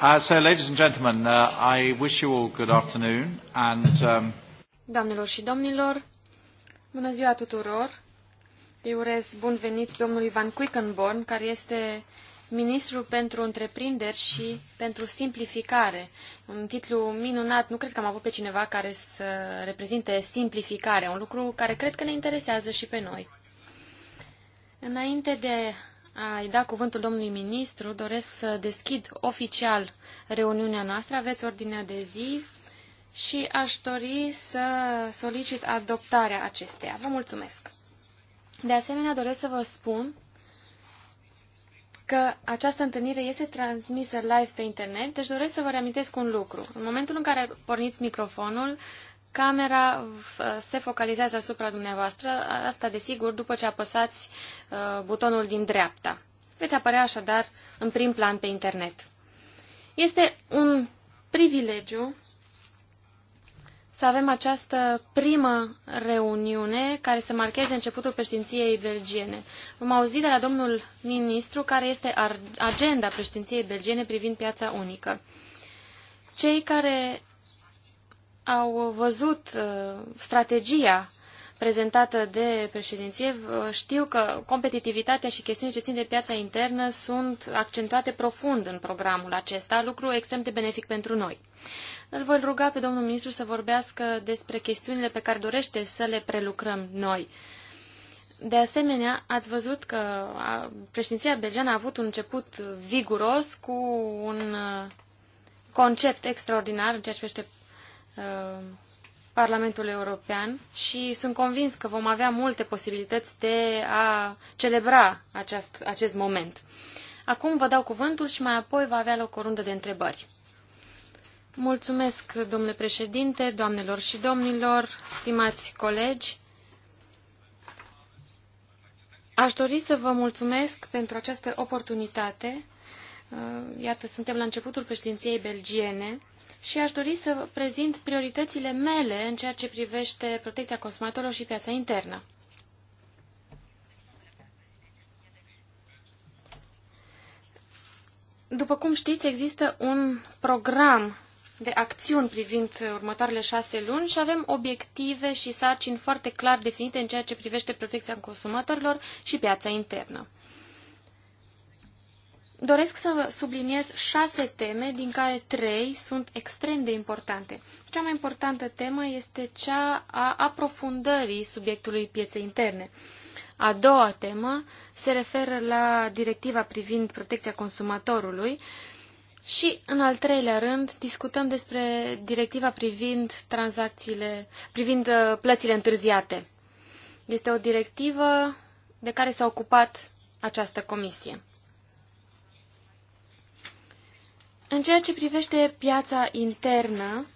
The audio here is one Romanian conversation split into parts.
Uh, so, ladies and gentlemen, uh, I wish you all good afternoon and. Um... Doamnelor și domnilor, bună ziua tuturor. Îi urez bun venit domnului Van Quickenborn, care este ministru pentru întreprinderi și pentru simplificare. Un titlu minunat, nu cred că am avut pe cineva care să reprezinte simplificare, un lucru care cred că ne interesează și pe noi. Înainte de a-i da cuvântul domnului ministru, doresc să deschid oficial reuniunea noastră. Aveți ordinea de zi și aș dori să solicit adoptarea acesteia. Vă mulțumesc! De asemenea, doresc să vă spun că această întâlnire este transmisă live pe internet, deci doresc să vă reamintesc un lucru. În momentul în care porniți microfonul, Camera se focalizează asupra dumneavoastră, asta desigur după ce apăsați uh, butonul din dreapta. Veți apărea așadar în prim plan pe internet. Este un privilegiu să avem această primă reuniune care să marcheze începutul președinției belgiene. Vom auzi de la domnul ministru care este agenda președinției belgiene privind piața unică. Cei care au văzut uh, strategia prezentată de președinție, uh, știu că competitivitatea și chestiunile ce țin de piața internă sunt accentuate profund în programul acesta, lucru extrem de benefic pentru noi. Îl voi ruga pe domnul ministru să vorbească despre chestiunile pe care dorește să le prelucrăm noi. De asemenea, ați văzut că președinția belgeană a avut un început viguros cu un uh, concept extraordinar în ceea ce privește Uh, Parlamentul European și sunt convins că vom avea multe posibilități de a celebra aceast, acest moment. Acum vă dau cuvântul și mai apoi va avea loc o rundă de întrebări. Mulțumesc, domnule președinte, doamnelor și domnilor, stimați colegi. Aș dori să vă mulțumesc pentru această oportunitate. Uh, iată, suntem la începutul președinției belgiene și aș dori să prezint prioritățile mele în ceea ce privește protecția consumatorilor și piața internă. După cum știți, există un program de acțiuni privind următoarele șase luni și avem obiective și sarcini foarte clar definite în ceea ce privește protecția consumatorilor și piața internă. Doresc să subliniez șase teme, din care trei sunt extrem de importante. Cea mai importantă temă este cea a aprofundării subiectului pieței interne. A doua temă se referă la directiva privind protecția consumatorului și, în al treilea rând, discutăm despre directiva privind tranzacțiile, privind uh, plățile întârziate. Este o directivă de care s-a ocupat această comisie. În ceea ce privește piața internă,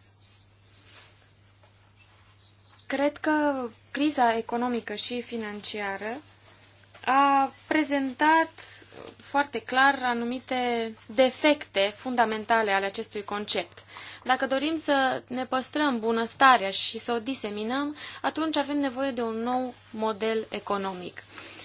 cred că criza economică și financiară a prezentat foarte clar anumite defecte fundamentale ale acestui concept. Dacă dorim să ne păstrăm bunăstarea și să o diseminăm, atunci avem nevoie de un nou model economic.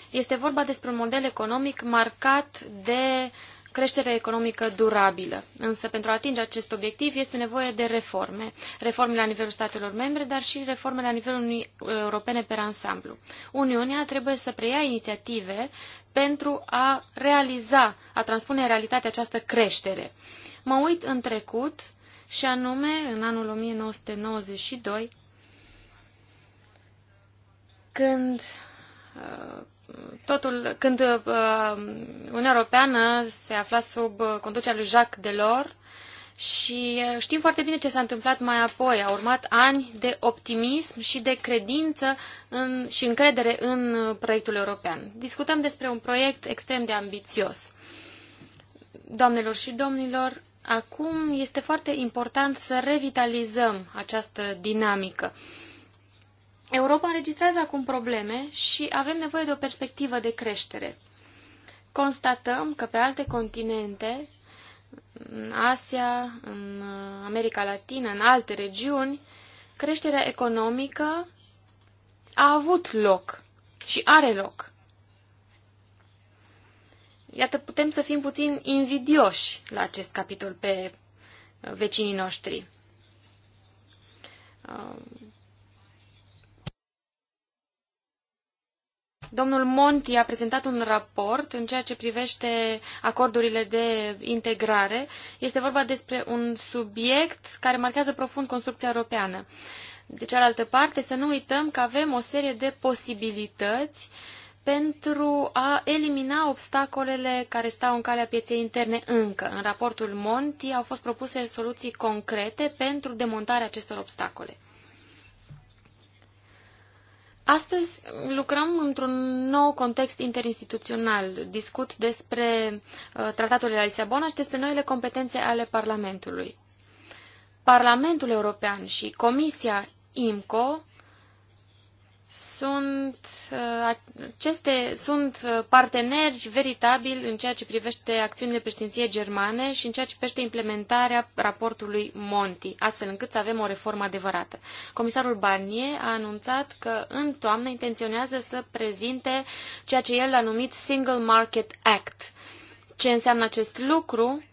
Este vorba despre un model economic marcat de creștere economică durabilă. Însă, pentru a atinge acest obiectiv, este nevoie de reforme. Reforme la nivelul statelor membre, dar și reforme la nivelul Uniunii Europene pe ansamblu. Uniunea trebuie să preia inițiative pentru a realiza, a transpune în realitate această creștere. Mă uit în trecut și anume în anul 1992, când uh, totul, când uh, Uniunea Europeană se afla sub uh, conducerea lui Jacques Delors și uh, știm foarte bine ce s-a întâmplat mai apoi. Au urmat ani de optimism și de credință în, și încredere în uh, proiectul european. Discutăm despre un proiect extrem de ambițios. Doamnelor și domnilor, acum este foarte important să revitalizăm această dinamică. Europa înregistrează acum probleme și avem nevoie de o perspectivă de creștere. Constatăm că pe alte continente, în Asia, în America Latină, în alte regiuni, creșterea economică a avut loc și are loc. Iată, putem să fim puțin invidioși la acest capitol pe vecinii noștri Domnul Monti a prezentat un raport în ceea ce privește acordurile de integrare. Este vorba despre un subiect care marchează profund construcția europeană. De cealaltă parte, să nu uităm că avem o serie de posibilități pentru a elimina obstacolele care stau în calea pieței interne încă. În raportul Monti au fost propuse soluții concrete pentru demontarea acestor obstacole. Astăzi lucrăm într-un nou context interinstituțional. Discut despre uh, tratatul de la Lisabona și despre noile competențe ale Parlamentului. Parlamentul European și Comisia IMCO sunt, uh, aceste sunt uh, parteneri veritabili în ceea ce privește acțiunile președinției germane și în ceea ce privește implementarea raportului Monti, astfel încât să avem o reformă adevărată. Comisarul Barnier a anunțat că în toamnă intenționează să prezinte ceea ce el a numit Single Market Act. Ce înseamnă acest lucru?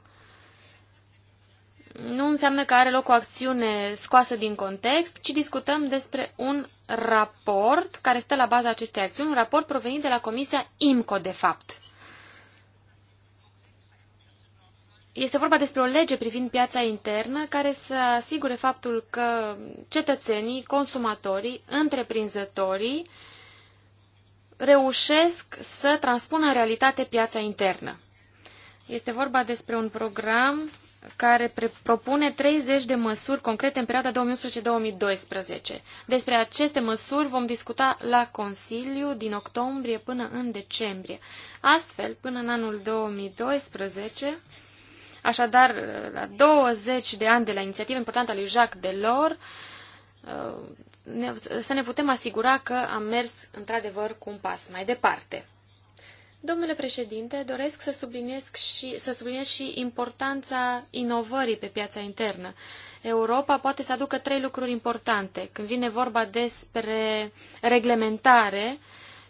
nu înseamnă că are loc o acțiune scoasă din context, ci discutăm despre un raport care stă la baza acestei acțiuni, un raport provenit de la Comisia IMCO, de fapt. Este vorba despre o lege privind piața internă care să asigure faptul că cetățenii, consumatorii, întreprinzătorii reușesc să transpună în realitate piața internă. Este vorba despre un program care propune 30 de măsuri concrete în perioada 2011-2012. Despre aceste măsuri vom discuta la Consiliu din octombrie până în decembrie. Astfel, până în anul 2012, așadar la 20 de ani de la inițiativa importantă a lui Jacques Delors, uh, să ne putem asigura că am mers într-adevăr cu un pas mai departe. Domnule președinte, doresc să subliniez, și, să subliniez și importanța inovării pe piața internă. Europa poate să aducă trei lucruri importante când vine vorba despre reglementare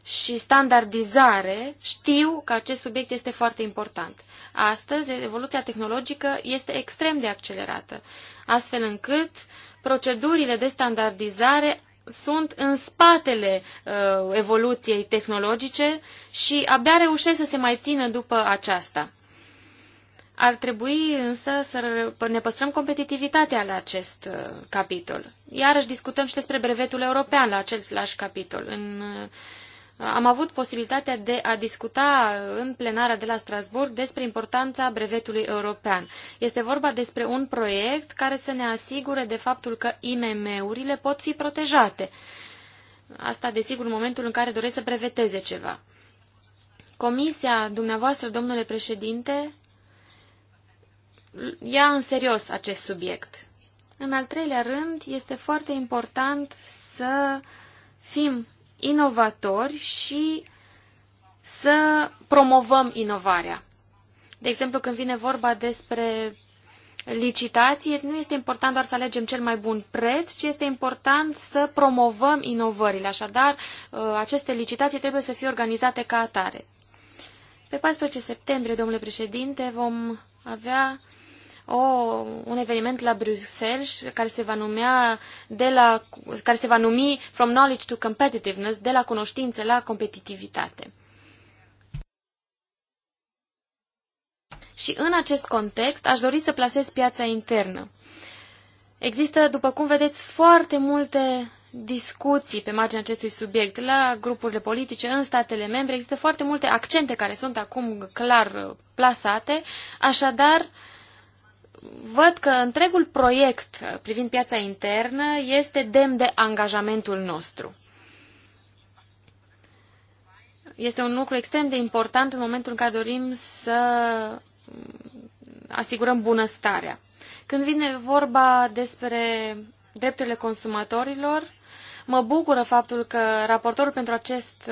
și standardizare, știu că acest subiect este foarte important. Astăzi, evoluția tehnologică este extrem de accelerată, astfel încât procedurile de standardizare sunt în spatele uh, evoluției tehnologice și abia reușesc să se mai țină după aceasta. Ar trebui însă să ne păstrăm competitivitatea la acest uh, capitol. Iarăși discutăm și despre brevetul european la același capitol. În uh, am avut posibilitatea de a discuta în plenara de la Strasbourg despre importanța brevetului european. Este vorba despre un proiect care să ne asigure de faptul că IMM-urile pot fi protejate. Asta, desigur, în momentul în care doresc să breveteze ceva. Comisia dumneavoastră, domnule președinte, ia în serios acest subiect. În al treilea rând, este foarte important să fim inovatori și să promovăm inovarea. De exemplu, când vine vorba despre licitație, nu este important doar să alegem cel mai bun preț, ci este important să promovăm inovările. Așadar, uh, aceste licitații trebuie să fie organizate ca atare. Pe 14 septembrie, domnule președinte, vom avea o, un eveniment la Bruxelles care se va numea de la, care se va numi From Knowledge to Competitiveness, de la cunoștință la competitivitate. Și în acest context aș dori să plasez piața internă. Există, după cum vedeți, foarte multe discuții pe marginea acestui subiect la grupurile politice, în statele membre. Există foarte multe accente care sunt acum clar plasate, așadar văd că întregul proiect privind piața internă este demn de angajamentul nostru. Este un lucru extrem de important în momentul în care dorim să asigurăm bunăstarea. Când vine vorba despre drepturile consumatorilor, mă bucură faptul că raportorul pentru acest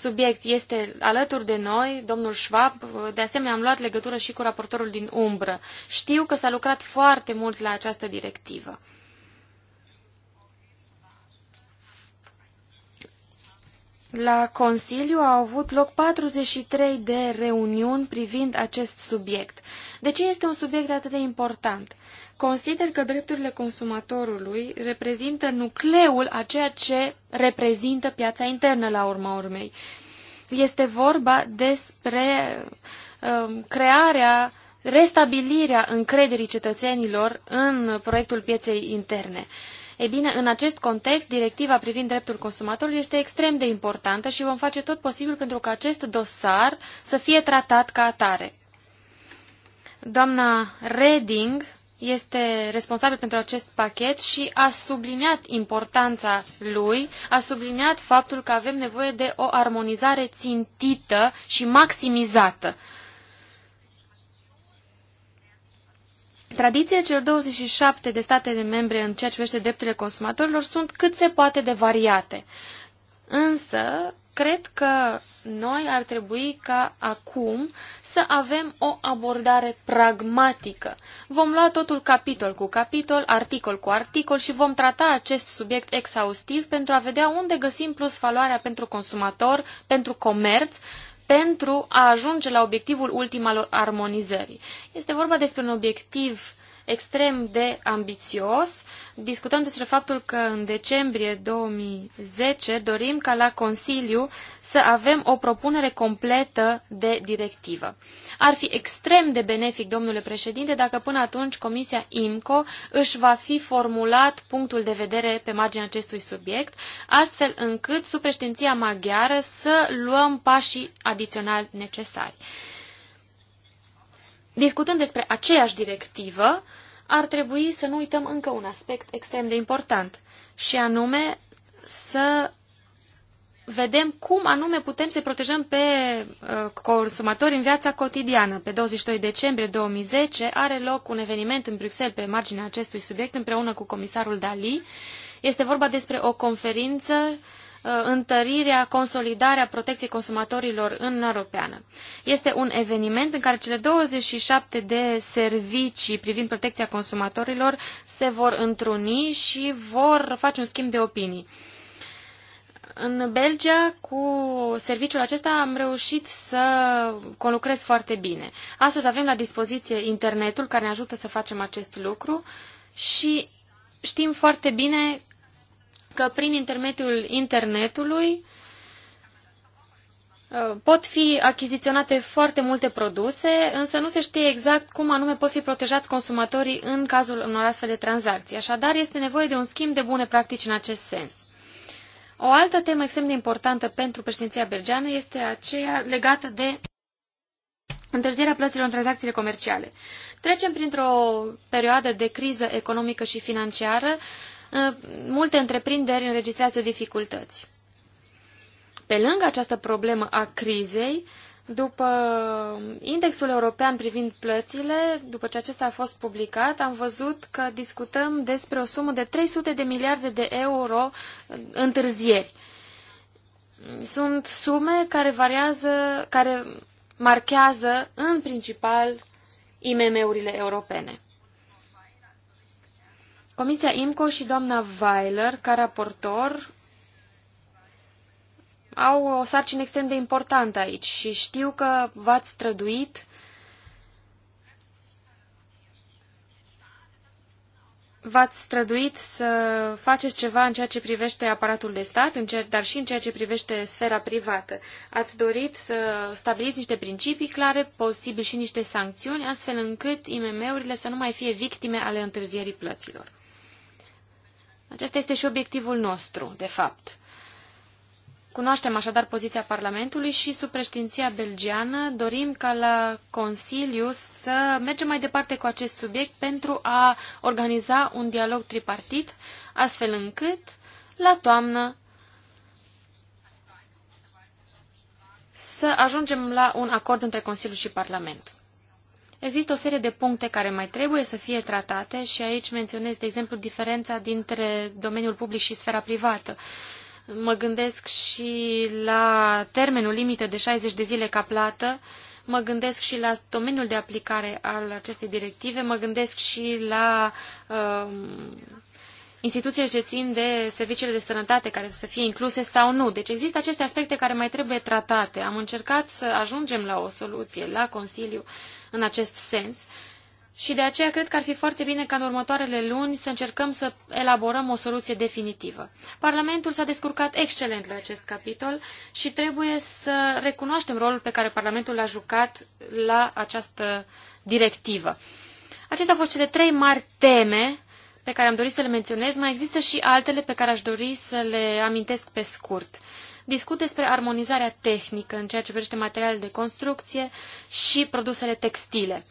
subiect este alături de noi, domnul Schwab. De asemenea, am luat legătură și cu raportorul din umbră. Știu că s-a lucrat foarte mult la această directivă. La Consiliu au avut loc 43 de reuniuni privind acest subiect. De ce este un subiect atât de important? Consider că drepturile consumatorului reprezintă nucleul a ceea ce reprezintă piața internă la urma urmei. Este vorba despre um, crearea restabilirea încrederii cetățenilor în proiectul pieței interne. Ei bine, în acest context, directiva privind dreptul consumatorului este extrem de importantă și vom face tot posibil pentru ca acest dosar să fie tratat ca atare. Doamna Reding este responsabil pentru acest pachet și a subliniat importanța lui, a subliniat faptul că avem nevoie de o armonizare țintită și maximizată Tradiția celor 27 de state de membre în ceea ce privește drepturile consumatorilor sunt cât se poate de variate. Însă, cred că noi ar trebui ca acum să avem o abordare pragmatică. Vom lua totul capitol cu capitol, articol cu articol și vom trata acest subiect exhaustiv pentru a vedea unde găsim plus valoarea pentru consumator, pentru comerț pentru a ajunge la obiectivul ultim al armonizării. Este vorba despre un obiectiv uh, extrem de ambițios. Discutăm despre faptul că în decembrie 2010 dorim ca la Consiliu să avem o propunere completă de directivă. Ar fi extrem de benefic, domnule președinte, dacă până atunci Comisia IMCO își va fi formulat punctul de vedere pe marginea acestui subiect, astfel încât sub președinția maghiară să luăm pașii adiționali necesari discutând despre aceeași directivă, ar trebui să nu uităm încă un aspect extrem de important, și anume să vedem cum anume putem să protejăm pe uh, consumatori în viața cotidiană. Pe 22 decembrie 2010 are loc un eveniment în Bruxelles pe marginea acestui subiect împreună cu comisarul Dali. Este vorba despre o conferință uh, Uh, întărirea, consolidarea protecției consumatorilor în Europeană. Este un eveniment în care cele 27 de servicii privind protecția consumatorilor se vor întruni și vor face un schimb de opinii. În Belgia, cu serviciul acesta, am reușit să conlucrez foarte bine. Astăzi avem la dispoziție internetul care ne ajută să facem acest lucru și știm foarte bine că prin intermediul internetului uh, pot fi achiziționate foarte multe produse, însă nu se știe exact cum anume pot fi protejați consumatorii în cazul unor astfel de tranzacții. Așadar, este nevoie de un schimb de bune practici în acest sens. O altă temă extrem de importantă pentru președinția bergeană este aceea legată de întârzierea plăților în tranzacțiile comerciale. Trecem printr-o perioadă de criză economică și financiară multe întreprinderi înregistrează dificultăți. Pe lângă această problemă a crizei, după indexul european privind plățile, după ce acesta a fost publicat, am văzut că discutăm despre o sumă de 300 de miliarde de euro întârzieri. Sunt sume care variază, care marchează în principal IMM-urile europene. Comisia IMCO și doamna Weiler, ca raportor, au o sarcină extrem de importantă aici și știu că v-ați străduit v-ați străduit să faceți ceva în ceea ce privește aparatul de stat, dar și în ceea ce privește sfera privată. Ați dorit să stabiliți niște principii clare, posibil și niște sancțiuni, astfel încât IMM-urile să nu mai fie victime ale întârzierii plăților. Acesta este și obiectivul nostru, de fapt. Cunoaștem așadar poziția Parlamentului și sub preștinția belgiană dorim ca la Consiliu să mergem mai departe cu acest subiect pentru a organiza un dialog tripartit, astfel încât la toamnă să ajungem la un acord între Consiliu și Parlament. Există o serie de puncte care mai trebuie să fie tratate și aici menționez, de exemplu, diferența dintre domeniul public și sfera privată. Mă gândesc și la termenul limită de 60 de zile ca plată, mă gândesc și la domeniul de aplicare al acestei directive, mă gândesc și la uh, instituțiile ce țin de serviciile de sănătate care să fie incluse sau nu. Deci există aceste aspecte care mai trebuie tratate. Am încercat să ajungem la o soluție la Consiliu în acest sens și de aceea cred că ar fi foarte bine ca în următoarele luni să încercăm să elaborăm o soluție definitivă. Parlamentul s-a descurcat excelent la acest capitol și trebuie să recunoaștem rolul pe care Parlamentul l-a jucat la această directivă. Acestea au fost cele trei mari teme pe care am dorit să le menționez, mai există și altele pe care aș dori să le amintesc pe scurt. Discut despre armonizarea tehnică în ceea ce privește materialele de construcție și produsele textile.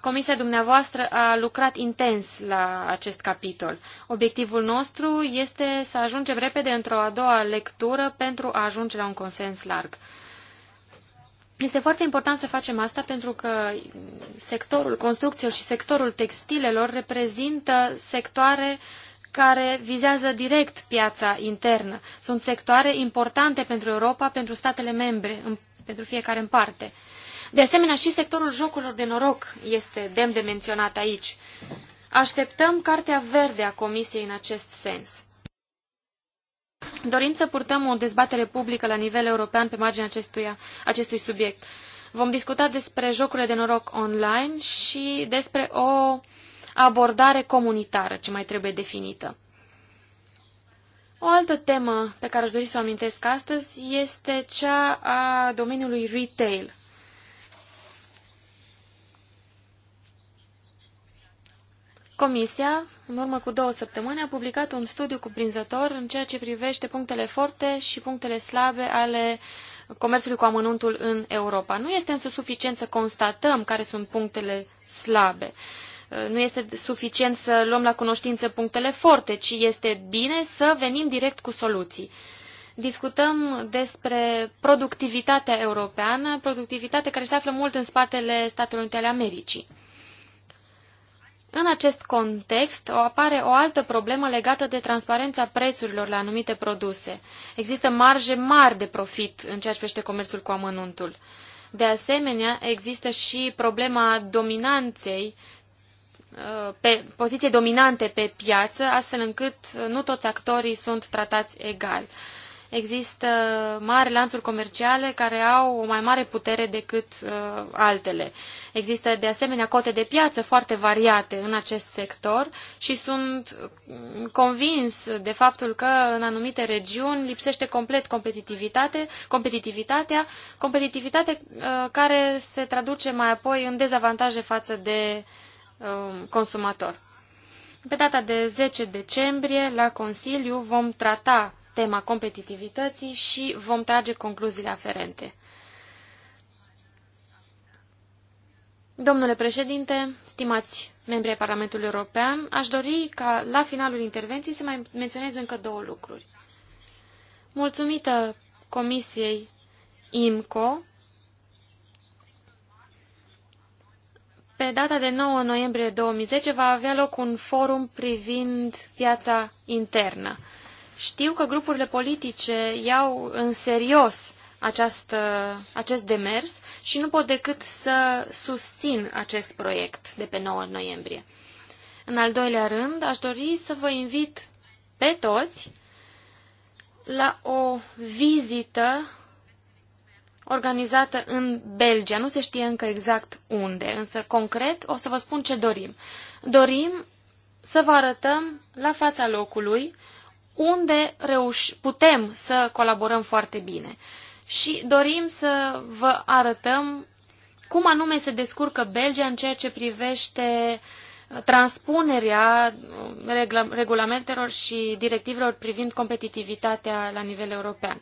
Comisia dumneavoastră a lucrat intens la acest capitol. Obiectivul nostru este să ajungem repede într-o a doua lectură pentru a ajunge la un consens larg. Este foarte important să facem asta pentru că sectorul construcțiilor și sectorul textilelor reprezintă sectoare care vizează direct piața internă. Sunt sectoare importante pentru Europa, pentru statele membre, pentru fiecare în parte. De asemenea, și sectorul jocurilor de noroc este demn de menționat aici. Așteptăm Cartea Verde a Comisiei în acest sens. Dorim să purtăm o dezbatere publică la nivel european pe marginea acestui subiect. Vom discuta despre jocurile de noroc online și despre o abordare comunitară ce mai trebuie definită. O altă temă pe care aș dori să o amintesc astăzi este cea a domeniului retail. Comisia, în urmă cu două săptămâni, a publicat un studiu cuprinzător în ceea ce privește punctele forte și punctele slabe ale comerțului cu amănuntul în Europa. Nu este însă suficient să constatăm care sunt punctele slabe. Nu este suficient să luăm la cunoștință punctele forte, ci este bine să venim direct cu soluții discutăm despre productivitatea europeană, productivitate care se află mult în spatele Statelor Unite ale Americii. În acest context apare o altă problemă legată de transparența prețurilor la anumite produse. Există marje mari de profit în ceea ce privește comerțul cu amănuntul. De asemenea, există și problema dominanței uh, pe poziție dominante pe piață, astfel încât uh, nu toți actorii sunt tratați egal există mari lanțuri comerciale care au o mai mare putere decât uh, altele. Există de asemenea cote de piață foarte variate în acest sector și sunt mm, convins de faptul că în anumite regiuni lipsește complet competitivitate, competitivitatea, competitivitate uh, care se traduce mai apoi în dezavantaje față de uh, consumator. Pe data de 10 decembrie, la Consiliu, vom trata tema competitivității și vom trage concluziile aferente. Domnule președinte, stimați membri ai Parlamentului European, aș dori ca la finalul intervenției să mai menționez încă două lucruri. Mulțumită Comisiei IMCO, pe data de 9 noiembrie 2010 va avea loc un forum privind piața internă. Știu că grupurile politice iau în serios acest acest demers și nu pot decât să susțin acest proiect de pe 9 noiembrie. În al doilea rând, aș dori să vă invit pe toți la o vizită organizată în Belgia. Nu se știe încă exact unde, însă concret o să vă spun ce dorim. Dorim să vă arătăm la fața locului uh, unde reuș- putem să colaborăm foarte bine. Și dorim să vă arătăm cum anume se descurcă Belgia în ceea ce privește uh, transpunerea uh, regulamentelor și directivelor privind competitivitatea la nivel european.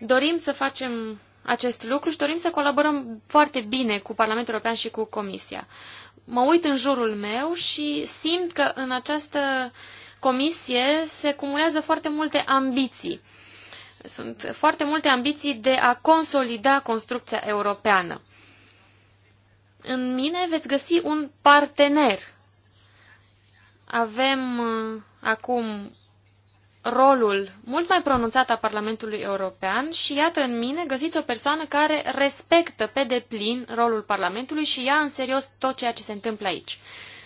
Dorim să facem acest lucru și dorim să colaborăm foarte bine cu Parlamentul European și cu Comisia. Mă uit în jurul meu și simt că în această comisie se cumulează foarte multe ambiții. Sunt foarte multe ambiții de a consolida construcția europeană. În mine veți găsi un partener. Avem uh, acum rolul mult mai pronunțat a Parlamentului European și iată în mine găsiți o persoană care respectă pe deplin rolul Parlamentului și ia în serios tot ceea ce se întâmplă aici.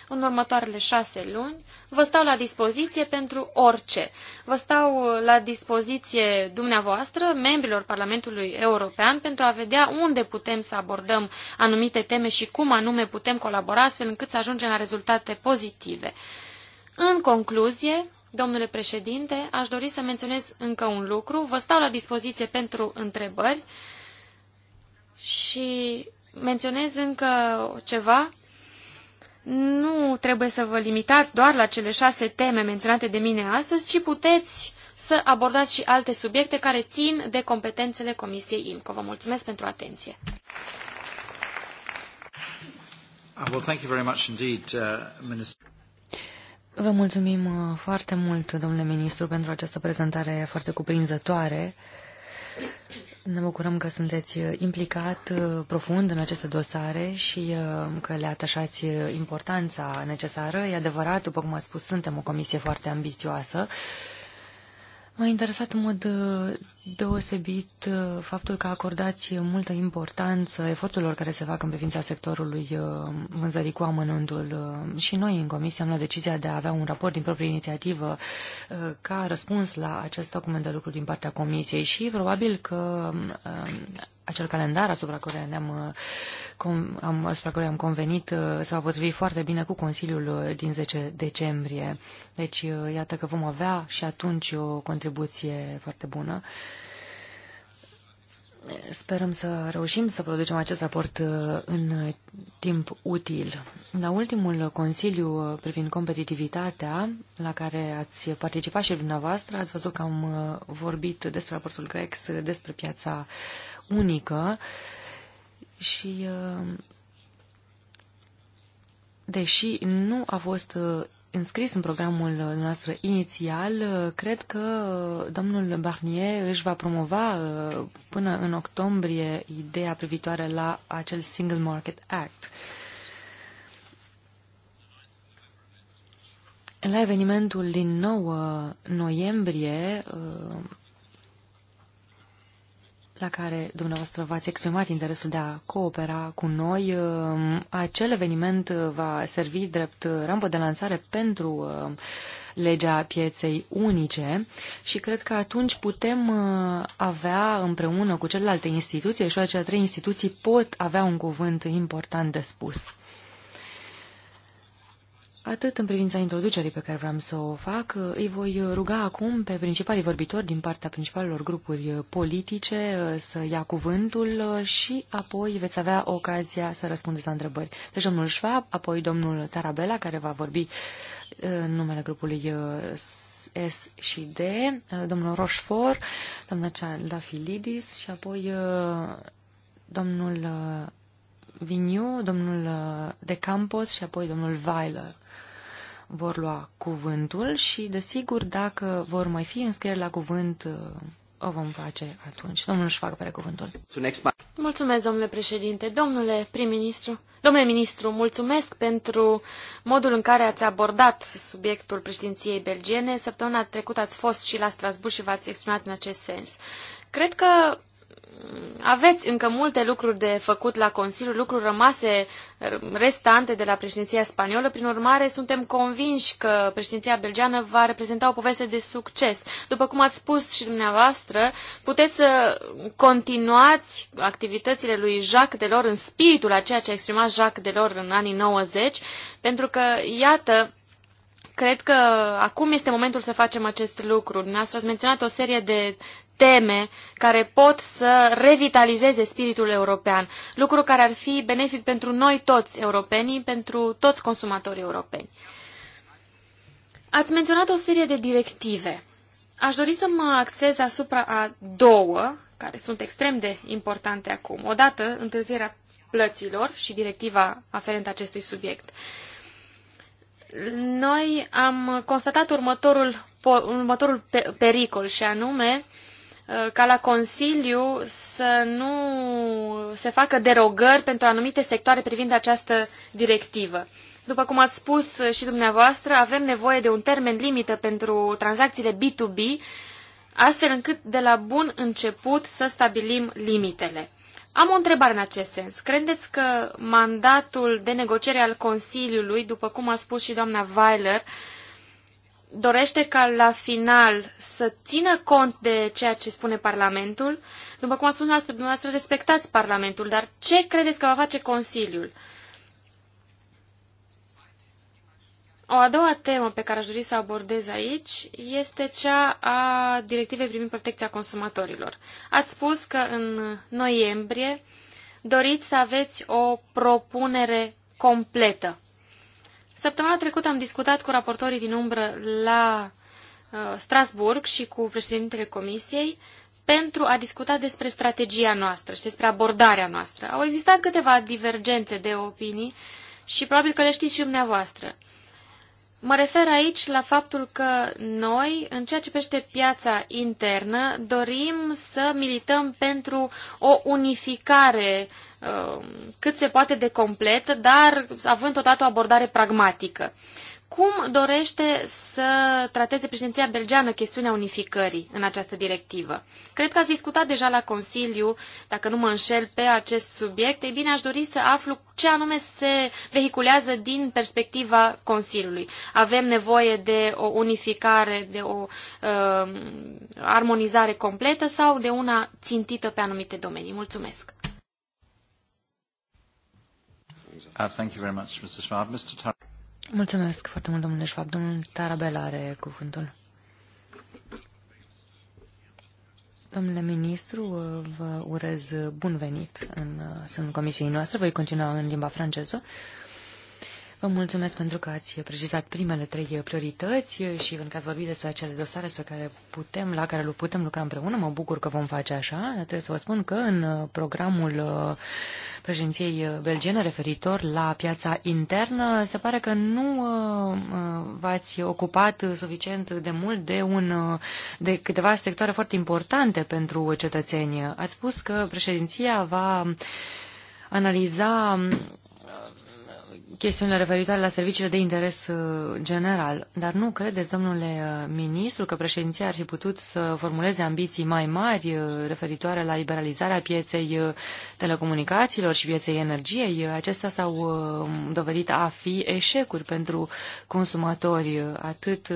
În următoarele șase luni Vă stau la dispoziție pentru orice. Vă stau la dispoziție dumneavoastră, membrilor Parlamentului European, pentru a vedea unde putem să abordăm anumite teme și cum anume putem colabora astfel încât să ajungem la rezultate pozitive. În concluzie, Domnule președinte, aș dori să menționez încă un lucru. Vă stau la dispoziție pentru întrebări și menționez încă ceva nu trebuie să vă limitați doar la cele șase teme menționate de mine astăzi, ci puteți să abordați și alte subiecte care țin de competențele Comisiei IMCO. Vă mulțumesc pentru atenție. Ah, uh, vă mulțumim uh, foarte mult, domnule ministru, pentru această prezentare foarte cuprinzătoare. Ne bucurăm că sunteți uh, implicat uh, profund în aceste dosare și uh, că le atașați importanța necesară. E adevărat, după cum ați spus, suntem o comisie foarte ambițioasă M-a interesat în mod uh, deosebit uh, faptul că acordați multă importanță eforturilor care se fac în privința sectorului uh, vânzării cu amănuntul. Și noi în comisie am luat decizia de a avea un raport din proprie inițiativă ca răspuns la acest document de lucru din partea comisiei și probabil că acel calendar asupra care ne-am uh, am, asupra care am convenit uh, s-a potrivit foarte bine cu Consiliul uh, din 10 decembrie. Deci, iată că vom avea și atunci o contribuție foarte bună. Sperăm să reușim să producem acest raport în timp util. La ultimul Consiliu privind competitivitatea, la care ați participat și dumneavoastră, ați văzut că am vorbit despre raportul GREX, despre piața unică și uh, deși nu a fost uh, înscris în programul nostru inițial, uh, cred că domnul Barnier își va promova până în octombrie ideea privitoare la acel Single Market Act. La evenimentul din 9 noiembrie la care dumneavoastră v-ați exprimat interesul de a coopera cu noi. Um, acel eveniment va servi drept rampă de lansare pentru um, legea pieței unice și cred că atunci putem uh, avea împreună cu celelalte instituții și acele trei instituții pot avea un cuvânt important de spus. Atât în privința introducerii pe care vreau să o fac, îi voi ruga acum pe principalii vorbitori din partea principalelor grupuri politice uh, să ia cuvântul uh, și apoi veți avea ocazia să răspundeți la întrebări. Deci domnul Schwab, apoi domnul Tarabella, care va vorbi uh, în numele grupului S și D, domnul Rochefort, doamna Cealda Filidis și apoi domnul Viniu, domnul De Campos și apoi domnul Weiler vor lua cuvântul și, desigur, dacă vor mai fi înscrieri la cuvânt, uh, o vom face atunci. Domnul își facă pe cuvântul. Mulțumesc, domnule președinte. Domnule prim-ministru, domnule ministru, mulțumesc pentru modul în care ați abordat subiectul președinției belgiene. Săptămâna trecută ați fost și la Strasburg și v-ați exprimat în acest sens. Cred că aveți încă multe lucruri de făcut la Consiliu, lucruri rămase restante de la președinția spaniolă. Prin urmare, suntem convinși că președinția belgeană va reprezenta o poveste de succes. După cum ați spus și dumneavoastră, puteți să continuați activitățile lui Jacques Delors în spiritul a ceea ce a exprimat Jacques Delors în anii 90, pentru că, iată, cred că acum este momentul să facem acest lucru. Dumneavoastră ați menționat o serie de teme care pot să revitalizeze spiritul european, lucru care ar fi benefic pentru noi toți europenii, pentru toți consumatorii europeni. Ați menționat o serie de directive. Aș dori să mă axez asupra a două, care sunt extrem de importante acum. Odată, întârzierea plăților și directiva aferentă acestui subiect. Noi am constatat următorul, următorul pericol și anume Uh, ca la Consiliu să nu se facă derogări pentru anumite sectoare privind această directivă. După cum ați spus și dumneavoastră, avem nevoie de un termen limită pentru tranzacțiile B2B, astfel încât de la bun început să stabilim limitele. Am o întrebare în acest sens. Credeți că mandatul de negociere al Consiliului, după cum a spus și doamna Weiler, uh, dorește ca la final să țină cont de ceea ce spune Parlamentul. După cum a spus dumneavoastră, dumneavoastră respectați Parlamentul, dar ce credeți că va face Consiliul? O a doua temă pe care aș dori să abordez aici este cea a directivei privind protecția consumatorilor. Ați spus că în noiembrie doriți să aveți o propunere completă. Săptămâna trecută am discutat cu raportorii din umbră la uh, Strasburg și cu președintele Comisiei pentru a discuta despre strategia noastră și despre abordarea noastră. Au existat câteva divergențe de opinii și probabil că le știți și dumneavoastră. Mă refer aici la faptul că noi, în ceea ce privește piața internă, dorim să milităm pentru o unificare um, cât se poate de completă, dar având totodată o abordare pragmatică. Cum dorește să trateze președinția belgeană chestiunea unificării în această directivă? Cred că ați discutat deja la Consiliu, dacă nu mă înșel, pe acest subiect. Ei bine, aș dori să aflu ce anume se vehiculează din perspectiva Consiliului. Avem nevoie de o unificare, de o uh, armonizare completă sau de una țintită pe anumite domenii? Mulțumesc! Uh, thank you very much, Mr. Schwab. Mr. Tar- Mulțumesc foarte mult, domnule Schwab. Domnul Tarabela are cuvântul. Domnule ministru, vă urez bun venit în, în comisiei noastre. Voi continua în limba franceză. Uh, Vă mulțumesc pentru că ați precizat primele trei priorități și pentru că ați vorbit despre acele dosare despre care putem, la care putem lucra împreună. Mă bucur că vom face așa, dar trebuie să vă spun că în uh, programul uh, președinției uh, belgiene referitor la piața internă se pare că nu v-ați ocupat suficient de mult de, un, de câteva sectoare foarte importante pentru cetățenii. Ați spus că președinția va analiza chestiunile referitoare la serviciile de interes uh, general, dar nu credeți, domnule uh, ministru, că președinția ar fi putut să formuleze ambiții mai mari uh, referitoare la liberalizarea pieței telecomunicațiilor și pieței energiei? Acestea s-au dovedit a fi eșecuri pentru consumatori, atât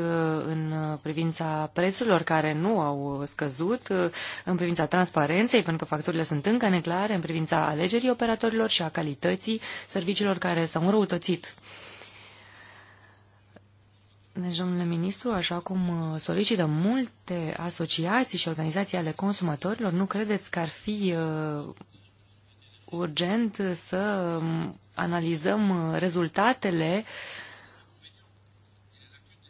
în privința prețurilor care nu au scăzut, în privința transparenței, pentru că facturile sunt încă neclare, în privința alegerii operatorilor și a calității serviciilor care s-au înrăutățit îmbunătățit. Deci, domnule ministru, așa cum uh, solicită multe asociații și organizații ale consumatorilor, nu credeți că ar fi uh, urgent să um, analizăm uh, rezultatele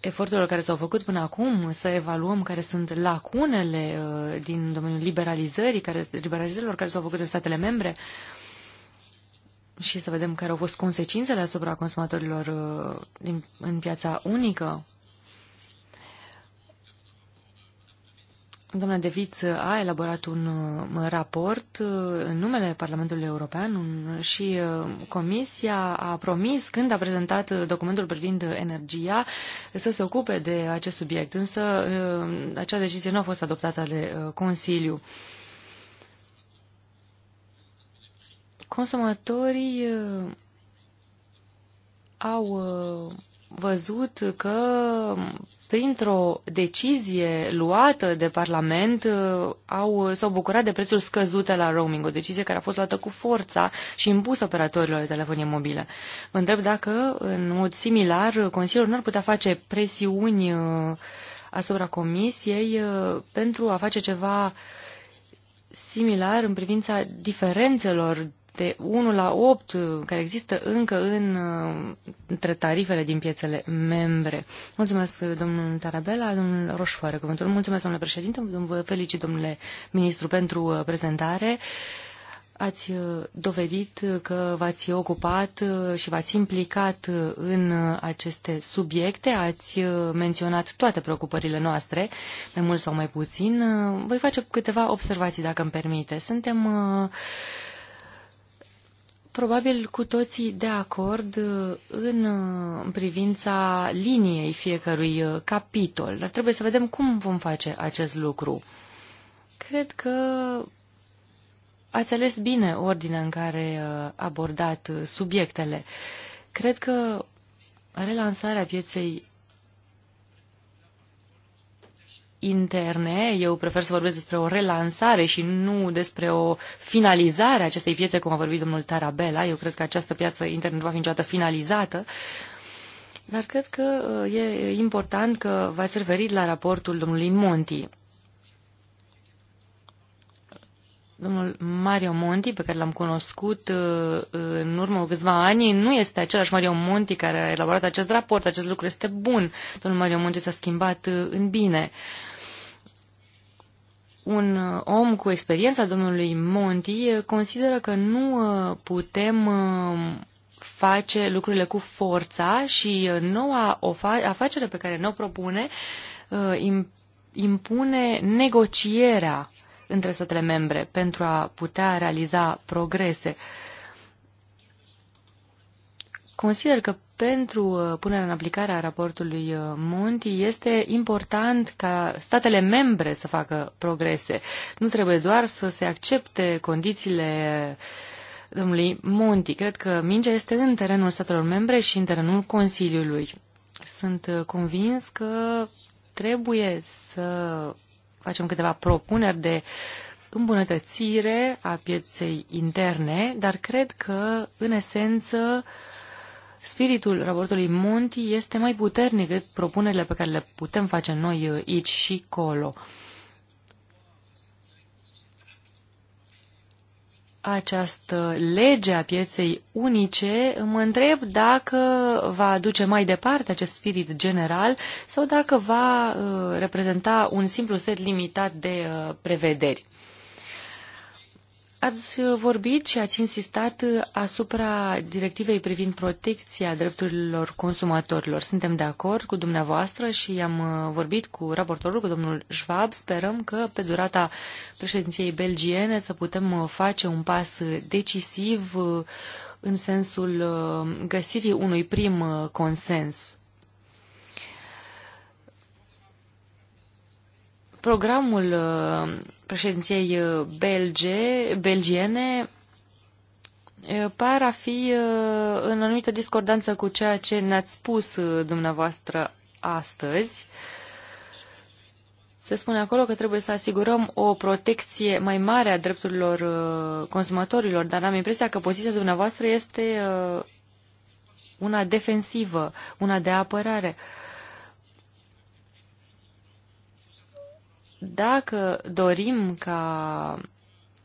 eforturilor care s-au făcut până acum, să evaluăm care sunt lacunele uh, din domeniul liberalizării, care, liberalizărilor care s-au făcut în statele membre? Uh, și să vedem care au fost consecințele asupra consumatorilor uh, din, în piața unică. Doamna Viț uh, a elaborat un uh, raport în numele Parlamentului European și Comisia a promis, când a prezentat documentul privind energia, să se ocupe de acest subiect, însă acea decizie nu a fost adoptată de Consiliu. consumatorii uh, au uh, văzut că printr-o decizie luată de Parlament uh, au, s-au bucurat de prețul scăzute la roaming, o decizie care a fost luată cu forța și impusă operatorilor de telefonie mobilă. Vă întreb dacă, în mod similar, Consiliul nu ar putea face presiuni asupra Comisiei pentru a face ceva similar în privința diferențelor de 1 la 8 uh, care există încă în, uh, între tarifele din piețele membre. Mulțumesc, uh, domnul Tarabela, domnul Roșfoară, cuvântul. Mulțumesc, domnule președinte, vă felicit, domnule ministru, pentru prezentare. Ați dovedit că v-ați ocupat și v-ați implicat în aceste subiecte, ați menționat toate preocupările noastre, mai mult sau mai puțin. Voi face câteva observații, dacă îmi permite. Suntem probabil cu toții de acord uh, uh, în privința liniei fiecărui uh, capitol, dar trebuie să vedem cum vom face acest lucru. Cred că ați ales bine ordinea în care abordat subiectele. Cred că relansarea pieței interne. Eu prefer să vorbesc despre o relansare și nu despre o finalizare a acestei piețe, cum a vorbit domnul Tarabella. Eu cred că această piață internă nu va fi niciodată finalizată. Dar cred că uh, e important că v-ați referit la raportul domnului Monti. Domnul Mario Monti, pe care l-am cunoscut uh, în urmă cu câțiva ani, nu este același Mario Monti care a elaborat acest raport. Acest lucru este bun. Domnul Mario Monti s-a schimbat uh, în bine. Uh, un uh, om cu experiența domnului Monti uh, consideră că nu uh, putem face lucrurile cu forța și noua afacere pe care ne-o propune impune negocierea între statele membre pentru a putea realiza progrese. Consider că pentru uh, punerea în aplicare a raportului uh, Monti este important ca statele membre să facă progrese. Nu trebuie doar să se accepte condițiile domnului Monti. Cred că mingea este în terenul statelor membre și în terenul Consiliului. Sunt uh, convins că trebuie să facem câteva propuneri de îmbunătățire a pieței interne, dar cred că, în esență, Spiritul raportului Monti este mai puternic decât propunerile pe care le putem face noi uh, aici și colo. Această lege a pieței unice, mă întreb dacă va aduce mai departe acest spirit general sau dacă va uh, reprezenta un simplu set limitat de uh, prevederi. Ați vorbit și ați insistat asupra directivei privind protecția drepturilor consumatorilor. Suntem de acord cu dumneavoastră și am vorbit cu raportorul, cu domnul Schwab. Sperăm că pe durata președinției belgiene să putem face un pas decisiv uh, în sensul uh, găsirii unui prim uh, consens. Programul președinției uh, belge, belgiene uh, par a fi uh, în anumită discordanță cu ceea ce ne-ați spus dumneavoastră astăzi. Se spune acolo că trebuie să asigurăm o protecție mai mare a drepturilor consumatorilor, dar am impresia că poziția dumneavoastră este una defensivă, una de apărare. Dacă dorim ca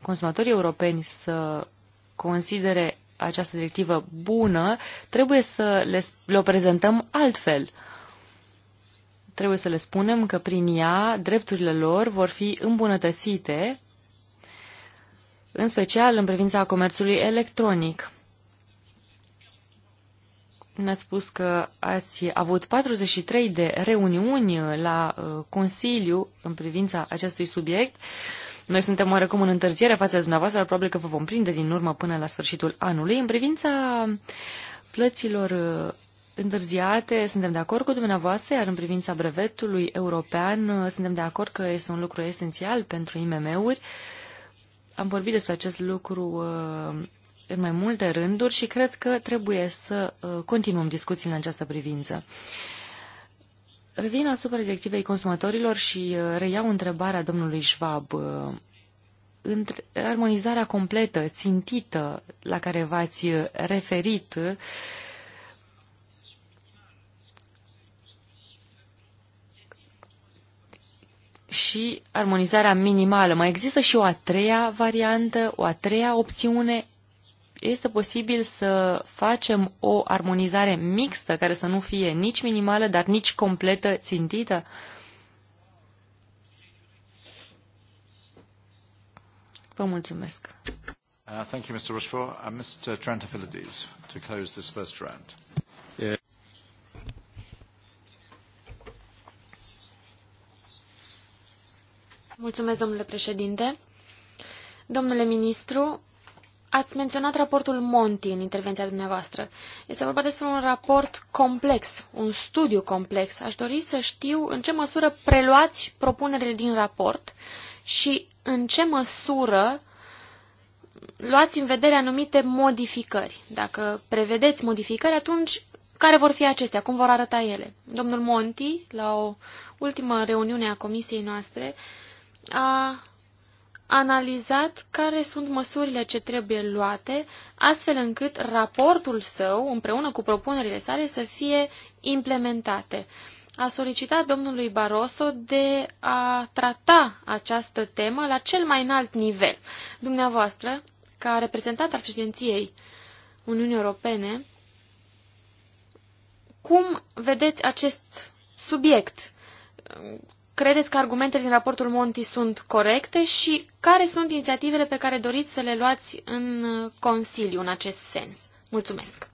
consumatorii europeni să considere această directivă bună, trebuie să le, le o prezentăm altfel. Trebuie să le spunem că prin ea drepturile lor vor fi îmbunătățite, în special în privința comerțului electronic. Ne-ați spus că ați avut 43 de reuniuni la uh, Consiliu în privința acestui subiect. Noi suntem oarecum în întârziere față de dumneavoastră, probabil că vă vom prinde din urmă până la sfârșitul anului. În privința plăților uh, întârziate, suntem de acord cu dumneavoastră, iar în privința brevetului european, uh, suntem de acord că este un lucru esențial pentru IMM-uri. Am vorbit despre acest lucru în mai multe rânduri și cred că trebuie să uh, continuăm discuțiile în această privință. Revin asupra directivei consumatorilor și uh, reiau întrebarea domnului Schwab. Uh, între armonizarea completă, țintită, la care v-ați referit, și armonizarea minimală. Mai există și o a treia variantă, o a treia opțiune este posibil să facem o armonizare mixtă care să nu fie nici minimală, dar nici completă țintită? Vă mulțumesc. Uh, thank you, Mr. Rochefort. Uh, Mr. Trantafilides, to close this first round. Mulțumesc, domnule președinte. Domnule ministru, Ați menționat raportul Monti în intervenția dumneavoastră. Este vorba despre un raport complex, un studiu complex. Aș dori să știu în ce măsură preluați propunerile din raport și în ce măsură luați în vedere anumite modificări. Dacă prevedeți modificări, atunci care vor fi acestea? Cum vor arăta ele? Domnul Monti, la o ultimă reuniune a comisiei noastre, a analizat care sunt măsurile ce trebuie luate, astfel încât raportul său, împreună cu propunerile sale, să fie implementate. A solicitat domnului Barroso de a trata această temă la cel mai înalt nivel. Dumneavoastră, ca reprezentant al președinției Uniunii Europene, cum vedeți acest subiect? Credeți că argumentele din raportul Monti sunt corecte și care sunt inițiativele pe care doriți să le luați în Consiliu în acest sens? Mulțumesc!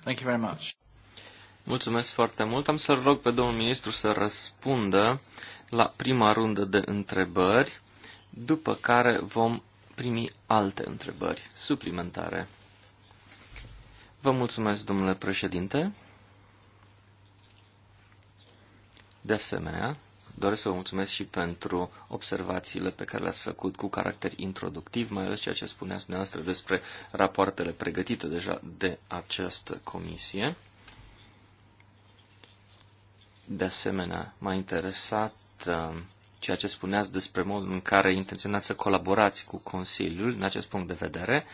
Thank you very much. Mulțumesc foarte mult. Am să rog pe domnul ministru să răspundă la prima rundă de întrebări, după care vom primi alte întrebări suplimentare. Vă mulțumesc, domnule președinte. De asemenea, doresc să vă mulțumesc și pentru observațiile pe care le-ați făcut cu caracter introductiv, mai ales ceea ce spuneați dumneavoastră despre rapoartele pregătite deja de această comisie. De asemenea, m-a interesat uh, ceea ce spuneați despre modul în care intenționați să colaborați cu Consiliul în acest punct de vedere.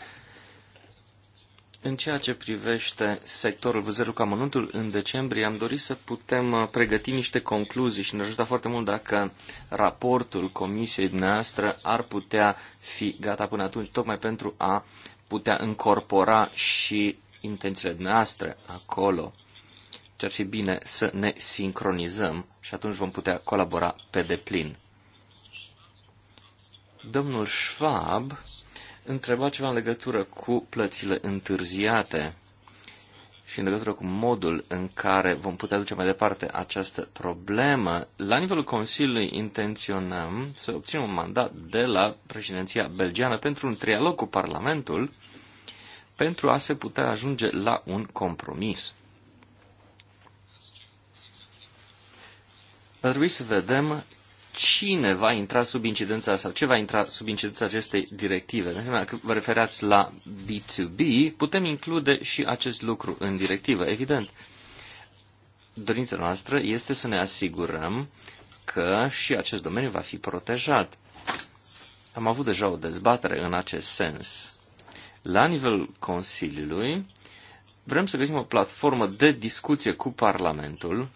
În ceea ce privește sectorul vânzărilor cu amănuntul, în decembrie am dorit să putem uh, pregăti niște concluzii și ne ajuta foarte mult dacă raportul comisiei noastre ar putea fi gata până atunci, tocmai pentru a putea încorpora și intențiile noastre acolo. Ce ar fi bine să ne sincronizăm și atunci vom putea colabora pe deplin. Domnul Schwab întreba ceva în legătură cu plățile întârziate și în legătură cu modul în care vom putea duce mai departe această problemă. La nivelul Consiliului intenționăm să obținem un mandat de la președinția belgiană pentru un trialog cu Parlamentul pentru a se putea ajunge la un compromis. Ar trebui să vedem cine va intra sub incidența sau ce va intra sub incidența acestei directive. De asemenea, când vă referați la B2B, putem include și acest lucru în directivă, evident. Dorința noastră este să ne asigurăm că și acest domeniu va fi protejat. Am avut deja o dezbatere în acest sens. La nivel Consiliului, vrem să găsim o platformă de discuție cu Parlamentul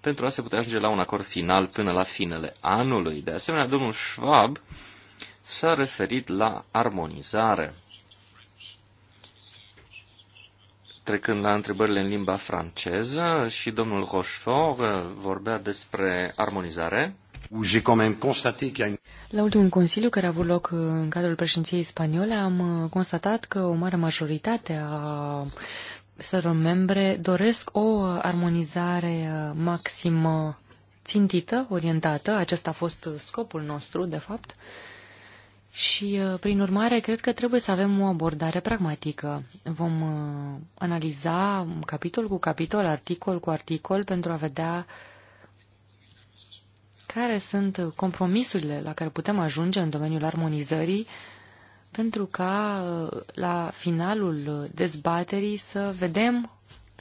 pentru a se putea ajunge la un acord final până la finele anului. De asemenea, domnul Schwab s-a referit la armonizare. Trecând la întrebările în limba franceză, și domnul Rochefort uh, vorbea despre armonizare. La ultimul consiliu care a avut loc uh, în cadrul președinției spaniole, am uh, constatat că o mare majoritate a statelor membre doresc o uh, armonizare uh, maximă țintită, orientată. Acesta a fost uh, scopul nostru, de fapt. Și, prin urmare, cred că trebuie să avem o abordare pragmatică. Vom analiza capitol cu capitol, articol cu articol, pentru a vedea care sunt compromisurile la care putem ajunge în domeniul armonizării, pentru ca uh, la finalul uh, dezbaterii să vedem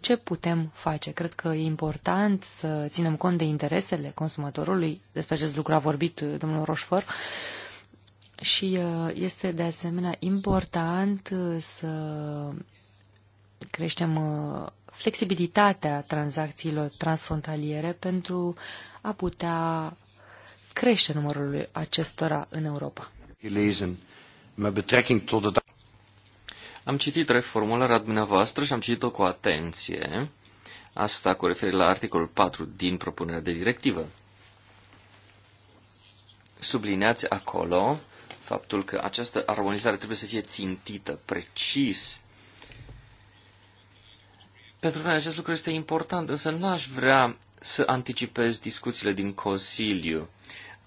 ce putem face. Cred că e important să ținem cont de interesele consumatorului. Despre acest lucru a vorbit uh, domnul Roșfor. Și este de asemenea important să creștem flexibilitatea tranzacțiilor transfrontaliere pentru a putea crește numărul acestora în Europa. Met betrekking tot het... Am citit reformularea dumneavoastră și am citit-o cu atenție. Asta cu referire la articolul 4 din propunerea de directivă. Sublineați acolo faptul că această armonizare trebuie să fie țintită precis. Pentru noi acest lucru este important, însă nu aș vrea să anticipez discuțiile din Consiliu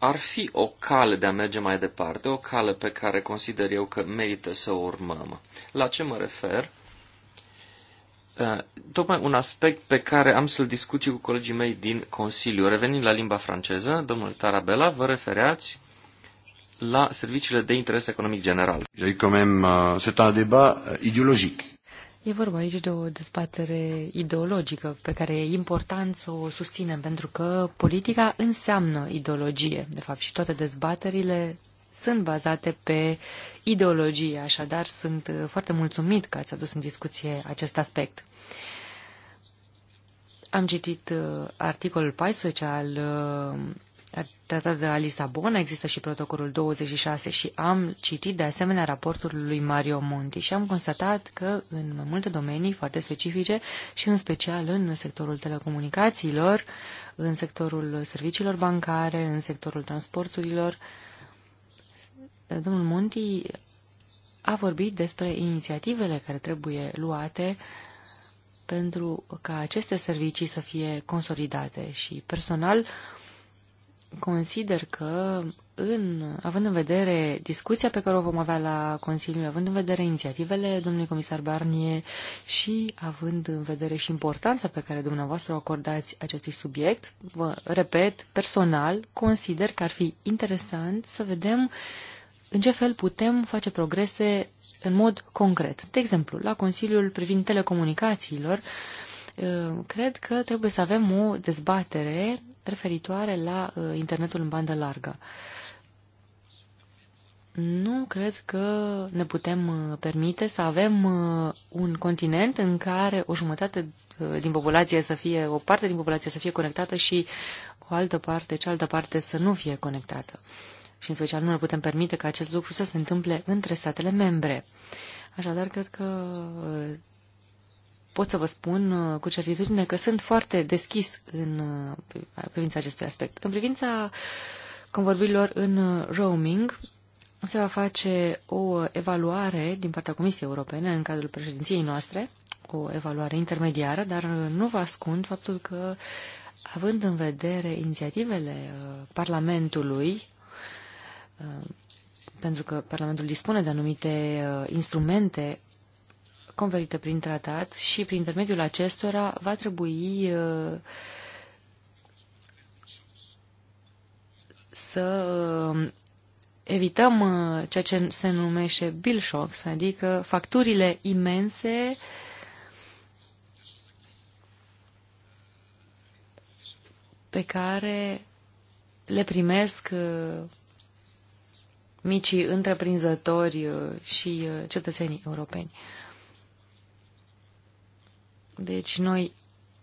ar fi o cale de a merge mai departe, o cale pe care consider eu că merită să o urmăm. La ce mă refer? Uh, tocmai un aspect pe care am să-l discut cu colegii mei din Consiliu. Revenind la limba franceză, domnule Tarabella, vă refereați la serviciile de interes economic general. Uh, c'est un débat uh, idéologique. E vorba aici de o dezbatere ideologică pe care e important să o susținem, pentru că politica înseamnă ideologie, de fapt, și toate dezbaterile sunt bazate pe ideologie, așadar sunt uh, foarte mulțumit că ați adus în discuție acest aspect. Am citit uh, articolul 14 al uh, tratatul de la Lisabona, există și protocolul 26 și am citit de asemenea raportul lui Mario Monti și am constatat că în mai multe domenii foarte specifice și în special în sectorul telecomunicațiilor, în sectorul serviciilor bancare, în sectorul transporturilor, domnul Monti a vorbit despre inițiativele care trebuie luate pentru ca aceste servicii să fie consolidate și personal consider că, în, având în vedere discuția pe care o vom avea la Consiliu, având în vedere inițiativele domnului comisar Barnier și având în vedere și importanța pe care dumneavoastră o acordați acestui subiect, vă repet, personal, consider că ar fi interesant să vedem în ce fel putem face progrese în mod concret. De exemplu, la Consiliul privind telecomunicațiilor, eh, cred că trebuie să avem o dezbatere referitoare la uh, internetul în bandă largă. Nu cred că ne putem uh, permite să avem uh, un continent în care o jumătate din populație să fie, o parte din populație să fie conectată și o altă parte, cealaltă parte să nu fie conectată. Și în special nu ne putem permite ca acest lucru să se întâmple între statele membre. Așadar, cred că pot să vă spun uh, cu certitudine că sunt foarte deschis în uh, privința acestui aspect. În privința convorbirilor în uh, roaming, se va face o evaluare din partea Comisiei Europene în cadrul președinției noastre, o evaluare intermediară, dar nu vă ascund faptul că, având în vedere inițiativele Parlamentului, pentru că Parlamentul dispune de anumite instrumente conferită prin tratat și prin intermediul acestora va trebui uh, să uh, evităm uh, ceea ce se numește bill shocks, adică facturile imense pe care le primesc micii întreprinzători și cetățenii europeni. Deci noi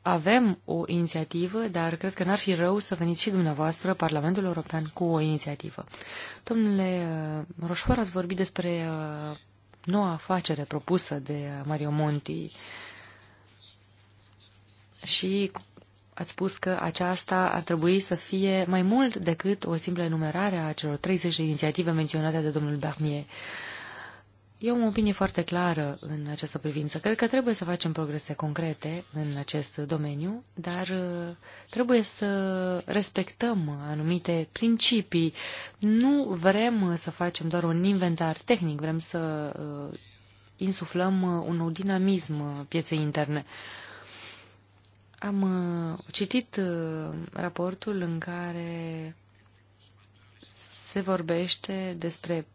avem o inițiativă, dar cred că n-ar fi rău să veniți și dumneavoastră, Parlamentul European, cu o inițiativă. Domnule uh, Roșfor, ați vorbit despre uh, noua afacere propusă de Mario Monti și ați spus că aceasta ar trebui să fie mai mult decât o simplă enumerare a celor 30 de inițiative menționate de domnul Barnier. Uh, eu am o opinie foarte clară în această privință. Cred că trebuie să facem progrese concrete în acest domeniu, dar uh, trebuie să respectăm anumite principii. Nu vrem să facem doar un inventar tehnic, vrem să uh, insuflăm uh, un nou dinamism pieței interne. Am citit raportul în care se vorbește despre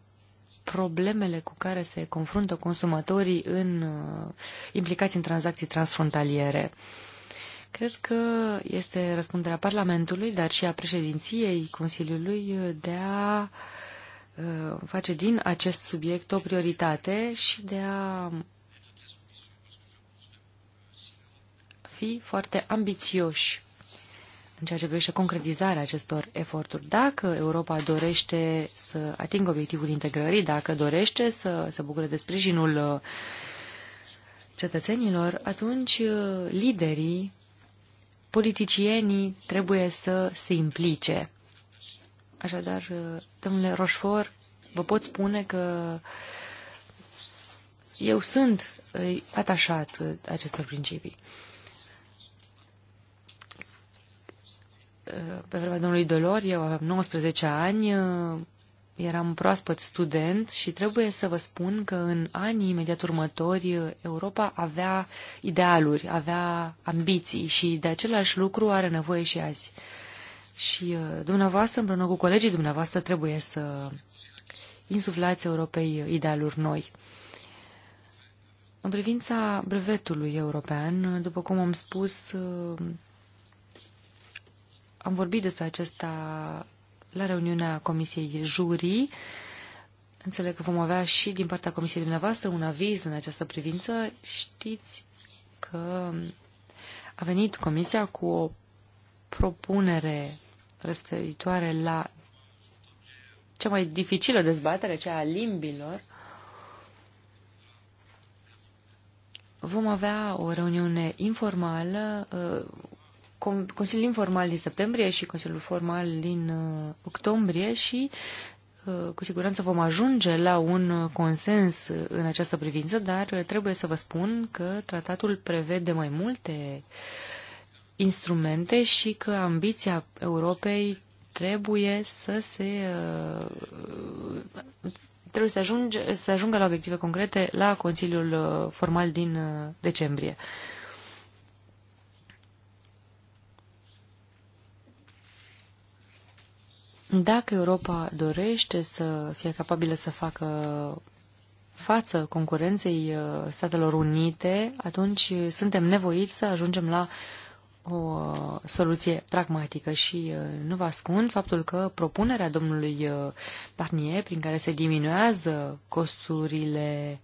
problemele cu care se confruntă consumatorii în, uh, implicați în tranzacții transfrontaliere. Cred că este răspunderea Parlamentului, dar și a președinției Consiliului de a uh, face din acest subiect o prioritate și de a fi foarte ambițioși în ceea ce privește concretizarea acestor eforturi. Dacă Europa dorește să atingă obiectivul integrării, dacă dorește să se bucure de sprijinul uh, cetățenilor, atunci uh, liderii, politicienii trebuie să se implice. Așadar, uh, domnule Roșfor, vă pot spune că eu sunt atașat acestor principii. Uh, pe vremea domnului Dolor, eu aveam 19 ani, uh, eram proaspăt student și trebuie să vă spun că în anii imediat următori uh, Europa avea idealuri, avea ambiții și de același lucru are nevoie și azi. Și dumneavoastră, împreună cu colegii dumneavoastră, trebuie să insuflați Europei idealuri noi. În privința brevetului european, după cum am spus, am vorbit despre acesta la reuniunea Comisiei Jurii. Înțeleg că vom avea și din partea Comisiei dumneavoastră un aviz în această privință. Știți că a venit Comisia cu o propunere referitoare la cea mai dificilă dezbatere, cea a limbilor. Vom avea o reuniune informală, uh, Consiliul informal din septembrie și Consiliul formal din uh, octombrie și uh, cu siguranță vom ajunge la un uh, consens în această privință, dar trebuie să vă spun că tratatul prevede mai multe instrumente și că ambiția Europei trebuie să se trebuie să, ajunge, să ajungă la obiective concrete la Consiliul formal din decembrie. Dacă Europa dorește să fie capabilă să facă față concurenței uh, Statelor Unite, atunci uh, suntem nevoiți să ajungem la o uh, soluție pragmatică și nu vă ascund faptul că propunerea domnului Barnier, prin care se diminuează costurile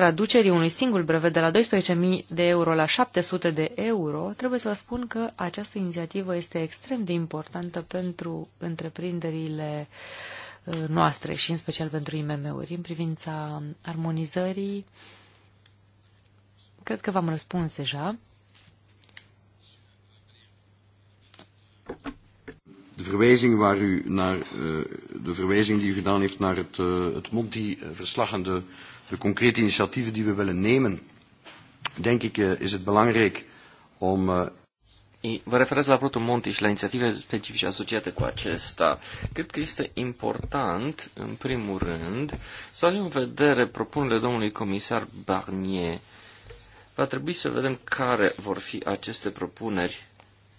traducerii unui singur brevet de la 12.000 de euro la 700 de euro, trebuie să vă spun că această inițiativă este extrem de importantă pentru întreprinderile uh, noastre și în special pentru IMM-uri. În privința armonizării, cred că v-am răspuns deja. de verwijzing waar u naar, eh, de verwijzing die u gedaan heeft naar het, eh, het Monti-verslag eh, en de de concrete initiatieven die we willen nemen, denk ik, eh, is het belangrijk om. Eh, vă referați la Protul Monti și la inițiative specifice asociate cu acesta. Cred că este important, în primul rând, să avem în vedere propunerile domnului comisar Barnier. Va trebui să vedem care vor fi aceste propuneri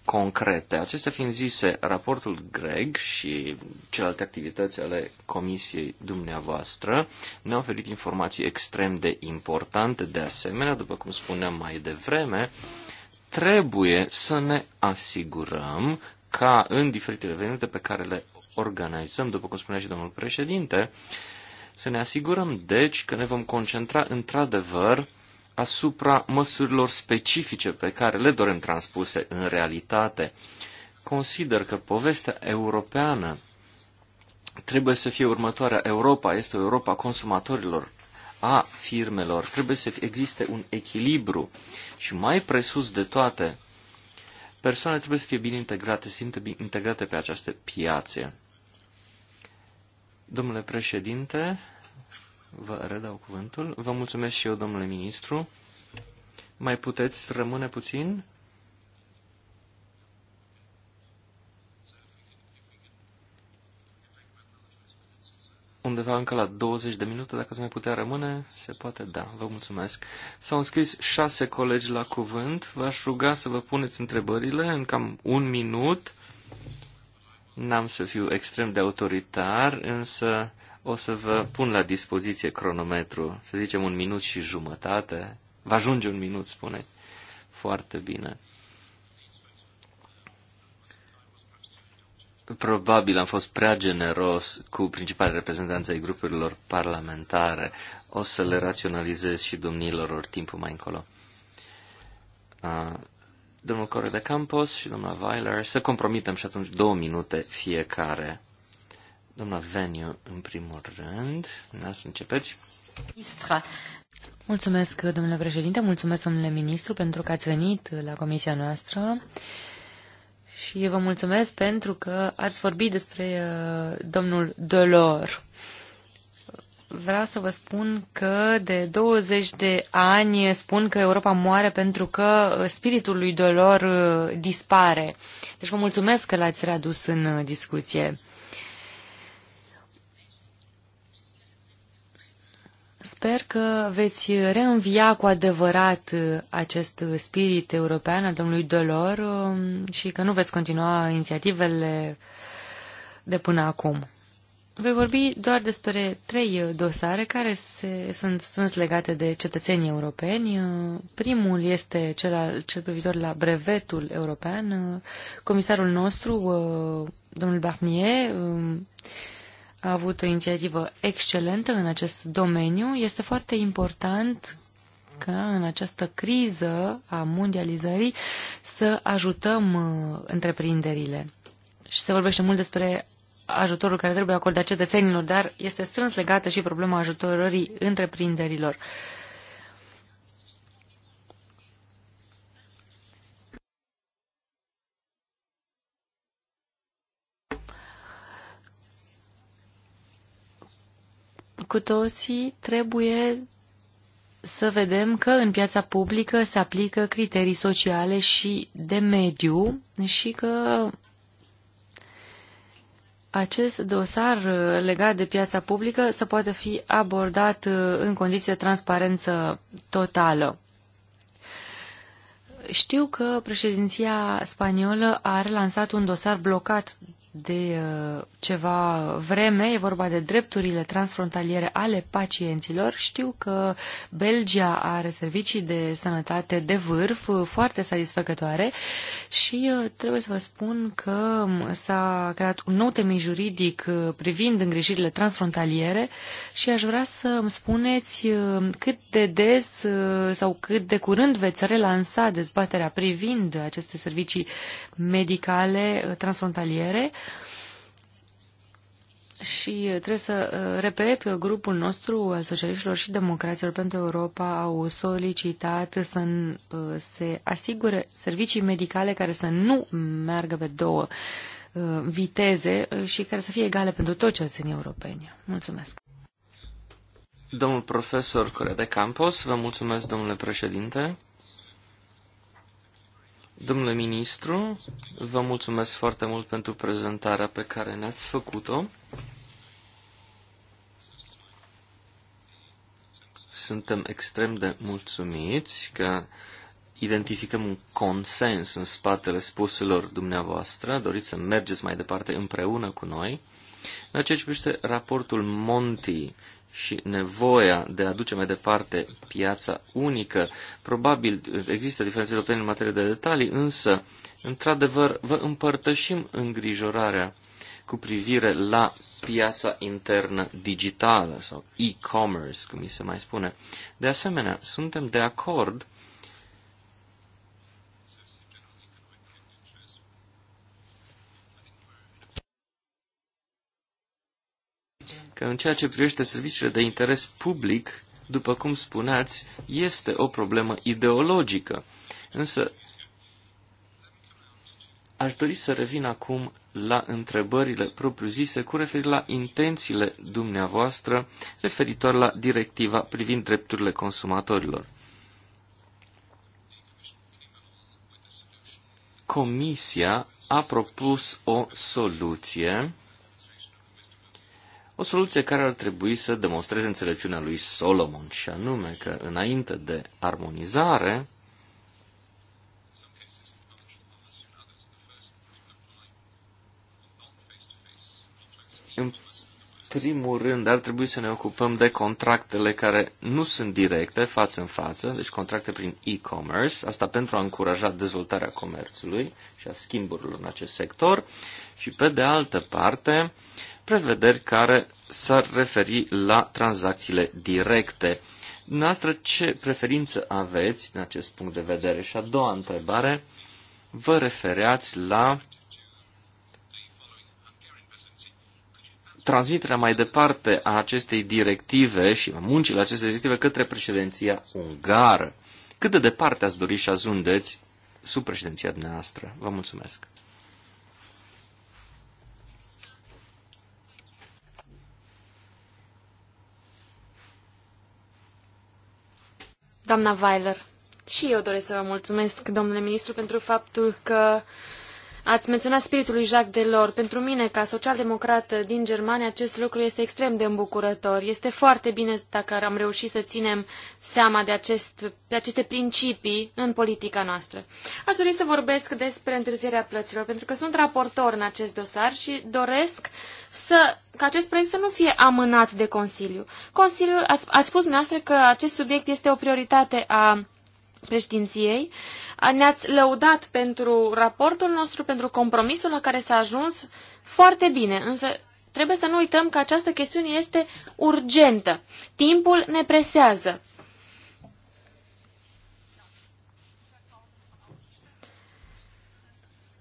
concrete. Acestea fiind zise, raportul Greg și celelalte activități ale comisiei dumneavoastră ne-au oferit informații extrem de importante. De asemenea, după cum spuneam mai devreme, trebuie să ne asigurăm ca în diferitele evenimente pe care le organizăm, după cum spunea și domnul președinte, să ne asigurăm, deci, că ne vom concentra într-adevăr asupra măsurilor specifice pe care le dorem transpuse în realitate. Consider că povestea europeană trebuie să fie următoarea. Europa este Europa consumatorilor, a firmelor. Trebuie să existe un echilibru și mai presus de toate, persoanele trebuie să fie bine integrate, simt integrate pe această piață. Domnule președinte, vă redau cuvântul. Vă mulțumesc și eu, domnule ministru. Mai puteți rămâne puțin? undeva încă la 20 de minute, dacă se mai putea rămâne, se poate da. Vă mulțumesc. S-au înscris șase colegi la cuvânt. V-aș ruga să vă puneți întrebările în cam un minut. N-am să fiu extrem de autoritar, însă o să vă pun la dispoziție cronometru, să zicem un minut și jumătate. Va ajunge un minut, spuneți. Foarte bine. Probabil am fost prea generos cu principalii reprezentanți ai grupurilor parlamentare. O să le raționalizez și domnilor ori timpul mai încolo. domnul Core de Campos și domnul Weiler, să compromitem și atunci două minute fiecare. Doamna Veniu, în primul rând, da, să începeți. Istra. Mulțumesc, domnule președinte, mulțumesc, domnule ministru, pentru că ați venit la comisia noastră și vă mulțumesc pentru că ați vorbit despre uh, domnul Dolor. Vreau să vă spun că de 20 de ani spun că Europa moare pentru că uh, spiritul lui Dolor uh, dispare. Deci vă mulțumesc că l-ați readus în discuție. Sper că veți reînvia cu adevărat uh, acest spirit european al domnului Dolor um, și că nu veți continua inițiativele de până acum. Voi vorbi doar despre trei dosare care se, sunt strâns legate de cetățenii europeni. Uh, primul este cel, al, cel privitor la brevetul european. Uh, comisarul nostru, domnul Barnier, um, a avut o inițiativă excelentă în acest domeniu. Este foarte important ca în această criză a mondializării să ajutăm uh, întreprinderile. Și se vorbește mult despre ajutorul care trebuie acordat cetățenilor, dar este strâns legată și problema ajutorării întreprinderilor. Uh, cu toții, trebuie să vedem că în piața publică se aplică criterii sociale și de mediu și că acest dosar legat de piața publică să poată fi abordat în condiții de transparență totală. Știu că președinția spaniolă a relansat un dosar blocat de uh, ceva vreme, e vorba de drepturile transfrontaliere ale pacienților. Știu că Belgia are servicii de sănătate de vârf uh, foarte satisfăcătoare și uh, trebuie să vă spun că um, s-a creat un nou temei juridic privind îngrijirile transfrontaliere și aș vrea să îmi spuneți cât de des sau cât de curând veți relansa dezbaterea privind aceste servicii medicale transfrontaliere și uh, trebuie să uh, repet că grupul nostru al socialiștilor și democraților pentru Europa au solicitat să uh, se asigure servicii medicale care să nu meargă pe două viteze și care să fie egale pentru toți cetățenii europeni. Mulțumesc! Domnul profesor Corea de Campos, vă mulțumesc, domnule președinte. Domnule ministru, vă mulțumesc foarte mult pentru prezentarea pe care ne-ați făcut-o. Suntem extrem de mulțumiți că identificăm un consens în spatele spuselor dumneavoastră, doriți să mergeți mai departe împreună cu noi. În ceea ce privește raportul Monti, și nevoia de a duce mai departe piața unică. Probabil există diferențe europene în materie de detalii, însă, într-adevăr, vă împărtășim îngrijorarea cu privire la piața internă digitală sau e-commerce, cum mi se mai spune. De asemenea, suntem de acord că în ceea ce privește serviciile de interes public, după cum spuneați, este o problemă ideologică. Însă, aș dori să revin acum la întrebările propriu-zise cu referire la intențiile dumneavoastră referitor la directiva privind drepturile consumatorilor. Comisia a propus o soluție o soluție care ar trebui să demonstreze înțelepciunea lui Solomon, și anume că înainte de armonizare, în primul rând ar trebui să ne ocupăm de contractele care nu sunt directe față în față, deci contracte prin e-commerce, asta pentru a încuraja dezvoltarea comerțului și a schimburilor în acest sector, și pe de altă parte, uh, prevederi care s-ar referi la tranzacțiile directe. Noastră, ce preferință aveți din acest punct de vedere? Și a doua întrebare, vă refereați la transmiterea mai departe a acestei directive și a muncile acestei directive către președinția ungară. Cât de departe ați dori și ajungeți sub președinția dumneavoastră? Vă mulțumesc! Doamna Weiler, și eu doresc să vă mulțumesc, domnule ministru, pentru faptul că Ați menționat spiritul lui Jacques Delors. Pentru mine, ca socialdemocrată din Germania, acest lucru este extrem de îmbucurător. Este foarte bine dacă am reușit să ținem seama de, acest, de aceste principii în politica noastră. Aș dori să vorbesc despre întârzierea plăților, pentru că sunt raportor în acest dosar și doresc să, ca acest proiect să nu fie amânat de Consiliu. Consiliul, ați, ați spus dumneavoastră că acest subiect este o prioritate a președinției. Ne-ați lăudat pentru raportul nostru, pentru compromisul la care s-a ajuns foarte bine, însă trebuie să nu uităm că această chestiune este urgentă. Timpul ne presează.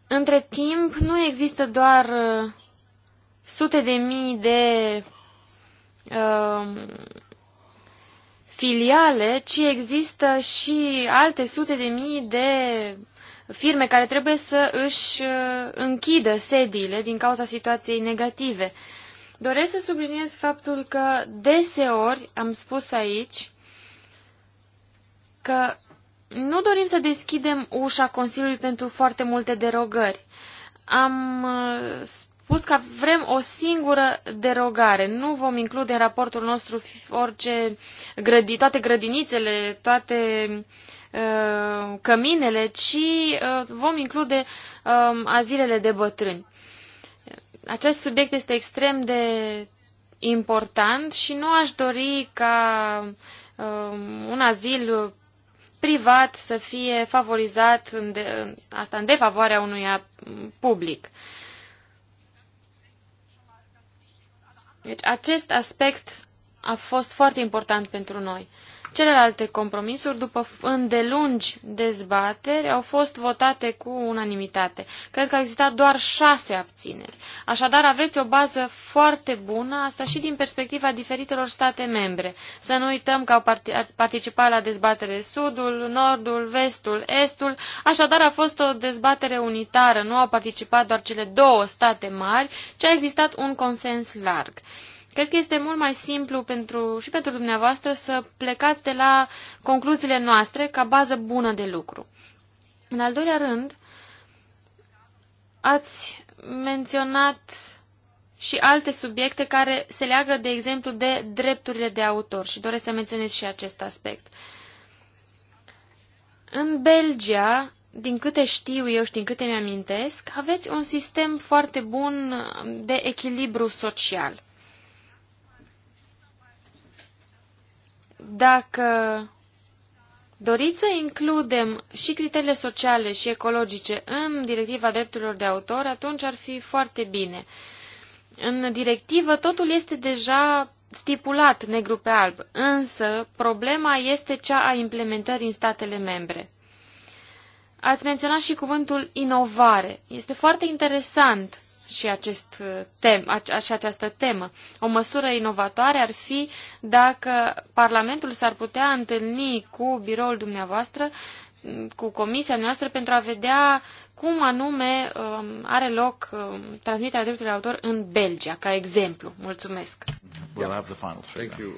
Între timp, nu există doar uh, sute de mii de uh, filiale, ci există și alte sute de mii de firme care trebuie să își uh, închidă sediile din cauza situației negative. Doresc să subliniez faptul că deseori am spus aici că nu dorim să deschidem ușa Consiliului pentru foarte multe derogări. Am uh, spus că vrem o singură derogare. Nu vom include în raportul nostru orice grădi, toate grădinițele, toate uh, căminele, ci uh, vom include uh, azilele de bătrâni. Acest subiect este extrem de important și nu aș dori ca um, un azil privat să fie favorizat în de, asta în defavoarea unui public. Uh, Deci acest aspect a fost foarte important pentru noi. Celelalte compromisuri, după îndelungi dezbateri, au fost votate cu unanimitate. Cred că au existat doar șase abțineri. Așadar, aveți o bază foarte bună, asta și din perspectiva diferitelor state membre. Să nu uităm că au participat la dezbatere Sudul, Nordul, Vestul, Estul. Așadar, a fost o dezbatere unitară. Nu au participat doar cele două state mari, ci a existat un consens larg. Cred că este mult mai simplu pentru, și pentru dumneavoastră să plecați de la concluziile noastre ca bază bună de lucru. În al doilea rând, ați menționat și alte subiecte care se leagă, de exemplu, de drepturile de autor și doresc să menționez și acest aspect. În Belgia, din câte știu eu și din câte mi-amintesc, aveți un sistem foarte bun de echilibru social. dacă doriți să includem și criteriile sociale și ecologice în directiva drepturilor de autor, atunci ar fi foarte bine. În directivă totul este deja stipulat negru pe alb, însă problema este cea a implementării în statele membre. Ați menționat și cuvântul inovare. Este foarte interesant și, acest uh, tem, ace- și această temă. O măsură inovatoare ar fi dacă Parlamentul s-ar putea întâlni cu biroul dumneavoastră, cu comisia noastră, pentru a vedea cum anume um, are loc um, transmiterea drepturilor autor în Belgia, ca exemplu. Mulțumesc. We'll have the final three, Thank you.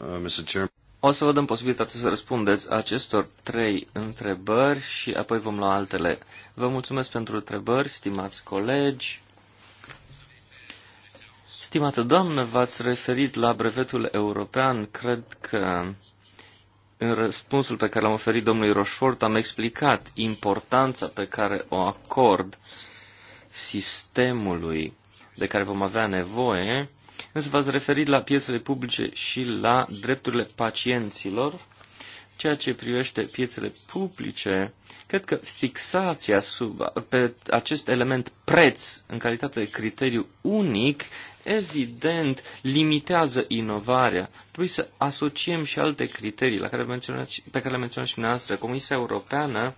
Uh, Mr. Chairman. O să vă dăm posibilitatea să răspundeți acestor trei întrebări și apoi vom lua altele. Vă mulțumesc pentru întrebări, stimați colegi. Stimată doamnă, v-ați referit la brevetul european. Cred că în răspunsul pe care l-am oferit domnului Rochefort am explicat importanța pe care o acord sistemului de care vom avea nevoie Însă v-ați referit la piețele publice și la drepturile pacienților. Ceea ce privește piețele publice, cred că fixația sub, pe acest element preț în calitate de criteriu unic, evident, limitează inovarea. Trebuie să asociem și alte criterii la care pe care le menționați și dumneavoastră. Comisia Europeană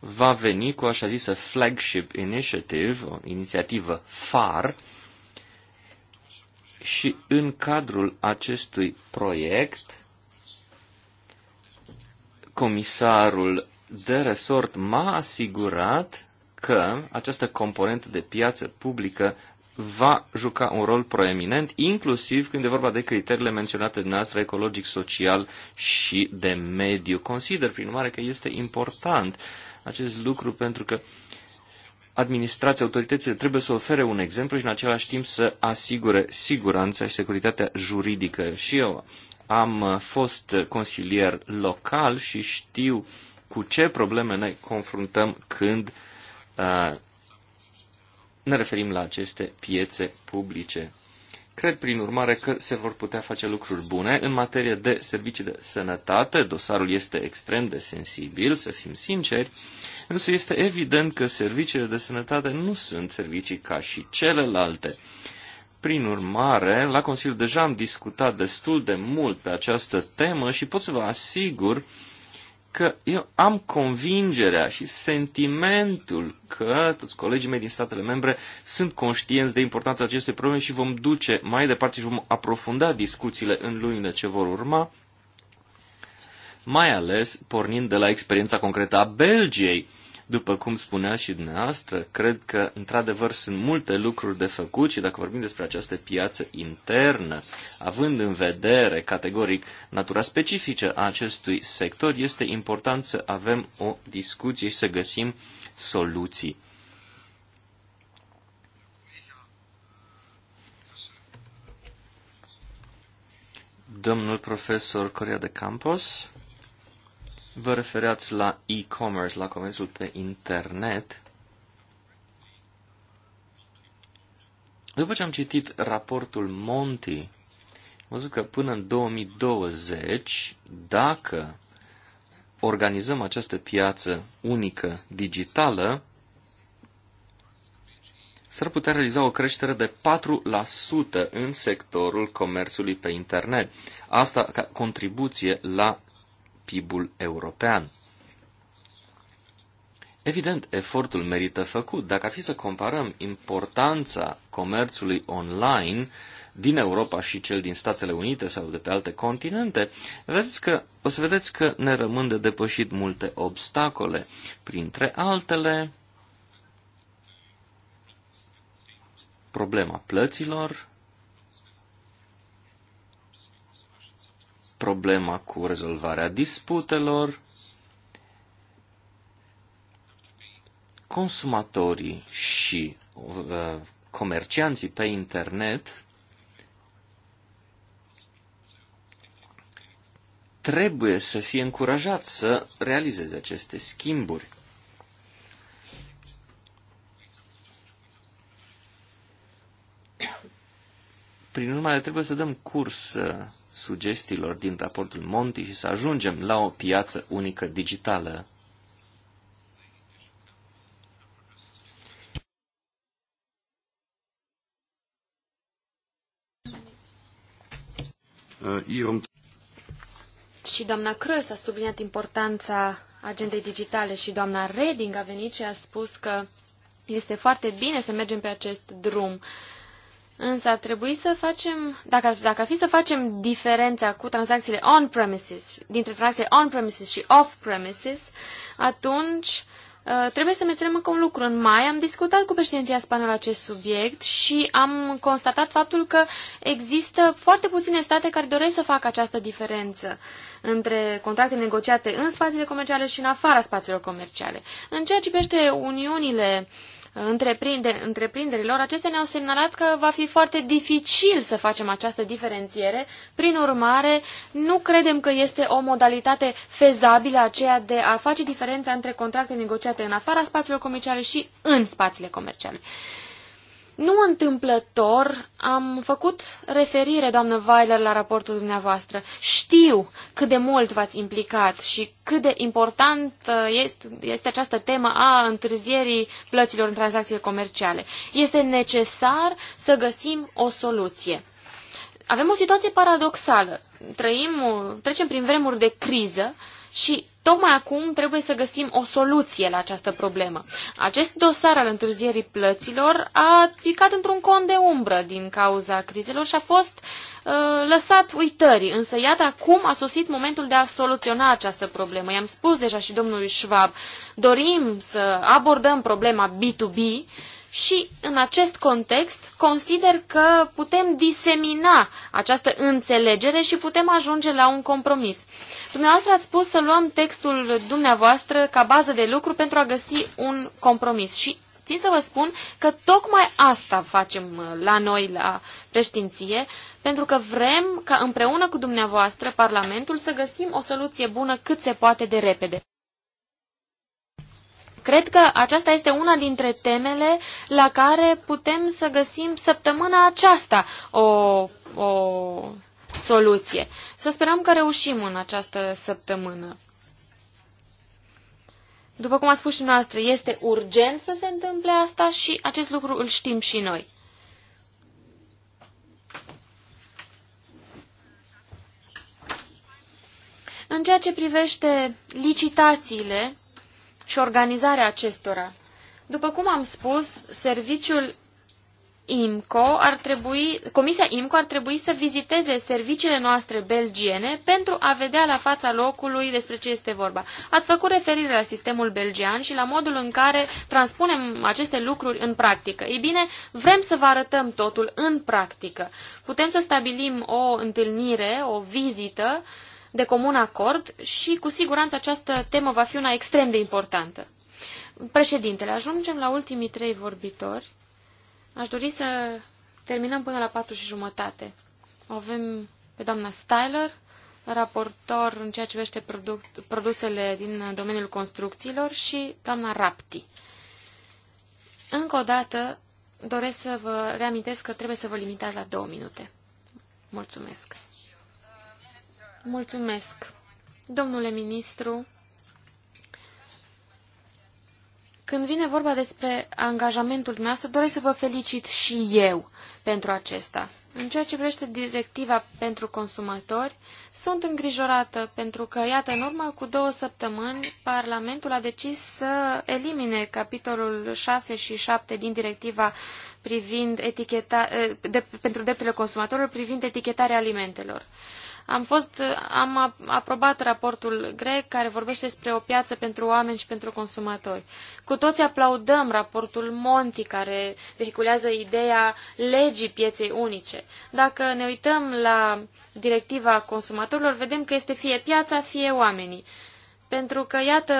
va veni cu așa zisă flagship initiative, o inițiativă far, uh, și în cadrul acestui proiect, comisarul de resort m-a asigurat că această componentă de piață publică va juca un rol proeminent, inclusiv când e vorba de criteriile menționate de noastră, ecologic, social și de mediu. Consider, prin urmare, că este important acest lucru pentru că uh, administrația, autoritățile trebuie să ofere un exemplu și în același timp să asigure siguranța și securitatea juridică. Și eu am uh, fost consilier local și știu cu ce probleme ne confruntăm când uh, ne referim la aceste piețe publice. Cred, prin urmare, că se vor putea face lucruri bune. În materie de servicii de sănătate, dosarul este extrem de sensibil, să fim sinceri, însă este evident că serviciile de sănătate nu sunt servicii ca și celelalte. Prin urmare, la Consiliu deja am discutat destul de mult pe această temă și pot să vă asigur că eu am convingerea și sentimentul că toți colegii mei din statele membre sunt conștienți de importanța acestei probleme și vom duce mai departe și vom aprofunda discuțiile în lunile ce vor urma, mai ales pornind de la experiența concretă a Belgiei, după cum spunea și dumneavoastră, cred că, într-adevăr, sunt multe lucruri de făcut și dacă vorbim despre această piață internă, având în vedere categoric natura specifică a acestui sector, este important să avem o discuție și să găsim soluții. Domnul profesor Coria de Campos vă refereați la e-commerce, la comerțul pe internet. După ce am citit raportul Monti, am văzut că până în 2020, dacă organizăm această piață unică digitală, s-ar putea realiza o creștere de 4% în sectorul comerțului pe internet. Asta ca contribuție la PIB-ul european. Evident, efortul merită făcut. Dacă ar fi să comparăm importanța comerțului online din Europa și cel din Statele Unite sau de pe alte continente, vedeți că, o să vedeți că ne rămân de depășit multe obstacole. Printre altele, problema plăților, problema cu rezolvarea disputelor. Consumatorii și uh, comercianții pe internet trebuie să fie încurajați să realizeze aceste schimburi. Prin urmare, trebuie să dăm curs uh, sugestiilor din raportul Monti și să ajungem la o piață unică digitală. Uh, eu... Și doamna Crăs a subliniat importanța agendei digitale și doamna Reding a venit și a spus că este foarte bine să mergem pe acest drum. Uh, Însă ar trebui să facem, dacă, dacă ar fi să facem diferența cu tranzacțiile on-premises, dintre tranzacțiile on-premises și off-premises, atunci uh, trebuie să menționăm încă un lucru. În mai am discutat cu președinția spaniolă acest subiect și am constatat faptul că există foarte puține state care doresc să facă această diferență între contracte negociate în spațiile comerciale și în afara spațiilor comerciale. În ceea ce privește uniunile uh, întreprinde, întreprinderilor, acestea ne-au semnalat că va fi foarte dificil să facem această diferențiere. Prin urmare, nu credem că este o modalitate fezabilă aceea de a face diferența între contracte negociate în afara spațiilor comerciale și în spațiile comerciale. Nu întâmplător am făcut referire, doamnă Weiler, la raportul dumneavoastră. Știu cât de mult v-ați implicat și cât de important este, este această temă a întârzierii plăților în tranzacțiile comerciale. Este necesar să găsim o soluție. Avem o situație paradoxală. Trăim, trecem prin vremuri de criză și Tocmai acum trebuie să găsim o soluție la această problemă. Acest dosar al întârzierii plăților a picat într-un con de umbră din cauza crizelor și a fost uh, lăsat uitării. Însă, iată, acum a sosit momentul de a soluționa această problemă. I-am spus deja și domnului Schwab, dorim să abordăm problema B2B, și în acest context consider că putem disemina această înțelegere și putem ajunge la un compromis. Dumneavoastră ați spus să luăm textul dumneavoastră ca bază de lucru pentru a găsi un compromis și țin să vă spun că tocmai asta facem uh, la noi, la preștinție, pentru că vrem ca împreună cu dumneavoastră, Parlamentul, să găsim o soluție bună cât se poate de repede. Cred că aceasta este una dintre temele la care putem să găsim săptămâna aceasta o, o soluție. Să sperăm că reușim în această săptămână. După cum a spus și noastră, este urgent să se întâmple asta și acest lucru îl știm și noi. În ceea ce privește licitațiile, și organizarea acestora. După cum am spus, serviciul IMCO ar trebui, Comisia IMCO ar trebui să viziteze serviciile noastre belgiene pentru a vedea la fața locului despre ce este vorba. Ați făcut referire la sistemul belgian și la modul în care transpunem aceste lucruri în practică. Ei bine, vrem să vă arătăm totul în practică. Putem să stabilim o întâlnire, o vizită, uh, de comun acord și cu siguranță această temă va fi una extrem de importantă. Președintele, ajungem la ultimii trei vorbitori. Aș dori să terminăm până la patru și jumătate. Avem pe doamna Styler, raportor în ceea ce vește produc produsele din domeniul construcțiilor și doamna Rapti. Încă o dată doresc să vă reamintesc că trebuie să vă limitați la două minute. Mulțumesc! Mulțumesc. Domnule ministru, când vine vorba despre angajamentul dumneavoastră, doresc să vă felicit și eu pentru acesta. În ceea ce privește directiva pentru consumatori, sunt îngrijorată pentru că, iată, în urmă cu două săptămâni, Parlamentul a decis să elimine capitolul 6 și 7 din directiva privind eticheta, de, pentru drepturile consumatorilor privind etichetarea alimentelor. Am, fost, am aprobat raportul grec care vorbește despre o piață pentru oameni și pentru consumatori. Cu toți aplaudăm raportul Monti care vehiculează ideea legii pieței unice. Dacă ne uităm la directiva consumatorilor, vedem că este fie piața, fie oamenii. Pentru că, iată,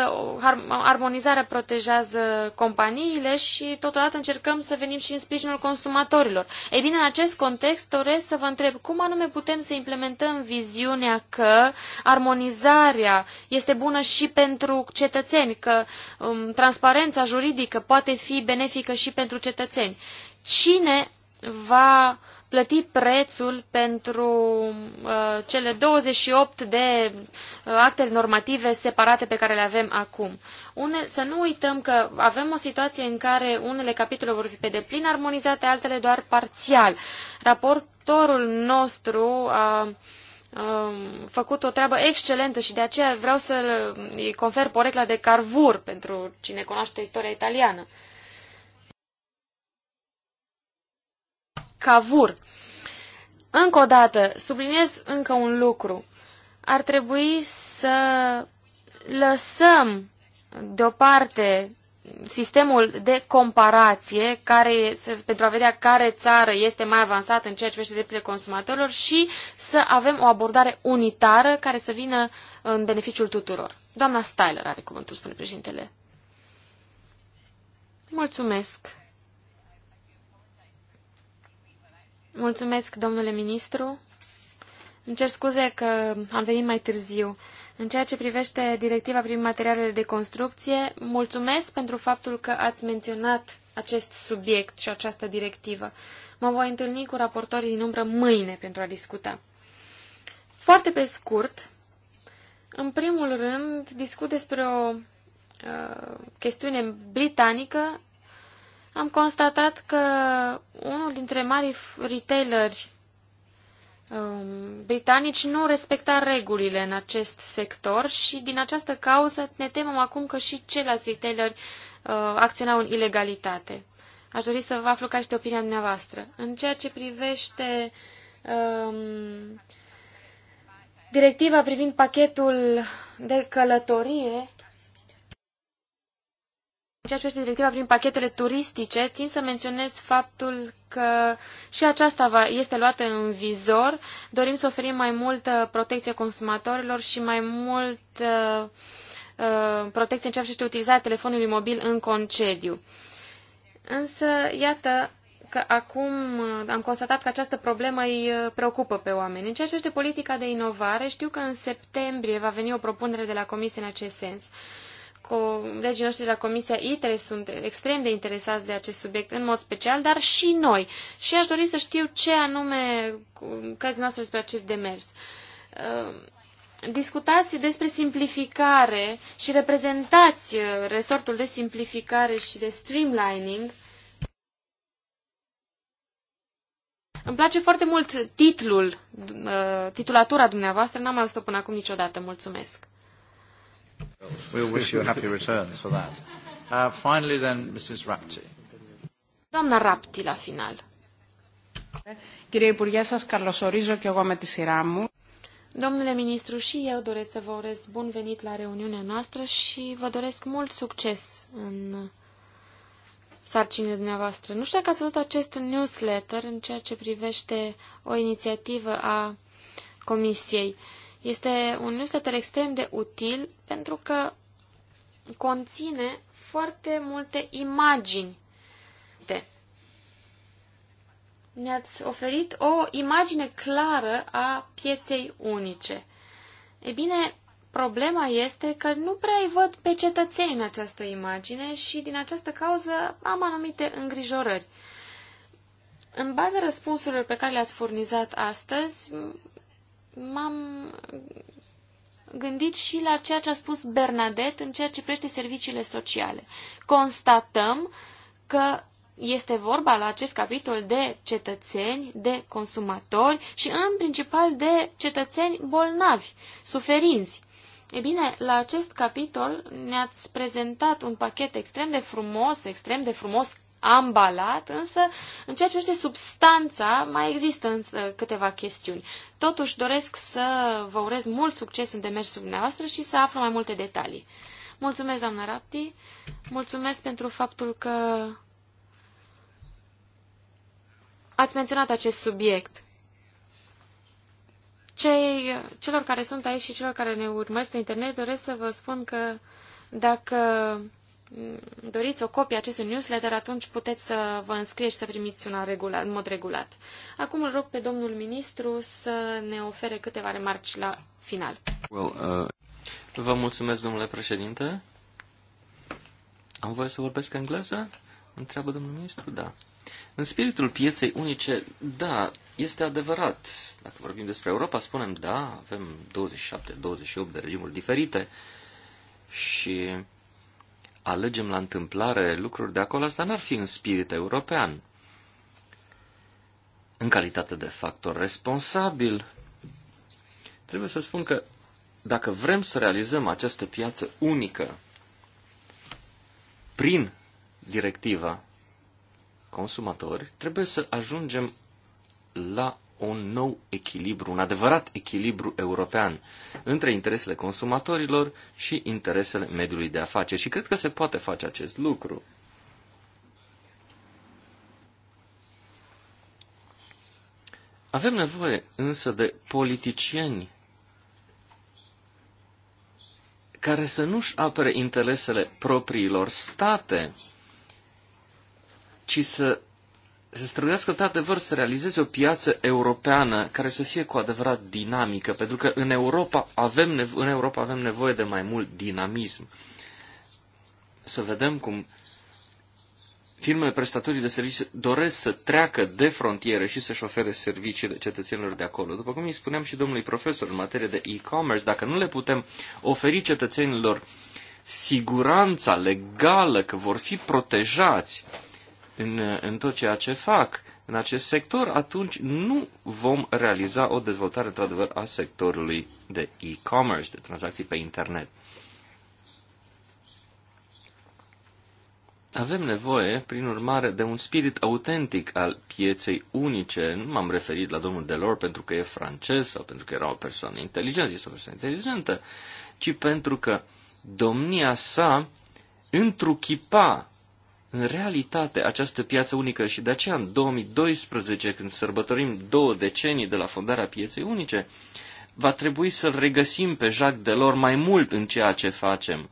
armonizarea protejează companiile și totodată încercăm să venim și în sprijinul consumatorilor. Ei bine, în acest context doresc să vă întreb cum anume putem să implementăm viziunea că armonizarea este bună și pentru cetățeni, că um, transparența juridică poate fi benefică și pentru cetățeni. Cine va plăti prețul pentru uh, cele 28 de uh, acte normative separate pe care le avem acum. Une, să nu uităm că avem o situație în care unele capitole vor fi pe deplin armonizate, altele doar parțial. Raportorul nostru a um, făcut o treabă excelentă și de aceea vreau să îi confer porecla de carvur pentru cine cunoaște istoria italiană. Uh, Cavour. Încă o dată, subliniez încă un lucru. Ar trebui să lăsăm deoparte sistemul de comparație care, pentru a vedea care țară este mai avansată în ceea ce privește drepturile consumatorilor și să avem o abordare unitară care să vină în beneficiul tuturor. Doamna Styler are cuvântul, spune președintele. Mulțumesc. Mulțumesc, domnule ministru. Îmi cer scuze că am venit mai târziu. În ceea ce privește directiva privind materialele de construcție, mulțumesc pentru faptul că ați menționat acest subiect și această directivă. Mă voi întâlni cu raportorii din umbră mâine pentru a discuta. Foarte pe scurt, în primul rând, discut despre o uh, chestiune britanică am constatat că unul dintre marii retaileri um, britanici nu respecta regulile în acest sector și din această cauză ne temem acum că și ceilalți retaileri uh, acționau în ilegalitate. Aș dori să vă aflu ca și de opinia dumneavoastră. În ceea ce privește um, directiva privind pachetul de călătorie, ceea ce privește directiva prin pachetele turistice, țin să menționez faptul că și aceasta va este luată în vizor. Dorim să oferim mai multă protecție consumatorilor și mai mult uh, protecție în ceea ce privește utilizarea telefonului mobil în concediu. Însă, iată că acum uh, am constatat că această problemă îi uh, preocupă pe oameni. În ceea ce privește politica de inovare, știu că în septembrie va veni o propunere de la Comisie în acest sens colegii noștri de la Comisia ITRE sunt extrem de interesați de acest subiect în mod special, dar și noi. Și aș dori să știu ce anume cărți noastre despre acest demers. Uh, discutați despre simplificare și reprezentați uh, resortul de simplificare și de streamlining. Îmi place foarte mult titlul, uh, titulatura dumneavoastră, n-am mai auzit-o până acum niciodată. Mulțumesc! We We'll wish you happy returns for that. Uh, finally then, Mrs. Rapti. Doamna Rapti, la final. Κύριε Υπουργέ, σας καλωσορίζω και εγώ με τη σειρά μου. Domnule ministru, și eu doresc să vă urez bun venit la reuniunea noastră și vă doresc mult succes în sarcinile dumneavoastră. Nu știu dacă ați văzut acest newsletter în ceea ce privește o inițiativă a Comisiei. Este un newsletter extrem de util pentru că conține foarte multe imagini. mi ați oferit o imagine clară a pieței unice. E bine, problema este că nu prea îi văd pe cetățeni în această imagine și din această cauză am anumite îngrijorări. În baza răspunsurilor pe care le-ați furnizat astăzi, m-am gândit și la ceea ce a spus Bernadette în ceea ce privește serviciile sociale. Constatăm că este vorba la acest capitol de cetățeni, de consumatori și în principal de cetățeni bolnavi, suferinți. E bine, la acest capitol ne-ați prezentat un pachet extrem de frumos, extrem de frumos ambalat, însă în ceea ce este substanța mai există însă câteva chestiuni. Totuși doresc să vă urez mult succes în demersul dumneavoastră și să aflu mai multe detalii. Mulțumesc, doamna Rapti, mulțumesc pentru faptul că ați menționat acest subiect. Cei, celor care sunt aici și celor care ne urmăresc pe internet doresc să vă spun că dacă doriți o copie a acestui newsletter, atunci puteți să vă înscrieți să primiți una regulat în mod regulat. Acum îl rog pe domnul ministru să ne ofere câteva remarci la final. Well, uh... Vă mulțumesc, domnule președinte. Am voie să vorbesc engleză? Întreabă domnul ministru? Da. În spiritul pieței unice, da, este adevărat. Dacă vorbim despre Europa, spunem, da, avem 27-28 de regimuri diferite și alegem la întâmplare lucruri de acolo, asta n-ar fi în spirit european. În calitate de factor responsabil, trebuie să spun că dacă vrem să realizăm această piață unică prin directiva consumatori, trebuie să ajungem la un nou echilibru, un adevărat echilibru european între interesele consumatorilor și interesele mediului de afaceri. Și cred că se poate face acest lucru. Avem nevoie însă de politicieni care să nu-și apere interesele propriilor state, ci să se străduiască într-adevăr să realizeze o piață europeană care să fie cu adevărat dinamică, pentru că în Europa avem, nevo- în Europa avem nevoie de mai mult dinamism. Să vedem cum firmele prestatorii de servicii doresc să treacă de frontieră și să-și ofere serviciile cetățenilor de acolo. După cum îi spuneam și domnului profesor în materie de e-commerce, dacă nu le putem oferi cetățenilor siguranța legală că vor fi protejați, în, în tot ceea ce fac în acest sector, atunci nu vom realiza o dezvoltare într-adevăr a sectorului de e-commerce, de tranzacții pe internet. Avem nevoie, prin urmare, de un spirit autentic al pieței unice. Nu m-am referit la domnul Delors pentru că e francez sau pentru că era o persoană inteligentă, este o persoană inteligentă, ci pentru că domnia sa întruchipa în realitate, această piață unică și de aceea în 2012, când sărbătorim două decenii de la fondarea pieței unice, va trebui să-l regăsim pe Jacques Delors mai mult în ceea ce facem.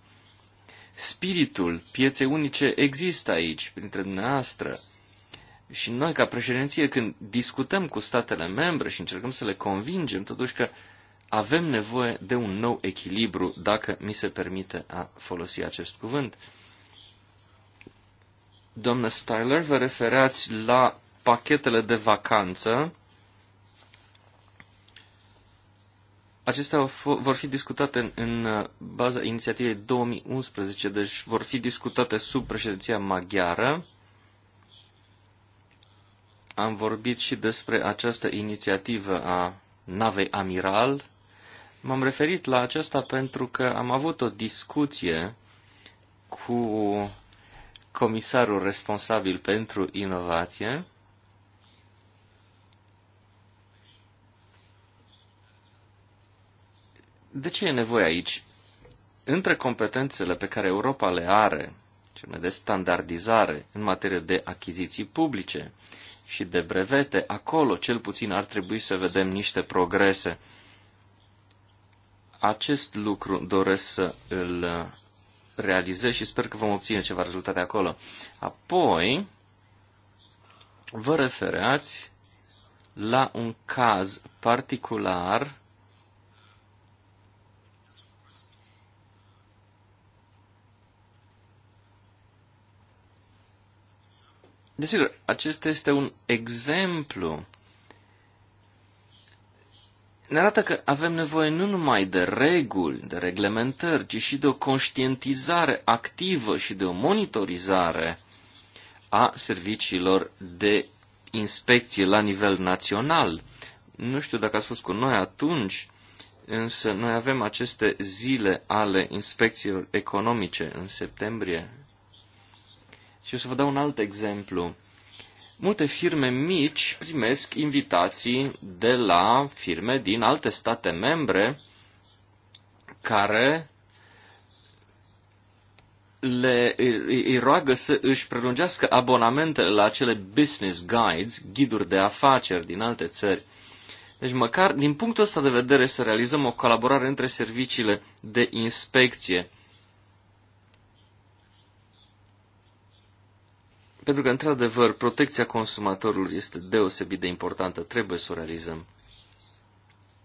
Spiritul pieței unice există aici, printre dumneavoastră. Și noi, ca președinție, când discutăm cu statele membre și încercăm să le convingem, totuși că avem nevoie de un nou echilibru, dacă mi se permite a folosi acest cuvânt, Domnă Styler, vă referați la pachetele de vacanță. Acestea vor fi discutate în, în uh, baza inițiativei 2011, deci vor fi discutate sub președinția maghiară. Am vorbit și despre această inițiativă a navei Amiral. M-am referit la aceasta pentru că am avut o discuție cu comisarul responsabil pentru inovație De ce e nevoie aici? Între competențele pe care Europa le are, ce de standardizare în materie de achiziții publice și de brevete, acolo cel puțin ar trebui să vedem niște progrese. Acest lucru doresc să îl realizez și sper că vom obține ceva rezultate acolo. Apoi, vă referați la un caz particular Desigur, acesta este un exemplu ne arată că avem nevoie nu numai de reguli, de reglementări, ci și de o conștientizare activă și de o monitorizare a serviciilor de inspecție la nivel național. Nu știu dacă ați fost cu noi atunci, însă noi avem aceste zile ale inspecțiilor economice în septembrie. Și o să vă dau un alt exemplu. Multe firme mici primesc invitații de la firme din alte state membre care le, îi, roagă să își prelungească abonamentele la acele business guides, ghiduri de afaceri din alte țări. Deci măcar din punctul ăsta de vedere să realizăm o colaborare între serviciile de inspecție Pentru că, într-adevăr, protecția consumatorului este deosebit de importantă, trebuie să o realizăm.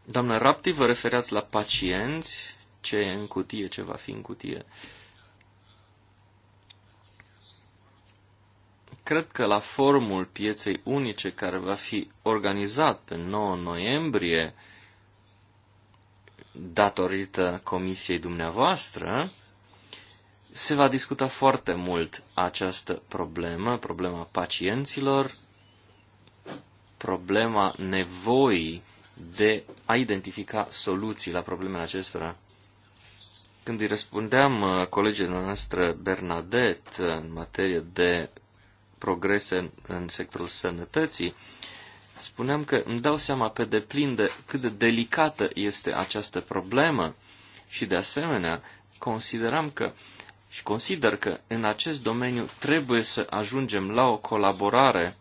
Doamna Rapti, vă refereați la pacienți, ce e în cutie, ce va fi în cutie. Cred că la formul pieței unice care va fi organizat pe 9 noiembrie, datorită comisiei dumneavoastră, se va discuta foarte mult această problemă, problema pacienților, problema nevoii de a identifica soluții la problemele acestora. Când îi răspundeam uh, colegii noastră Bernadette în materie de progrese în sectorul sănătății, spuneam că îmi dau seama pe deplin de cât de delicată este această problemă și, de asemenea, consideram că uh, și consider că în acest domeniu trebuie să ajungem la o colaborare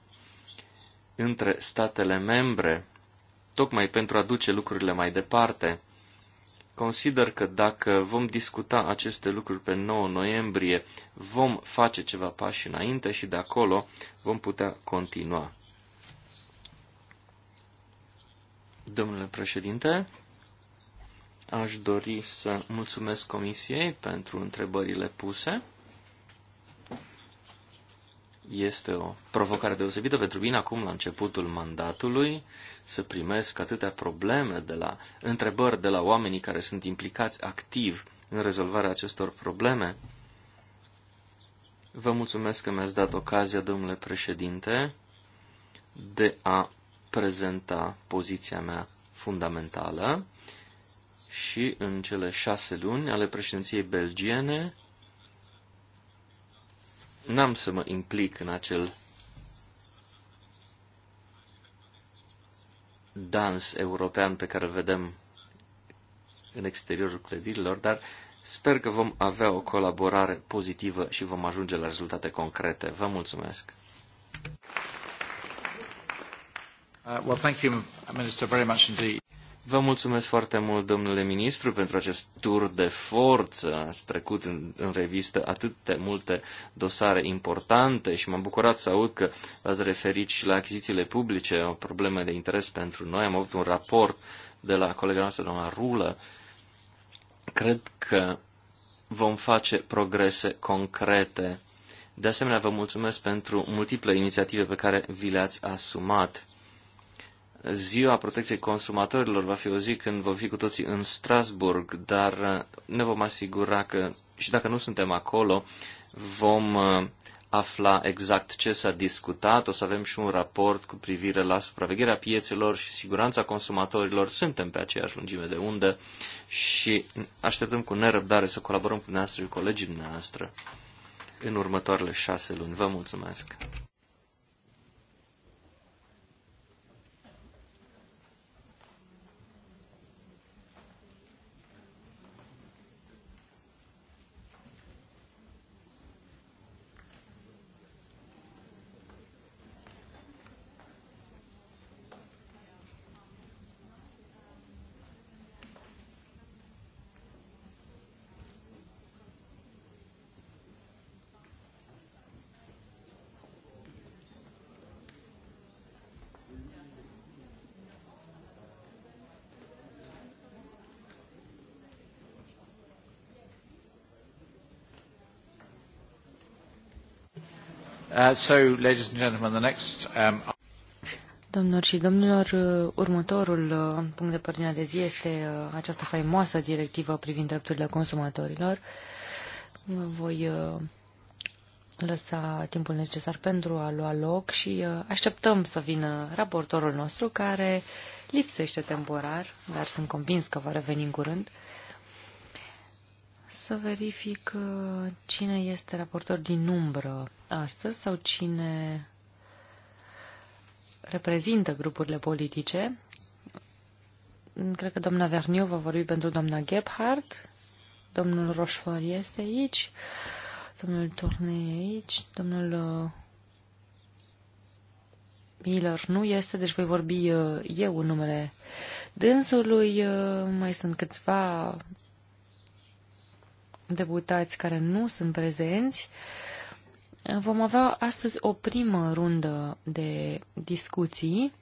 între statele membre, tocmai pentru a duce lucrurile mai departe. Consider că dacă vom discuta aceste lucruri pe 9 noiembrie, vom face ceva pași înainte și de acolo vom putea continua. Domnule președinte, aș dori să mulțumesc Comisiei pentru întrebările puse. Este o provocare deosebită pentru mine acum, la începutul mandatului, să primesc atâtea probleme de la întrebări de la oamenii care sunt implicați activ în rezolvarea acestor probleme. Vă mulțumesc că mi-ați dat ocazia, domnule președinte, de a prezenta poziția mea fundamentală și în cele șase luni ale președinției belgiene n-am să mă implic în acel dans european pe care îl vedem în exteriorul clădirilor, dar sper că vom avea o colaborare pozitivă și vom ajunge la rezultate concrete. Vă mulțumesc! Uh, well, thank you, Minister, very much indeed. Vă mulțumesc foarte mult, domnule ministru, pentru acest tur de forță. Ați trecut în, în revistă atât de multe dosare importante și m-am bucurat să aud că v-ați referit și la achizițiile publice, o problemă de interes pentru noi. Am avut un raport de la colega noastră, doamna Rulă. Cred că vom face progrese concrete. De asemenea, vă mulțumesc pentru multiple inițiative pe care vi le-ați asumat Ziua Protecției Consumatorilor va fi o zi când vom fi cu toții în Strasburg, dar uh, ne vom asigura că și dacă nu suntem acolo, vom uh, afla exact ce s-a discutat, o să avem și un raport cu privire la supravegherea piețelor și siguranța consumatorilor. Suntem pe aceeași lungime de undă și așteptăm cu nerăbdare să colaborăm cu dumneavoastră și colegii dumneavoastră în următoarele șase luni. Vă mulțumesc! Uh, um, domnilor și domnilor, uh, următorul uh, punct de părinte de zi este această faimoasă directivă privind drepturile consumatorilor. Voi lăsa timpul necesar pentru a lua loc și așteptăm să vină raportorul nostru care lipsește temporar, dar sunt convins că va reveni în curând să verific uh, cine este raportor din umbră astăzi sau cine reprezintă grupurile politice. Cred că doamna Verniu va vorbi pentru doamna Gebhardt, domnul Roșfor este aici, domnul Turne e aici, domnul uh, Miller nu este, deci voi vorbi uh, eu în numele dânsului. Mai sunt câțiva deputați care nu sunt prezenți. Vom avea astăzi o primă rundă de discuții.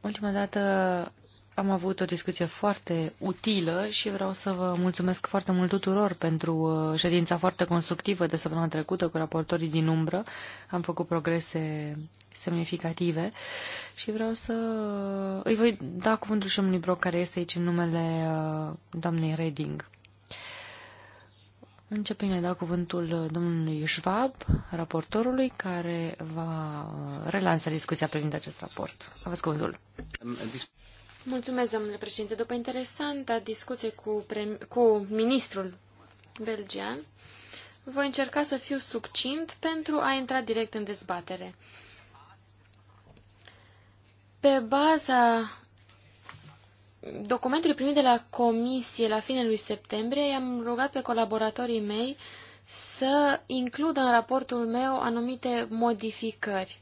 Ultima dată am avut o discuție foarte utilă și vreau să vă mulțumesc foarte mult tuturor pentru uh, ședința foarte constructivă de săptămâna trecută cu raportorii din umbră. Am făcut progrese semnificative și vreau să uh, îi voi da cuvântul și unui broc care este aici în numele uh, doamnei Reding. Începem a da cuvântul uh, domnului Schwab, raportorului, care va uh, relansa discuția privind acest raport. Aveți cuvântul. Mulțumesc, domnule președinte. După interesanta discuție cu, cu ministrul belgian, voi încerca să fiu succint pentru a intra direct în dezbatere. Pe baza documentului primit de la comisie la finele lui septembrie, i-am rugat pe colaboratorii mei să includă în raportul meu anumite modificări,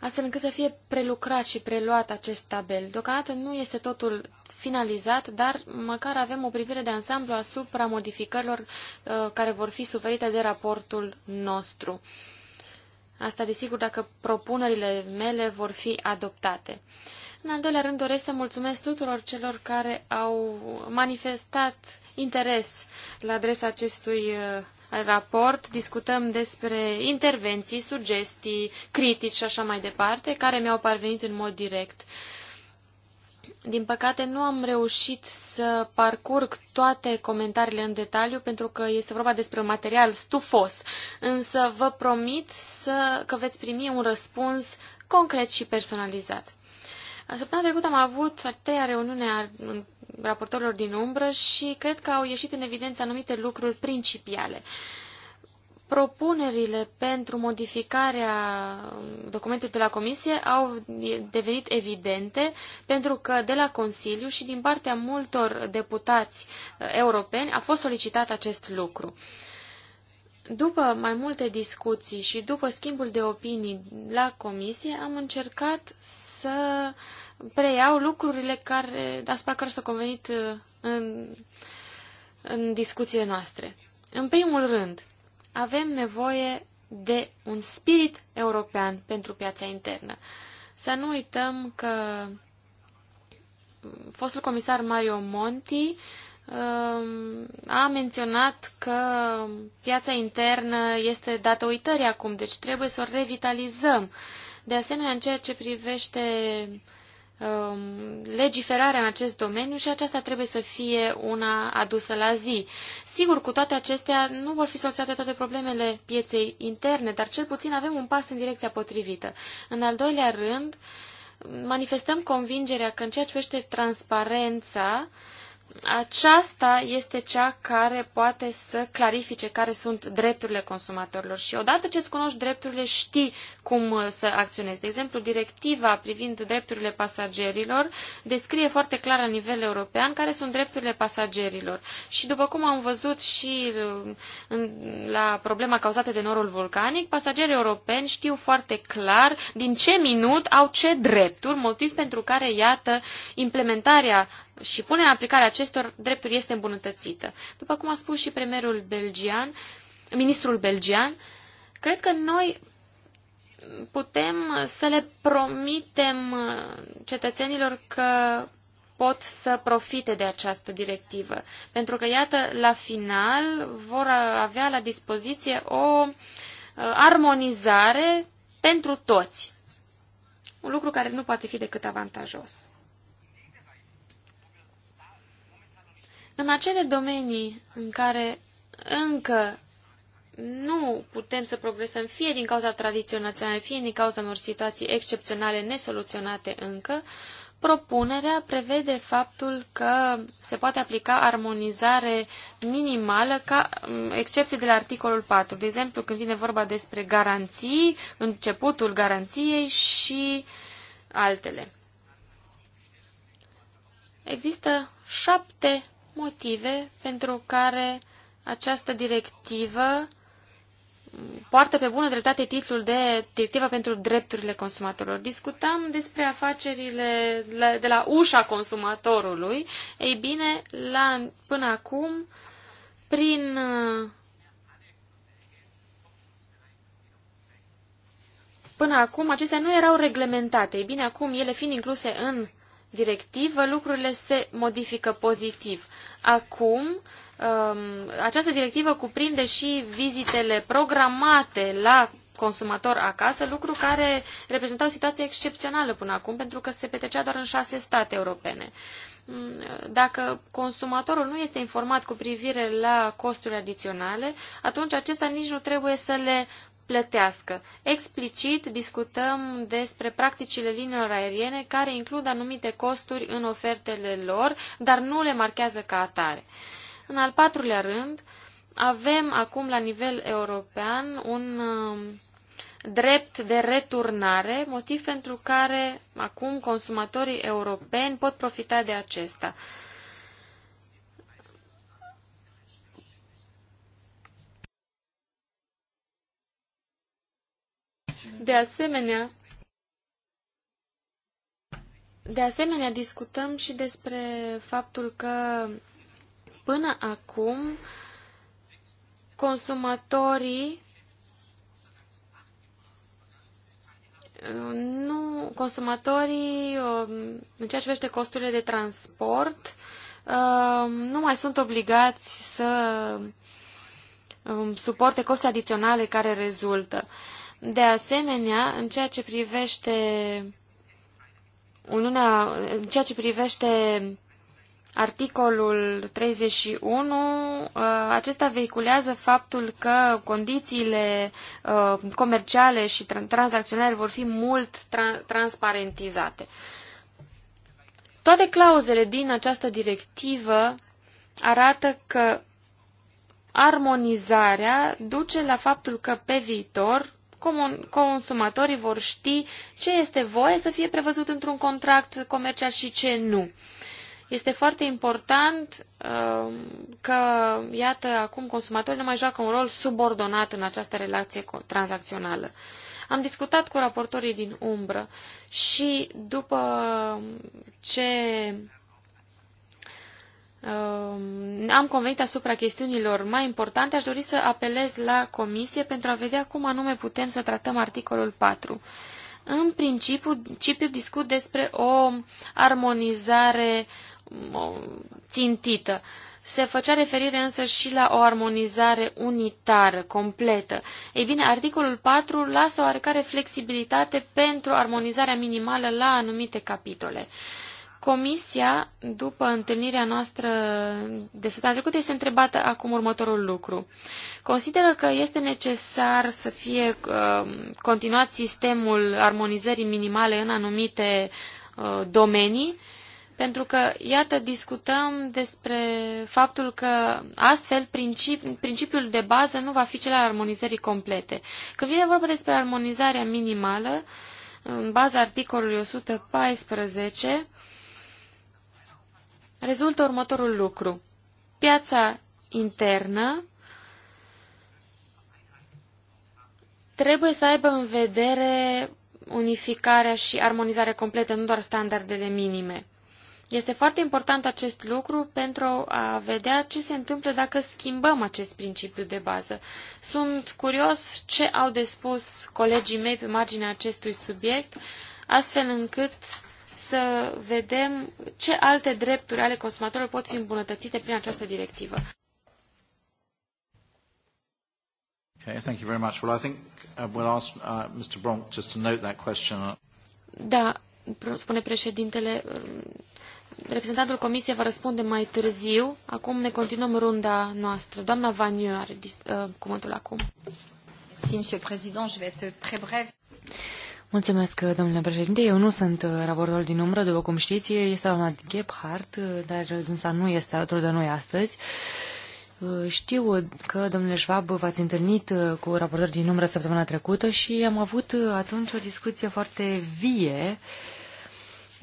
astfel încât să fie prelucrat și preluat acest tabel. Deocamdată nu este totul finalizat, dar măcar avem o privire de ansamblu asupra modificărilor uh, care vor fi suferite de raportul nostru. Asta, desigur, dacă propunerile mele vor fi adoptate. Uh, în al doilea rând doresc să mulțumesc tuturor celor care au manifestat interes la adresa acestui uh, raport. Discutăm despre intervenții, sugestii, critici și așa mai departe, care mi-au parvenit în mod direct. Din păcate, nu am reușit să parcurg toate comentariile în detaliu, pentru că este vorba despre un material stufos, însă vă promit să, că veți primi un răspuns concret și personalizat. În săptămâna trecută am avut a treia reuniune a raportorilor din umbră și cred că au ieșit în evidență anumite lucruri principiale. Propunerile pentru modificarea documentului de la Comisie au devenit evidente pentru că de la Consiliu și din partea multor deputați eh, europeni a fost solicitat acest lucru. După mai multe discuții și după schimbul de opinii la comisie, am încercat să preiau lucrurile care, asupra care s-au convenit uh, în, în discuțiile noastre. În primul rând, avem nevoie de un spirit european pentru piața internă. Să nu uităm că fostul comisar Mario Monti Um, a menționat că piața internă este dată uitării acum, deci trebuie să o revitalizăm. De asemenea, în ceea ce privește um, legiferarea în acest domeniu și aceasta trebuie să fie una adusă la zi. Sigur, cu toate acestea nu vor fi soluționate toate problemele pieței interne, dar cel puțin avem un pas în direcția potrivită. În al doilea rând, manifestăm convingerea că în ceea ce privește transparența, uh, aceasta este cea care poate să clarifice care sunt drepturile consumatorilor și odată ce îți cunoști drepturile știi cum uh, să acționezi. De exemplu, directiva privind drepturile pasagerilor descrie foarte clar la nivel european care sunt drepturile pasagerilor. Și după cum am văzut și uh, în, la problema cauzată de norul vulcanic, pasagerii europeni știu foarte clar din ce minut au ce drepturi, motiv pentru care, iată, implementarea și punerea în aplicare acestor drepturi este îmbunătățită. După cum a spus și premierul belgian, ministrul belgian, cred că noi putem să le promitem cetățenilor că pot să profite de această directivă. Pentru că, iată, la final vor avea la dispoziție o uh, armonizare pentru toți. Un lucru care nu poate fi decât avantajos. În acele domenii în care încă nu putem să progresăm fie din cauza tradiției naționale, fie din cauza unor situații excepționale nesoluționate încă, propunerea prevede faptul că se poate aplica armonizare minimală ca mm, excepție de la articolul 4. De exemplu, când vine vorba despre garanții, începutul garanției și altele. Există șapte motive pentru care această directivă poartă pe bună dreptate titlul de directivă pentru Drepturile Consumatorilor. Discutam despre afacerile de la ușa consumatorului. Ei bine, la, până acum, prin Până acum acestea nu erau reglementate. Ei bine, acum ele fiind incluse în directivă, lucrurile se modifică pozitiv. Acum, um, această directivă cuprinde și vizitele programate la consumator acasă, lucru care reprezenta o situație excepțională până acum, pentru că se petrecea doar în șase state europene. Mm, dacă consumatorul nu este informat cu privire la costurile adiționale, atunci acesta nici nu trebuie să le plătească. Explicit discutăm despre practicile liniilor aeriene care includ anumite costuri în ofertele lor, dar nu le marchează ca atare. În al patrulea rând, avem acum la nivel european un um, drept de returnare, motiv pentru care acum consumatorii europeni pot profita de acesta. De asemenea, de asemenea, discutăm și despre faptul că până acum consumatorii nu, consumatorii, um, în ceea ce vește costurile de transport, um, nu mai sunt obligați să um, suporte costuri adiționale care rezultă. De asemenea, în ceea ce privește Uniunea, în ceea ce privește articolul 31, uh, acesta vehiculează faptul că condițiile uh, comerciale și tranzacționale vor fi mult transparentizate. Toate clauzele din această directivă arată că armonizarea duce la faptul că pe viitor consumatorii vor ști ce este voie să fie prevăzut într-un contract comercial și ce nu. Este foarte important um, că, iată, acum consumatorii nu mai joacă un rol subordonat în această relație tranzacțională. Am discutat cu raportorii din umbră și după ce Um, am convenit asupra chestiunilor mai importante, aș dori să apelez la comisie pentru a vedea cum anume putem să tratăm articolul 4. În principiu, principiu discut despre o armonizare um, țintită. Se făcea referire însă și la o armonizare unitară, completă. Ei bine, articolul 4 lasă oarecare flexibilitate pentru armonizarea minimală la anumite capitole. Uh, Comisia, după întâlnirea noastră de săptămâna trecută, este întrebată acum următorul lucru. Consideră că este necesar să fie uh, continuat sistemul armonizării minimale în anumite uh, domenii, pentru că, iată, discutăm despre faptul că astfel principiul de bază nu va fi cel al armonizării complete. Când vine vorba despre armonizarea minimală, în baza articolului 114, rezultă următorul lucru. Piața internă trebuie să aibă în vedere unificarea și armonizarea completă, nu doar standardele minime. Este foarte important acest lucru pentru a vedea ce se întâmplă dacă schimbăm acest principiu de bază. Sunt curios ce au de spus colegii mei pe marginea acestui subiect, astfel încât să vedem ce alte drepturi ale consumatorilor pot fi îmbunătățite prin această directivă. Okay, thank you very much. Well, I think uh, we'll ask uh, Mr. Bronk just to note that question. Da, spune președintele, um, reprezentantul comisiei va răspunde mai târziu. Acum ne continuăm runda noastră. Doamna Vaniu are uh, cuvântul acum. Si, monsieur le président, je vais être très brève. Mulțumesc, domnule președinte. Eu nu sunt uh, raportor din umbră, după cum știți. Este doamna Gebhardt, uh, dar însă nu este alături de noi astăzi. Uh, știu că, domnule Schwab, v-ați întâlnit cu raportor din umbră săptămâna trecută și am avut atunci o discuție foarte vie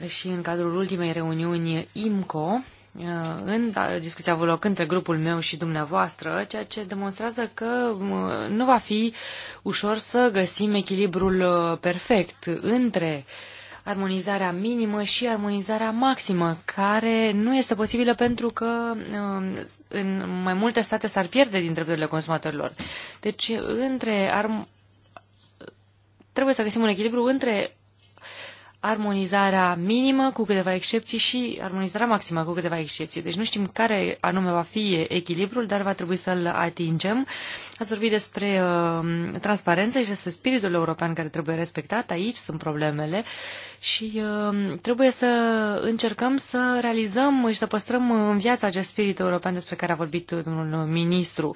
și în cadrul ultimei reuniuni IMCO Uh, în da, discuția a avut loc între grupul meu și dumneavoastră, ceea ce demonstrează că uh, nu va fi ușor să găsim echilibrul uh, perfect între armonizarea minimă și armonizarea maximă, care nu este posibilă pentru că în mai multe state s-ar pierde din drepturile consumatorilor. Deci, între arm... trebuie să găsim un echilibru între armonizarea minimă cu câteva excepții și armonizarea maximă cu câteva excepții. Deci nu știm care anume va fi echilibrul, dar va trebui să-l atingem. Ați vorbit despre uh, transparență și despre spiritul european care trebuie respectat. Aici sunt problemele și uh, trebuie să încercăm să realizăm și să păstrăm în viața acest spirit european despre care a vorbit domnul ministru.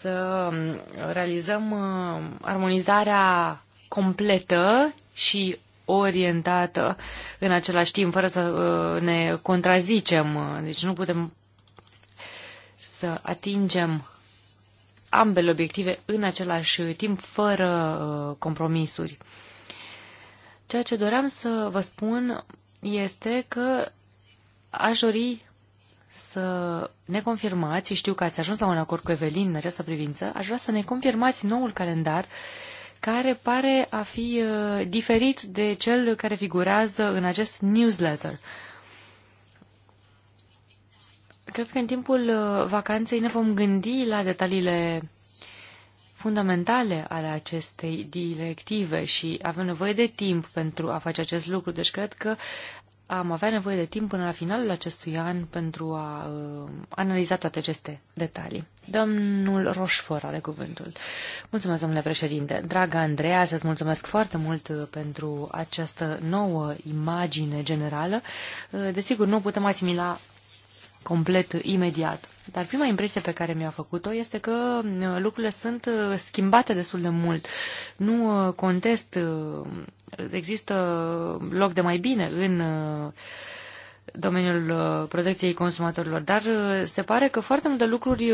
Să um, realizăm uh, armonizarea completă și orientată în același timp, fără să uh, ne contrazicem. Deci nu putem să atingem ambele obiective în același timp, fără uh, compromisuri. Ceea ce doream să vă spun este că aș dori să ne confirmați, și știu că ați ajuns la un acord cu Evelin în această privință, aș vrea să ne confirmați noul calendar uh, care pare a fi uh, diferit de cel care figurează în acest newsletter. Cred că în timpul uh, vacanței ne vom gândi la detaliile fundamentale ale acestei directive și avem nevoie de timp pentru a face acest lucru. Deci cred că am avea nevoie de timp până la finalul acestui an pentru a uh, analiza toate aceste detalii. Domnul Roșfor are cuvântul. Mulțumesc, domnule președinte. Draga Andreea, să-ți mulțumesc foarte mult uh, pentru această nouă imagine generală. Uh, desigur, nu putem asimila complet imediat dar prima impresie pe care mi-a făcut-o este că uh, lucrurile sunt uh, schimbate destul de mult. Nu uh, contest, există loc de mai bine în domeniul protecției consumatorilor, dar se pare că foarte multe lucruri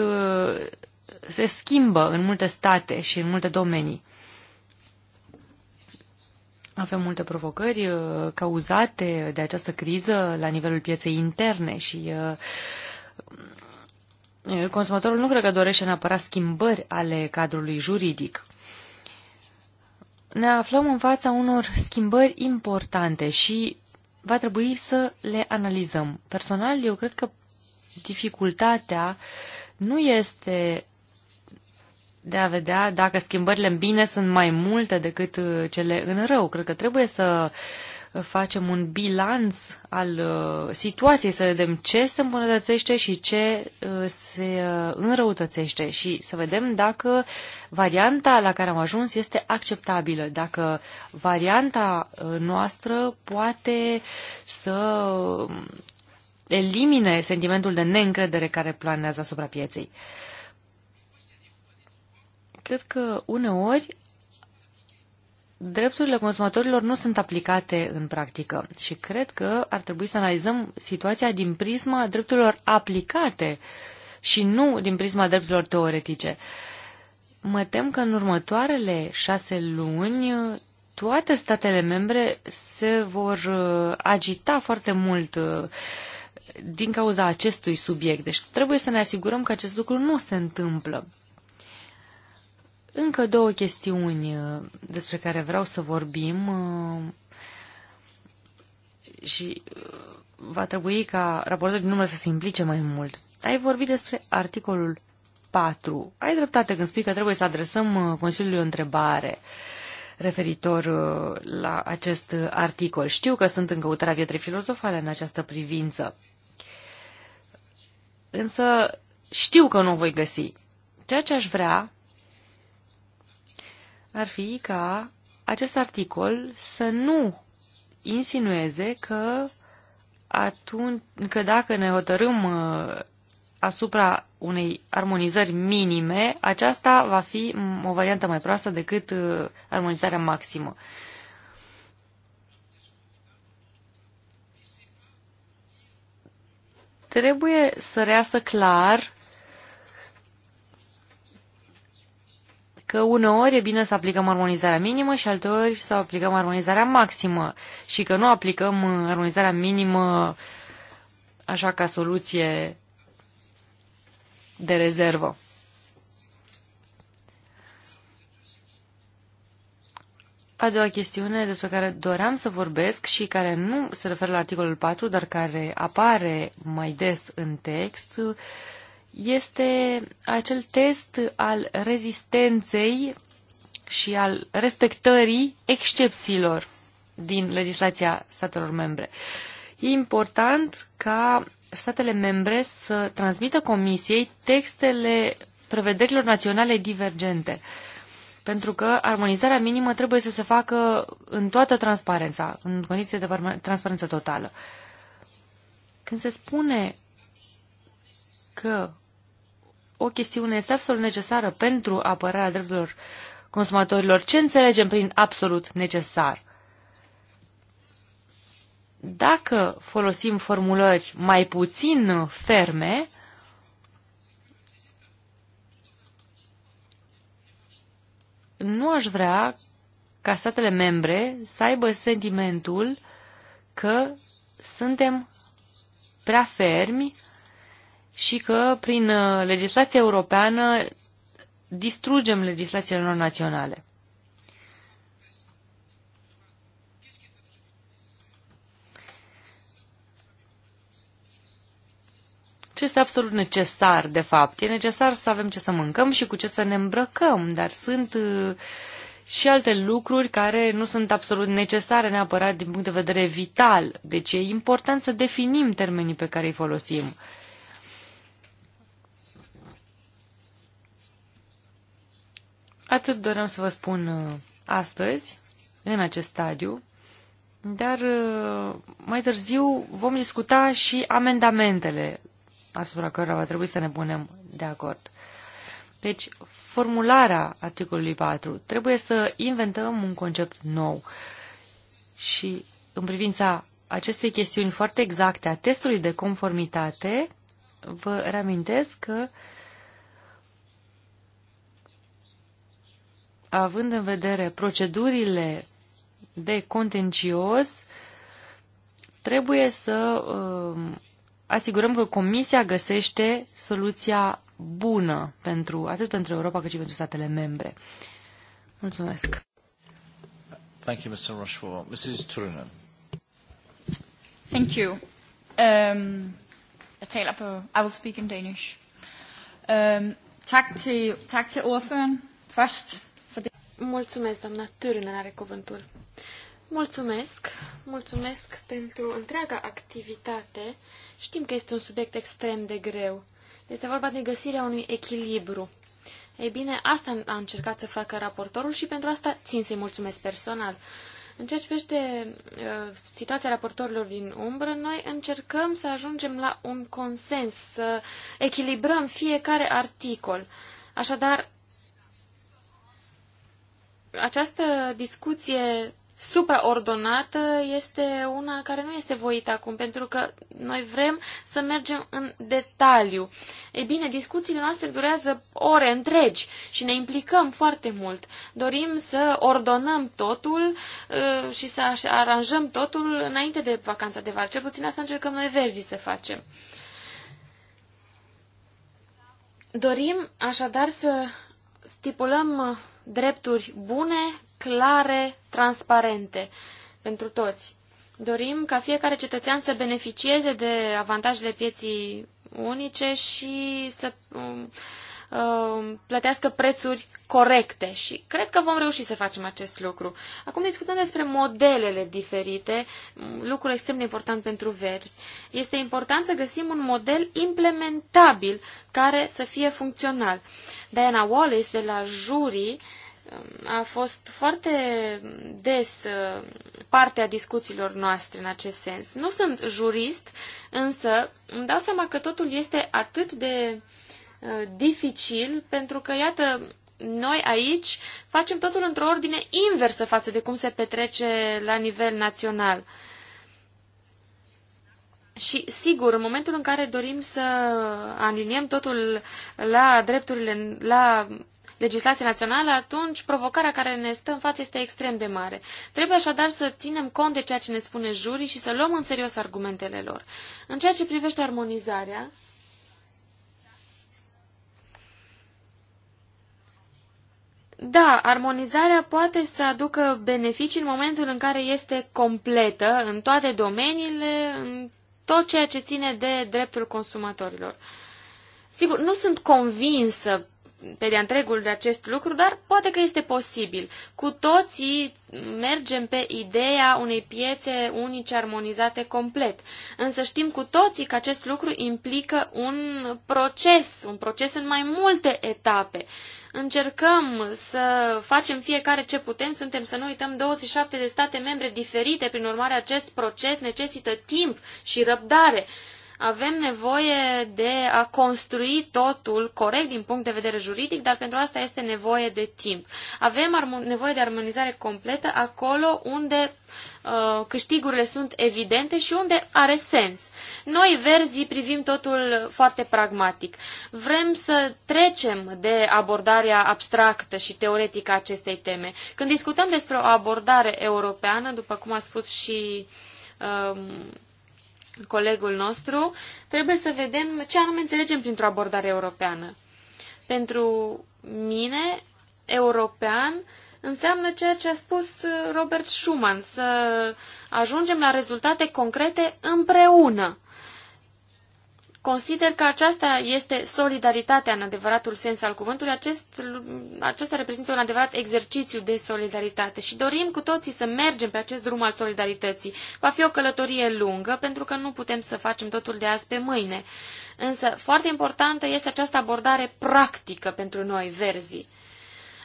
se schimbă în multe state și în multe domenii. Avem multe provocări cauzate de această criză la nivelul pieței interne și consumatorul nu cred că dorește neapărat schimbări ale cadrului juridic. Ne aflăm în fața unor schimbări importante și va trebui să le analizăm. Personal, eu cred că dificultatea nu este de a vedea dacă schimbările în bine sunt mai multe decât uh, cele în rău. Cred că trebuie să uh, facem un bilanț al uh, situației, să vedem ce se îmbunătățește și ce uh, se uh, înrăutățește și să vedem dacă varianta la care am ajuns este acceptabilă, dacă varianta noastră poate să um, elimine sentimentul de neîncredere care planează asupra pieței. Cred că uneori drepturile consumatorilor nu sunt aplicate în practică și cred că ar trebui să analizăm situația din prisma drepturilor aplicate și nu din prisma drepturilor teoretice. Mă tem că în următoarele șase luni toate statele membre se vor uh, agita foarte mult uh, din cauza acestui subiect. Deci trebuie să ne asigurăm că acest lucru nu se întâmplă. Încă două chestiuni uh, despre care vreau să vorbim uh, și uh, va trebui ca raportul din număr să se implice mai mult. Ai vorbit despre articolul 4. Ai dreptate când spui că trebuie să adresăm Consiliului o întrebare referitor la acest articol. Știu că sunt în căutarea vietrei filozofale în această privință. Însă știu că nu o voi găsi. Ceea ce aș vrea ar fi ca acest articol să nu insinueze că atunci, că dacă ne hotărâm uh, asupra unei armonizări minime, aceasta va fi o variantă mai proastă decât uh, armonizarea maximă. Trebuie să reasă clar că uneori e bine să aplicăm armonizarea minimă și alteori să aplicăm armonizarea maximă și că nu aplicăm uh, armonizarea minimă așa ca soluție de rezervă. A doua chestiune despre care doream să vorbesc și care nu se referă la articolul 4, dar care apare mai des în text, este acel test al rezistenței și al respectării excepțiilor din legislația statelor membre. E important ca statele membre să transmită Comisiei textele prevederilor naționale divergente, pentru că armonizarea minimă trebuie să se facă în toată transparența, în condiții de transparență totală. Când se spune că o chestiune este absolut necesară pentru apărarea drepturilor consumatorilor. Ce înțelegem prin absolut necesar? Dacă folosim formulări mai puțin ferme, nu aș vrea ca statele membre să aibă sentimentul că suntem prea fermi și că prin uh, legislația europeană distrugem legislațiile lor naționale. Ce este absolut necesar, de fapt? E necesar să avem ce să mâncăm și cu ce să ne îmbrăcăm, dar sunt uh, și alte lucruri care nu sunt absolut necesare neapărat din punct de vedere vital. Deci e important să definim termenii pe care îi folosim. Atât doream să vă spun uh, astăzi, în acest stadiu, dar uh, mai târziu vom discuta și amendamentele asupra cărora va trebui să ne punem de acord. Deci, formularea articolului 4 trebuie să inventăm un concept nou și în privința acestei chestiuni foarte exacte a testului de conformitate, vă reamintesc că uh, având în vedere procedurile de contencios, trebuie să um, asigurăm că Comisia găsește soluția bună pentru, atât pentru Europa cât și pentru statele membre. Mulțumesc. Thank you, Mr. Rochefort. Mrs. Turunen. Thank you. Um, jeg taler på, I will speak in Danish. Um, tak, til, tak til ordføren først. Mulțumesc, doamna Târânen are cuvântul. Mulțumesc, mulțumesc pentru întreaga activitate. Știm că este un subiect extrem de greu. Este vorba de găsirea unui echilibru. Ei bine, asta a încercat să facă raportorul și pentru asta țin să-i mulțumesc personal. În ceea ce privește uh, situația raportorilor din umbră, noi încercăm să ajungem la un consens, să echilibrăm fiecare articol. Așadar, această discuție supraordonată este una care nu este voită acum, pentru că noi vrem să mergem în detaliu. Ei bine, discuțiile noastre durează ore întregi și ne implicăm foarte mult. Dorim să ordonăm totul uh, și să aranjăm totul înainte de vacanța de vară. Cel puțin asta încercăm noi verzii să facem. Dorim așadar să stipulăm drepturi bune, clare, transparente pentru toți. Dorim ca fiecare cetățean să beneficieze de avantajele pieții unice și să um, Um, plătească prețuri corecte și cred că vom reuși să facem acest lucru. Acum discutăm despre modelele diferite, lucru extrem de important pentru verzi. Este important să găsim un model implementabil care să fie funcțional. Diana Wallace de la jurii um, a fost foarte des uh, partea discuțiilor noastre în acest sens. Nu sunt jurist, însă îmi dau seama că totul este atât de uh, Uh, dificil pentru că, iată, noi aici facem totul într-o ordine inversă față de cum se petrece la nivel național. Și, sigur, în momentul în care dorim să aliniem totul la drepturile, la legislație națională, atunci provocarea care ne stă în față este extrem de mare. Trebuie așadar să ținem cont de ceea ce ne spune jurii și să luăm în serios argumentele lor. În ceea ce privește armonizarea, Da, armonizarea poate să aducă beneficii în momentul în care este completă în toate domeniile, în tot ceea ce ține de dreptul consumatorilor. Sigur, nu sunt convinsă pe de întregul de acest lucru, dar poate că este posibil. Cu toții mergem pe ideea unei piețe unice armonizate complet. Însă știm cu toții că acest lucru implică un proces, un proces în mai multe etape. Încercăm să facem fiecare ce putem, suntem să nu uităm 27 de state membre diferite, prin urmare acest proces necesită timp și răbdare. Avem nevoie de a construi totul corect din punct de vedere juridic, dar pentru asta este nevoie de timp. Avem nevoie de armonizare completă acolo unde uh, Uh, câștigurile sunt evidente și unde are sens. Noi, verzii, privim totul foarte pragmatic. Vrem să trecem de abordarea abstractă și teoretică a acestei teme. Când discutăm despre o abordare europeană, după cum a spus și um, colegul nostru, trebuie să vedem ce anume înțelegem printr-o abordare europeană. Pentru mine, european înseamnă ceea ce a spus uh, Robert Schumann să ajungem la rezultate concrete împreună. Consider că aceasta este solidaritatea în adevăratul sens al cuvântului. Acest, acesta reprezintă un adevărat exercițiu de solidaritate și dorim cu toții să mergem pe acest drum al solidarității. Va fi o călătorie lungă pentru că nu putem să facem totul de azi pe mâine. Însă foarte importantă este această abordare practică pentru noi, verzii.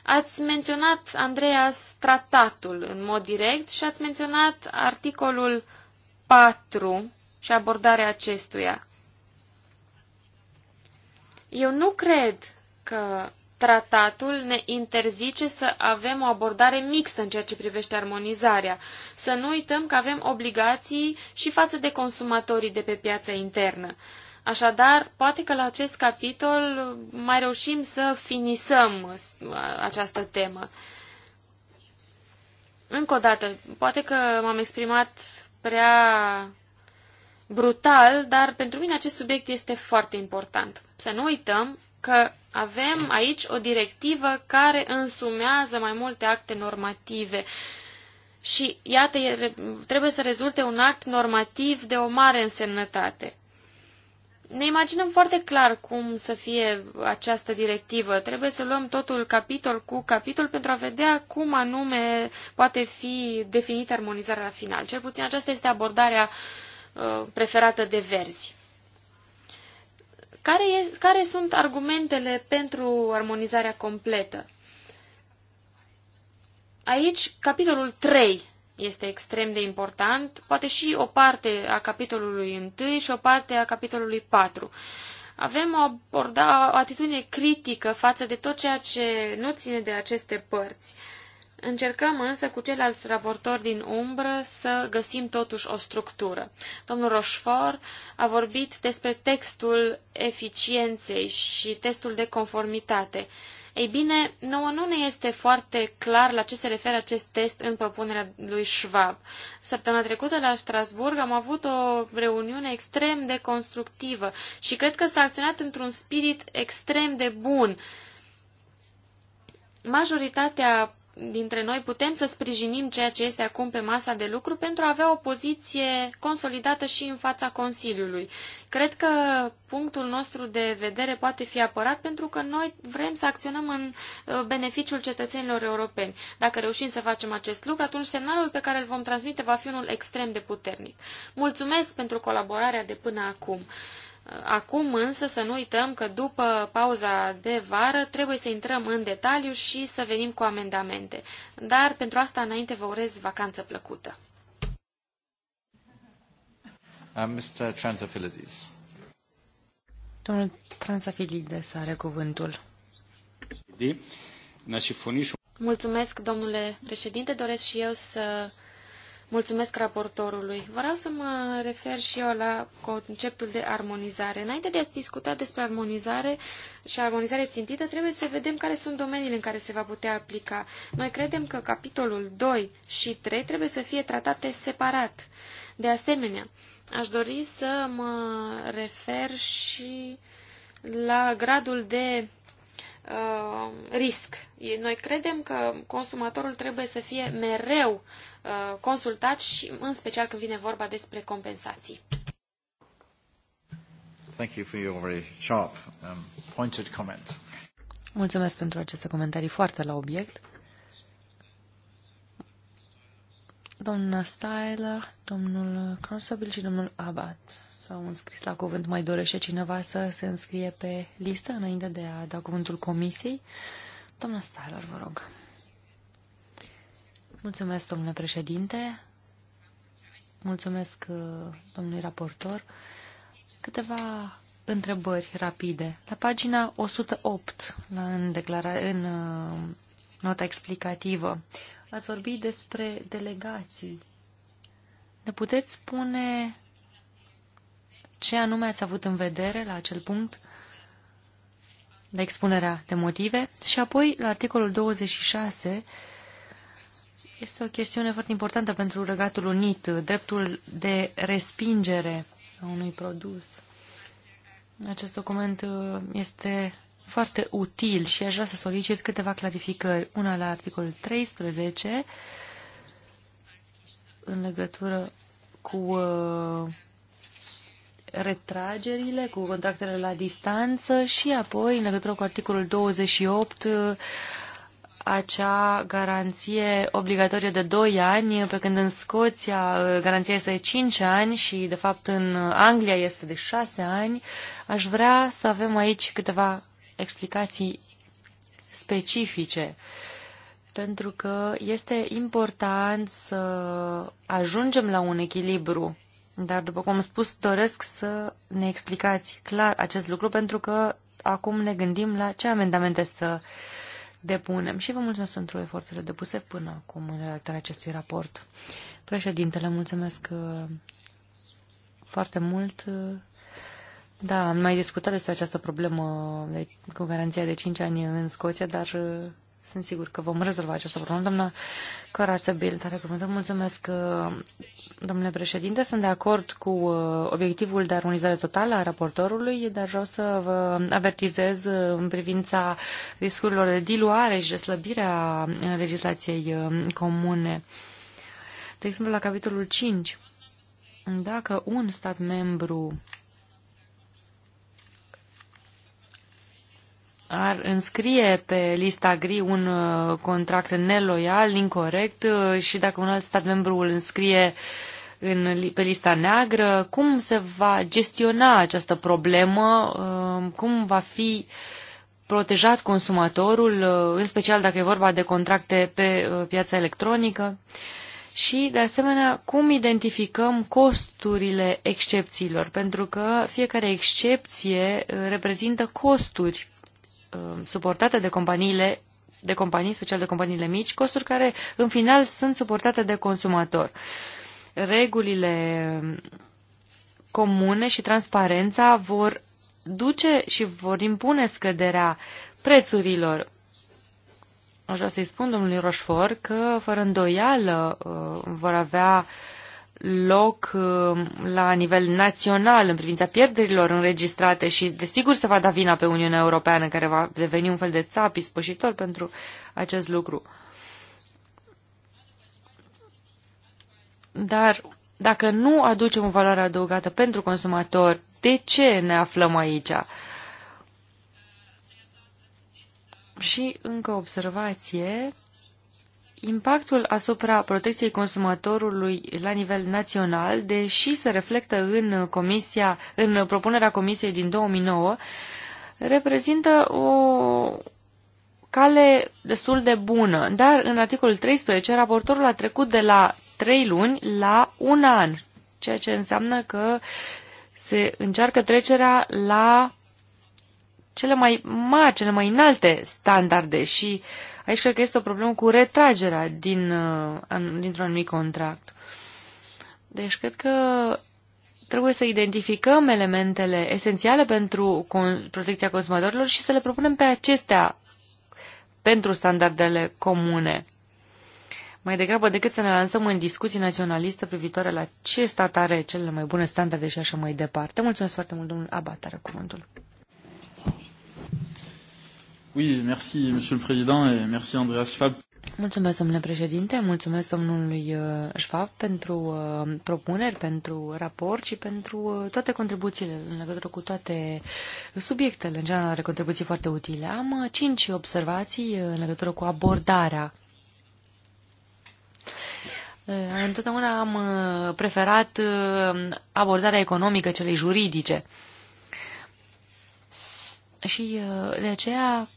Ați menționat, Andreas, tratatul în mod direct și ați menționat articolul 4 și abordarea acestuia. Eu nu cred că tratatul ne interzice să avem o abordare mixtă în ceea ce privește armonizarea. Să nu uităm că avem obligații și față de consumatorii de pe piața internă. Așadar, poate că la acest capitol mai reușim să finisăm uh, această temă. Încă o dată, poate că m-am exprimat prea brutal, dar pentru mine acest subiect este foarte important. Să nu uităm că avem aici o directivă care însumează mai multe acte normative. Și, iată, trebuie să rezulte un act normativ de o mare însemnătate. Ne imaginăm foarte clar cum să fie această directivă. Trebuie să luăm totul capitol cu capitol pentru a vedea cum anume poate fi definită armonizarea la final. Cel puțin aceasta este abordarea uh, preferată de verzi. Care, e, care sunt argumentele pentru armonizarea completă? Aici, capitolul 3 este extrem de important, poate și o parte a capitolului 1 și o parte a capitolului 4. Avem o, aborda, o atitudine critică față de tot ceea ce nu ține de aceste părți. Încercăm însă cu ceilalți raportori din umbră să găsim totuși o structură. Domnul Rochefort a vorbit despre textul eficienței și testul de conformitate. Uh, ei bine, nouă nu ne este foarte clar la ce se referă acest test în propunerea lui Schwab. Săptămâna trecută la Strasburg am avut o reuniune extrem de constructivă și cred că s-a acționat într-un spirit extrem de bun. Majoritatea dintre noi putem să sprijinim ceea ce este acum pe masa de lucru pentru a avea o poziție consolidată și în fața Consiliului. Cred că punctul nostru de vedere poate fi apărat pentru că noi vrem să acționăm în uh, beneficiul cetățenilor europeni. Dacă reușim să facem acest lucru, atunci semnalul pe care îl vom transmite va fi unul extrem de puternic. Mulțumesc pentru colaborarea de până acum. Acum însă să nu uităm că după pauza de vară trebuie să intrăm în detaliu și să venim cu amendamente. Dar pentru asta înainte vă urez vacanță plăcută. Uh, Mr. Domnul Transafilides are cuvântul. Mulțumesc, domnule președinte. Doresc și eu să Mulțumesc raportorului. Vreau să mă refer și eu la conceptul de armonizare. Înainte de a discuta despre armonizare și armonizare țintită, trebuie să vedem care sunt domeniile în care se va putea aplica. Noi credem că capitolul 2 și 3 trebuie să fie tratate separat. De asemenea, aș dori să mă refer și la gradul de uh, risc. Noi credem că consumatorul trebuie să fie mereu uh, Uh, consultat și în special când vine vorba despre compensații. Thank you for your very sharp, um, pointed Mulțumesc pentru aceste comentarii foarte la obiect. Doamna Styler, domnul Crossabil și domnul Abad s-au înscris la cuvânt. Mai dorește cineva să se înscrie pe listă înainte de a da cuvântul comisiei? Doamna Styler, vă rog. Mulțumesc, domnule președinte. Mulțumesc, uh, domnului raportor. Câteva întrebări rapide. La pagina 108, în, declara, în uh, nota explicativă, ați vorbit despre delegații. Ne puteți spune ce anume ați avut în vedere la acel punct de expunerea de motive? Și apoi, la articolul 26, este o chestiune foarte importantă pentru Regatul Unit, dreptul de respingere a unui produs. Acest document uh, este foarte util și aș vrea să solicit câteva clarificări. Una la articolul 13, în legătură cu uh, retragerile, cu contactele la distanță și apoi în legătură cu articolul 28, uh, acea garanție obligatorie de 2 ani, pe când în Scoția uh, garanția este de 5 ani și, de fapt, în Anglia este de 6 ani, aș vrea să avem aici câteva explicații specifice pentru că este important să ajungem la un echilibru. Dar, după cum am spus, doresc să ne explicați clar acest lucru, pentru că acum ne gândim la ce amendamente să depunem și vă mulțumesc pentru eforturile depuse până acum în redactarea acestui raport. Președintele, mulțumesc uh, foarte mult. Da, am mai discutat despre această problemă cu garanția de 5 ani în Scoția, dar uh, sunt sigur că vom rezolva această problemă. Doamna Corață Bil, tare cuvântă, Mulțumesc, uh, domnule președinte. Sunt de acord cu uh, obiectivul de armonizare totală a raportorului, dar vreau să vă avertizez uh, în privința riscurilor de diluare și de slăbire a legislației comune. De exemplu, la capitolul 5, dacă un stat membru ar înscrie pe lista gri un uh, contract neloial, incorrect uh, și dacă un alt stat membru îl înscrie în, pe lista neagră, cum se va gestiona această problemă, uh, cum va fi protejat consumatorul, în special dacă e vorba de contracte pe piața electronică și, de asemenea, cum identificăm costurile excepțiilor, pentru că fiecare excepție reprezintă costuri Um, suportate de companiile de companii, special de companiile mici, costuri care în final sunt suportate de consumator. Regulile um, comune și transparența vor duce și vor impune scăderea prețurilor. Aș vrea să-i spun domnului Roșfor că, fără îndoială, uh, vor avea uh, loc uh, la nivel național în privința pierderilor înregistrate și desigur se va da vina pe Uniunea Europeană care va deveni un fel de țap ispășitor pentru acest lucru. Dar dacă nu aducem o valoare adăugată pentru consumator, de ce ne aflăm aici? Și încă observație, Impactul asupra protecției consumatorului la nivel național, deși se reflectă în, comisia, în propunerea comisiei din 2009, reprezintă o cale destul de bună, dar în articolul 13 raportorul a trecut de la 3 luni la un an, ceea ce înseamnă că se încearcă trecerea la cele mai mari, cele mai înalte standarde și uh, Aici cred că este o problemă cu retragerea din, uh, dintr-un anumit contract. Deci cred că trebuie să identificăm elementele esențiale pentru protecția consumatorilor și să le propunem pe acestea pentru standardele comune. Mai degrabă decât să ne lansăm în discuții naționaliste privitoare la ce stat are cele mai bune standarde și așa mai departe. Mulțumesc foarte mult, domnul Abat, are cuvântul. Oui, merci, Monsieur le Président, et merci, Andreas Schwab. Mulțumesc, domnule președinte, mulțumesc domnului Șfab uh, pentru uh, propuneri, pentru raport și pentru uh, toate contribuțiile în legătură cu toate subiectele. În general are contribuții foarte utile. Am cinci observații în legătură cu abordarea Întotdeauna am preferat abordarea economică celei juridice. Și de aceea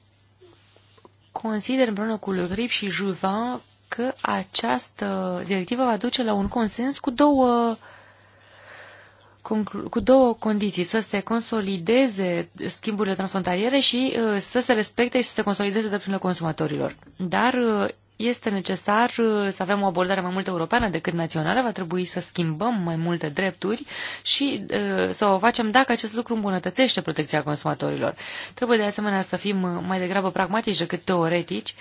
consider împreună cu Le Grip și Juvin că această directivă va duce la un consens cu două cu două condiții, să se consolideze schimburile transfrontaliere și uh, să se respecte și să se consolideze drepturile consumatorilor. Dar uh, este necesar uh, să avem o abordare mai mult europeană decât națională, va trebui să schimbăm mai multe drepturi și uh, să o facem dacă acest lucru îmbunătățește protecția consumatorilor. Trebuie de asemenea să fim uh, mai degrabă pragmatici decât teoretici,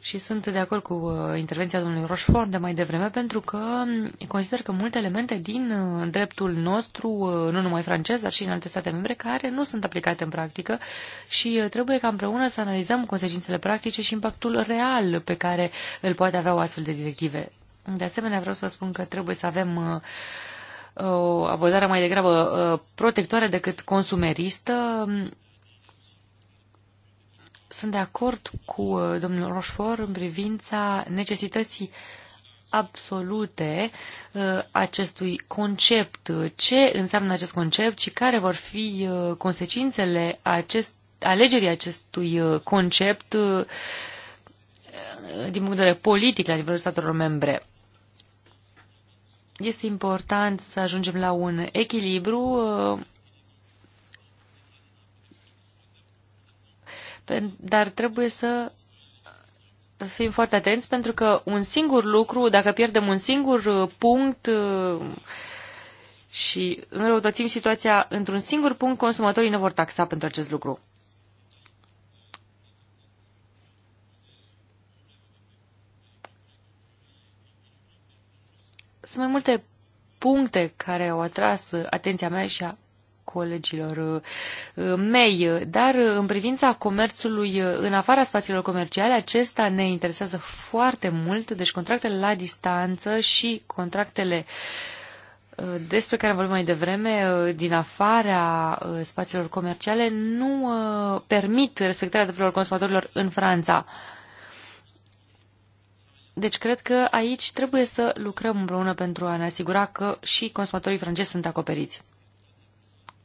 și sunt de acord cu uh, intervenția domnului Rochefort de mai devreme, pentru că um, consider că multe elemente din uh, dreptul nostru, uh, nu numai francez, dar și în alte state membre, care nu sunt aplicate în practică și trebuie ca împreună să analizăm consecințele practice și impactul real pe care îl poate avea o astfel de directive. De asemenea, vreau să spun că trebuie să avem o abordare mai degrabă protectoare decât consumeristă um, sunt de acord cu uh, domnul Roșfor în privința necesității absolute uh, acestui concept. Ce înseamnă acest concept și care vor fi uh, consecințele acest, alegerii acestui concept din punct de vedere politic la nivelul statelor membre? Este important să ajungem la un echilibru dar trebuie să fim foarte atenți pentru că un singur lucru, dacă pierdem un singur uh, punct uh, și înrăutățim situația într-un singur punct, consumatorii ne vor taxa pentru acest lucru. Sunt mai multe puncte care au atras uh, atenția mea și a colegilor uh, mei, dar uh, în privința comerțului uh, în afara spațiilor comerciale, acesta ne interesează foarte mult, deci contractele la distanță și contractele despre care vorbit mai devreme, din afara spațiilor comerciale, nu permit respectarea drepturilor consumatorilor în Franța. Deci cred că aici trebuie să lucrăm împreună pentru a ne asigura că și consumatorii francezi sunt acoperiți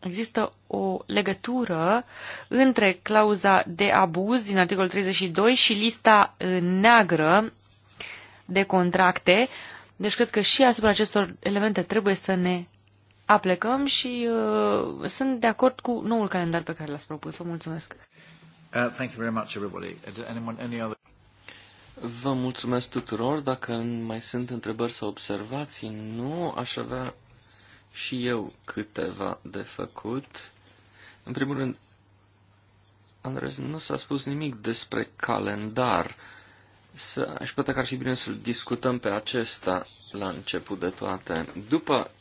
există o legătură între clauza de abuz din articolul 32 și lista uh, neagră de contracte. Deci cred că și asupra acestor elemente trebuie să ne aplecăm și uh, sunt de acord cu noul calendar pe care l-ați propus. Vă mulțumesc. Uh, thank you very much, everybody. Anyone, any other... Vă mulțumesc tuturor. Dacă mai sunt întrebări sau observații, nu aș avea și eu câteva de făcut. În primul rând, Andres, nu s-a spus nimic despre calendar. Să, și poate că ar fi bine să-l discutăm pe acesta la început de toate. După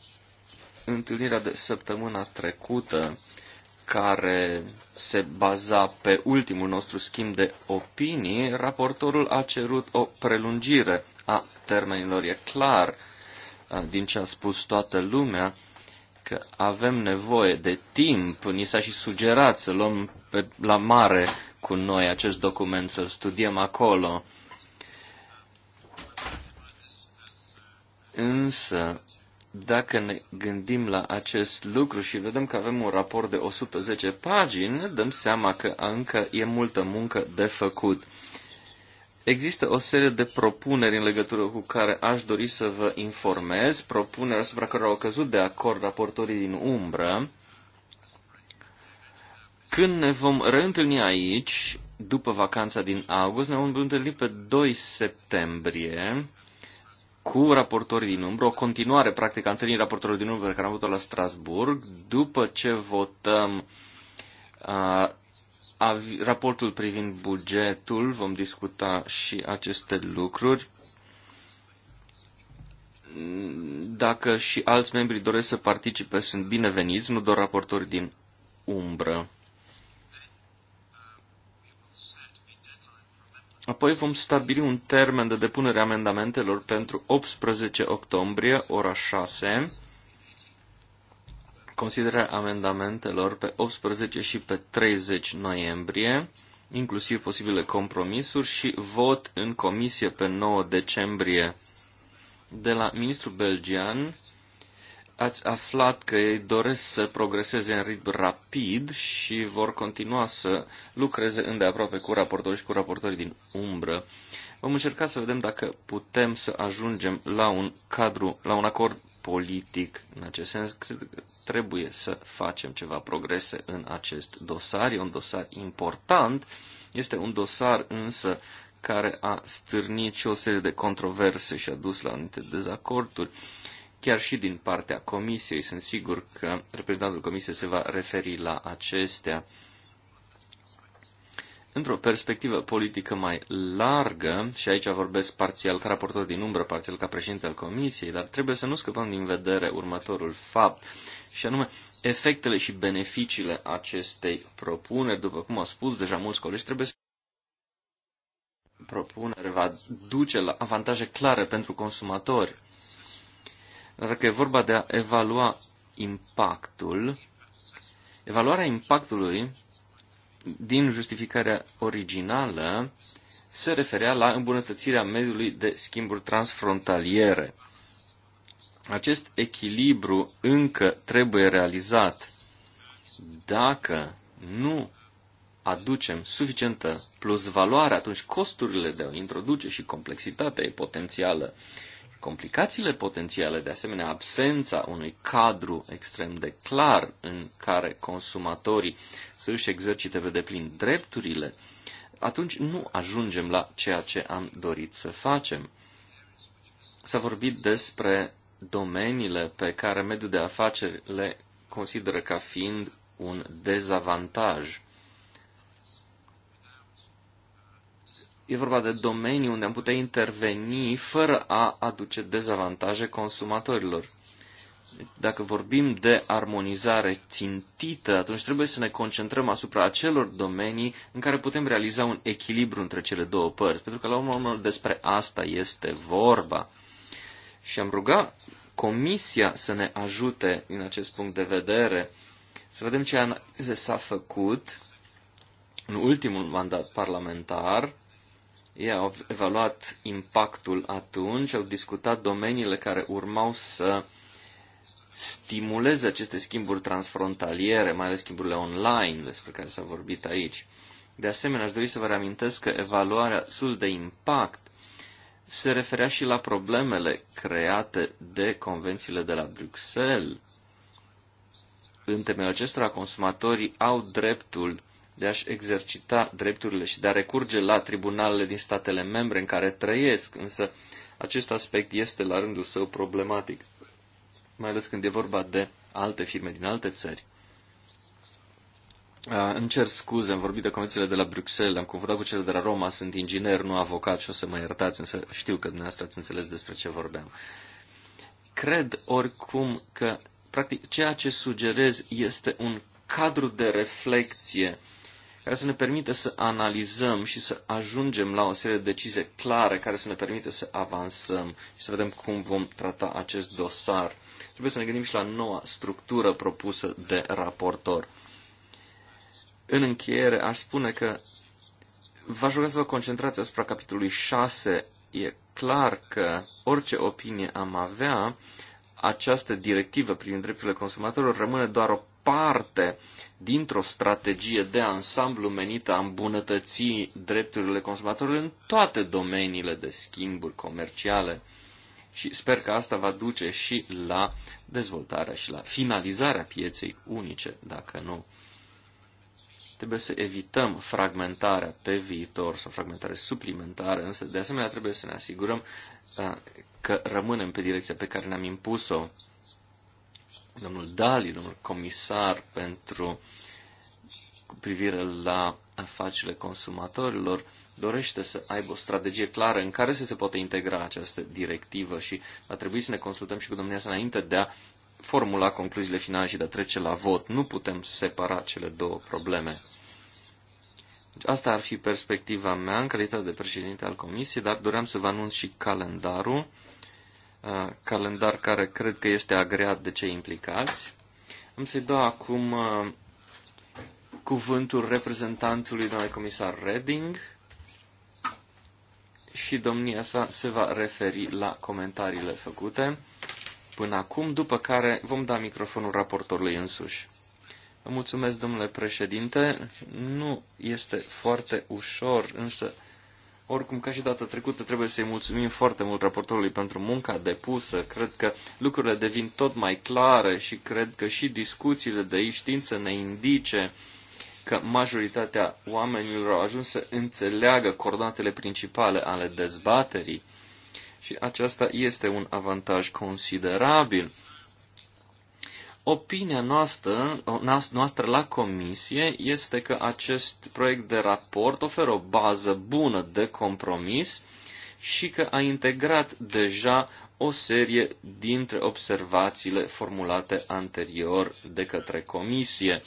întâlnirea de săptămâna trecută, care se baza pe ultimul nostru schimb de opinii, raportorul a cerut o prelungire a termenilor. E clar Ah, din ce a spus toată lumea, că avem nevoie de timp. Ni s-a și sugerat să luăm pe, la mare cu noi acest document, să-l studiem acolo. Însă, dacă ne gândim la acest lucru și vedem că avem un raport de 110 pagini, dăm seama că încă e multă muncă de făcut. Există o serie de propuneri în legătură cu care aș dori să vă informez, propuneri asupra care au căzut de acord raportorii din umbră. Când ne vom reîntâlni aici, după vacanța din august, ne vom întâlni pe 2 septembrie cu raportorii din umbră, o continuare practic a întâlnirii raportorilor din umbră care am avut-o la Strasburg, după ce votăm uh, raportul privind bugetul, vom discuta și aceste lucruri. Dacă și alți membri doresc să participe, sunt bineveniți, nu doar raportori din umbră. Apoi vom stabili un termen de depunere amendamentelor pentru 18 octombrie, ora 6 considerarea amendamentelor pe 18 și pe 30 noiembrie, inclusiv posibile compromisuri și vot în comisie pe 9 decembrie. De la ministrul belgian ați aflat că ei doresc să progreseze în ritm rapid și vor continua să lucreze îndeaproape cu raportorii și cu raportorii din umbră. Vom încerca să vedem dacă putem să ajungem la un cadru, la un acord politic în acest sens, cred că trebuie să facem ceva progrese în acest dosar. E un dosar important, este un dosar însă care a stârnit și o serie de controverse și a dus la anumite dezacorduri, chiar și din partea Comisiei. Sunt sigur că reprezentantul Comisiei se va referi la acestea într-o perspectivă politică mai largă, și aici vorbesc parțial ca raportor din umbră, parțial ca președinte al Comisiei, dar trebuie să nu scăpăm din vedere următorul fapt, și anume efectele și beneficiile acestei propuneri, după cum au spus deja mulți colegi, trebuie să propunere va duce la avantaje clare pentru consumatori. Dar că e vorba de a evalua impactul, evaluarea impactului din justificarea originală se referea la îmbunătățirea mediului de schimburi transfrontaliere. Acest echilibru încă trebuie realizat dacă nu aducem suficientă plus valoare, atunci costurile de a introduce și complexitatea potențială Complicațiile potențiale, de asemenea absența unui cadru extrem de clar în care consumatorii să își exercite pe deplin drepturile, atunci nu ajungem la ceea ce am dorit să facem. S-a vorbit despre domeniile pe care mediul de afaceri le consideră ca fiind un dezavantaj. e vorba de domenii unde am putea interveni fără a aduce dezavantaje consumatorilor. Dacă vorbim de armonizare țintită, atunci trebuie să ne concentrăm asupra acelor domenii în care putem realiza un echilibru între cele două părți, pentru că la urmă despre asta este vorba. Și am rugat Comisia să ne ajute în acest punct de vedere, să vedem ce analize s-a făcut în ultimul mandat parlamentar, ei au evaluat impactul atunci, au discutat domeniile care urmau să stimuleze aceste schimburi transfrontaliere, mai ales schimburile online despre care s-a vorbit aici. De asemenea, aș dori să vă reamintesc că evaluarea sul de impact se referea și la problemele create de convențiile de la Bruxelles. În temeiul acestora, consumatorii au dreptul de a-și exercita drepturile și de a recurge la tribunalele din statele membre în care trăiesc, însă acest aspect este la rândul său problematic, mai ales când e vorba de alte firme din alte țări. Îmi cer scuze, am vorbit de convențiile de la Bruxelles, am confundat cu cele de la Roma, sunt inginer, nu avocat și o să mă iertați, însă știu că dumneavoastră ați înțeles despre ce vorbeam. Cred oricum că, practic, ceea ce sugerez este un cadru de reflexie uh, care să ne permită să analizăm și să ajungem la o serie de decizie clare care să ne permită să avansăm și să vedem cum vom trata acest dosar. Trebuie să ne gândim și la noua structură propusă de raportor. În încheiere, aș spune că v-aș ruga să vă concentrați asupra capitolului 6. E clar că orice opinie am avea, această directivă privind drepturile consumatorilor rămâne doar o parte dintr-o strategie de ansamblu menită a îmbunătăți drepturile consumatorilor în toate domeniile de schimburi comerciale. Și sper că asta va duce și la dezvoltarea și la finalizarea pieței unice, dacă nu. Trebuie să evităm fragmentarea pe viitor sau fragmentare suplimentară, însă de asemenea trebuie să ne asigurăm uh, că rămânem pe direcția pe care ne-am impus-o domnul Dali, domnul comisar pentru cu privire la afacerile consumatorilor, dorește să aibă o strategie clară în care să se poate integra această directivă și va trebui să ne consultăm și cu domnia sa înainte de a formula concluziile finale și de a trece la vot. Nu putem separa cele două probleme. Deci asta ar fi perspectiva mea în calitate de președinte al comisiei, dar doream să vă anunț și calendarul. Uh, calendar care cred că este agreat de cei implicați. Am să-i dau acum uh, cuvântul reprezentantului domnului comisar Reding și domnia sa se va referi la comentariile făcute până acum, după care vom da microfonul raportorului însuși. Vă mulțumesc, domnule președinte. Nu este foarte ușor, însă oricum, ca și data trecută, trebuie să-i mulțumim foarte mult raportorului pentru munca depusă. Cred că lucrurile devin tot mai clare și cred că și discuțiile de aici tind să ne indice că majoritatea oamenilor au ajuns să înțeleagă coordonatele principale ale dezbaterii. Și aceasta este un avantaj considerabil. Opinia noastră, noastră la comisie este că acest proiect de raport oferă o bază bună de compromis și că a integrat deja o serie dintre observațiile formulate anterior de către comisie.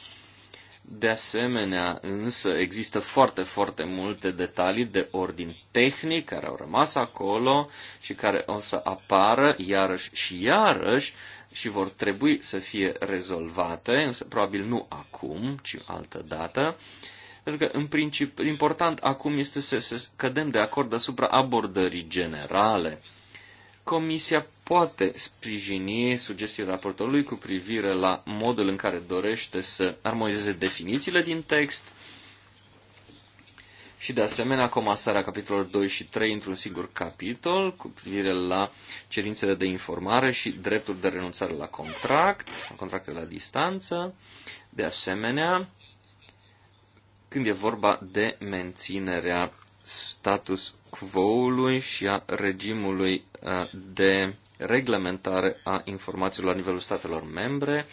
De asemenea, însă, există foarte, foarte multe detalii de ordin tehnic care au rămas acolo și care o să apară iarăși și iarăși și vor trebui să fie rezolvate, însă probabil nu acum, ci altă dată. Pentru că, în principiu, important acum este să, să cădem de acord asupra abordării generale. Comisia poate sprijini sugestii raportorului cu privire la modul în care dorește să armonizeze definițiile din text, și de asemenea comasarea capitolelor 2 și 3 într-un singur capitol cu privire la cerințele de informare și dreptul de renunțare la contract, contracte la distanță. De asemenea, când e vorba de menținerea status quo-ului și a regimului uh, de reglementare a informațiilor la nivelul statelor membre,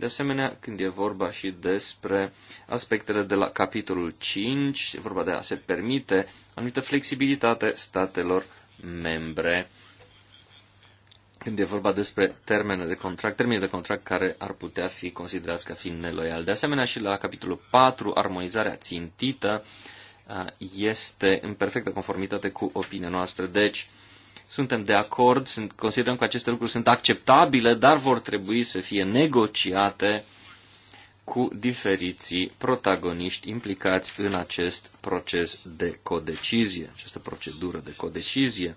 de asemenea, când e vorba și despre aspectele de la capitolul 5, e vorba de a se permite anumită flexibilitate statelor membre când e vorba despre termene de contract, termeni de contract care ar putea fi considerați ca fiind neloiali. De asemenea, și la capitolul 4, armonizarea țintită este în perfectă conformitate cu opinia noastră. Deci, suntem de acord, sunt, considerăm că aceste lucruri sunt acceptabile, dar vor trebui să fie negociate cu diferiții protagoniști implicați în acest proces de codecizie, această procedură de codecizie.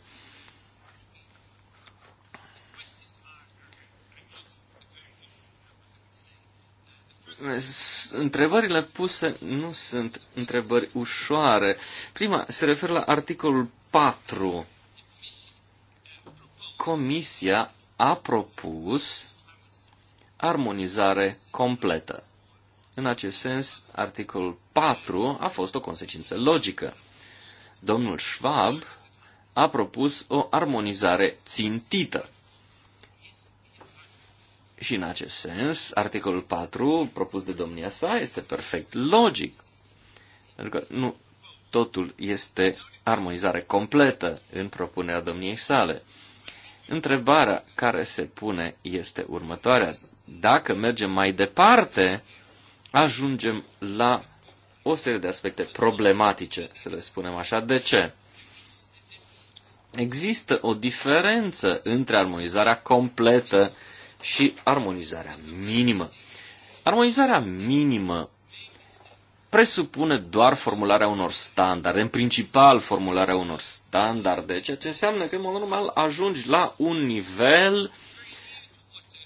Întrebările puse nu sunt întrebări ușoare. Prima se referă la articolul 4 Comisia a propus armonizare completă. În acest sens, articolul 4 a fost o consecință logică. Domnul Schwab a propus o armonizare țintită. Și în acest sens, articolul 4 propus de domnia sa este perfect logic. Pentru că nu totul este armonizare completă în propunerea domniei sale. Întrebarea care se pune este următoarea. Dacă mergem mai departe, ajungem la o serie de aspecte problematice, să le spunem așa. De ce? Există o diferență între armonizarea completă și armonizarea minimă. Armonizarea minimă presupune doar formularea unor standarde, în principal formularea unor standarde, ceea ce înseamnă că, în mod normal, ajungi la un nivel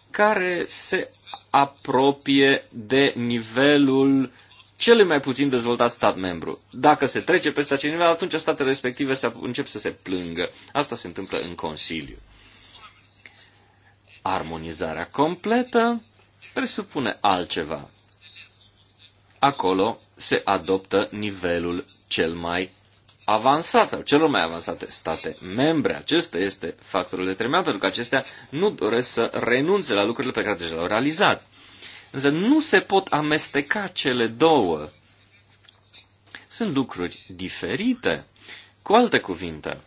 care se apropie de nivelul cel mai puțin dezvoltat stat membru. Dacă se trece peste acel nivel, atunci statele respective se încep să se plângă. Asta se întâmplă în Consiliu. Armonizarea completă presupune altceva acolo se adoptă nivelul cel mai avansat sau celor mai avansate state membre. Acesta este factorul determinant, pentru că acestea nu doresc să renunțe la lucrurile pe care deja le-au realizat. Însă nu se pot amesteca cele două. Sunt lucruri diferite. Cu alte cuvinte,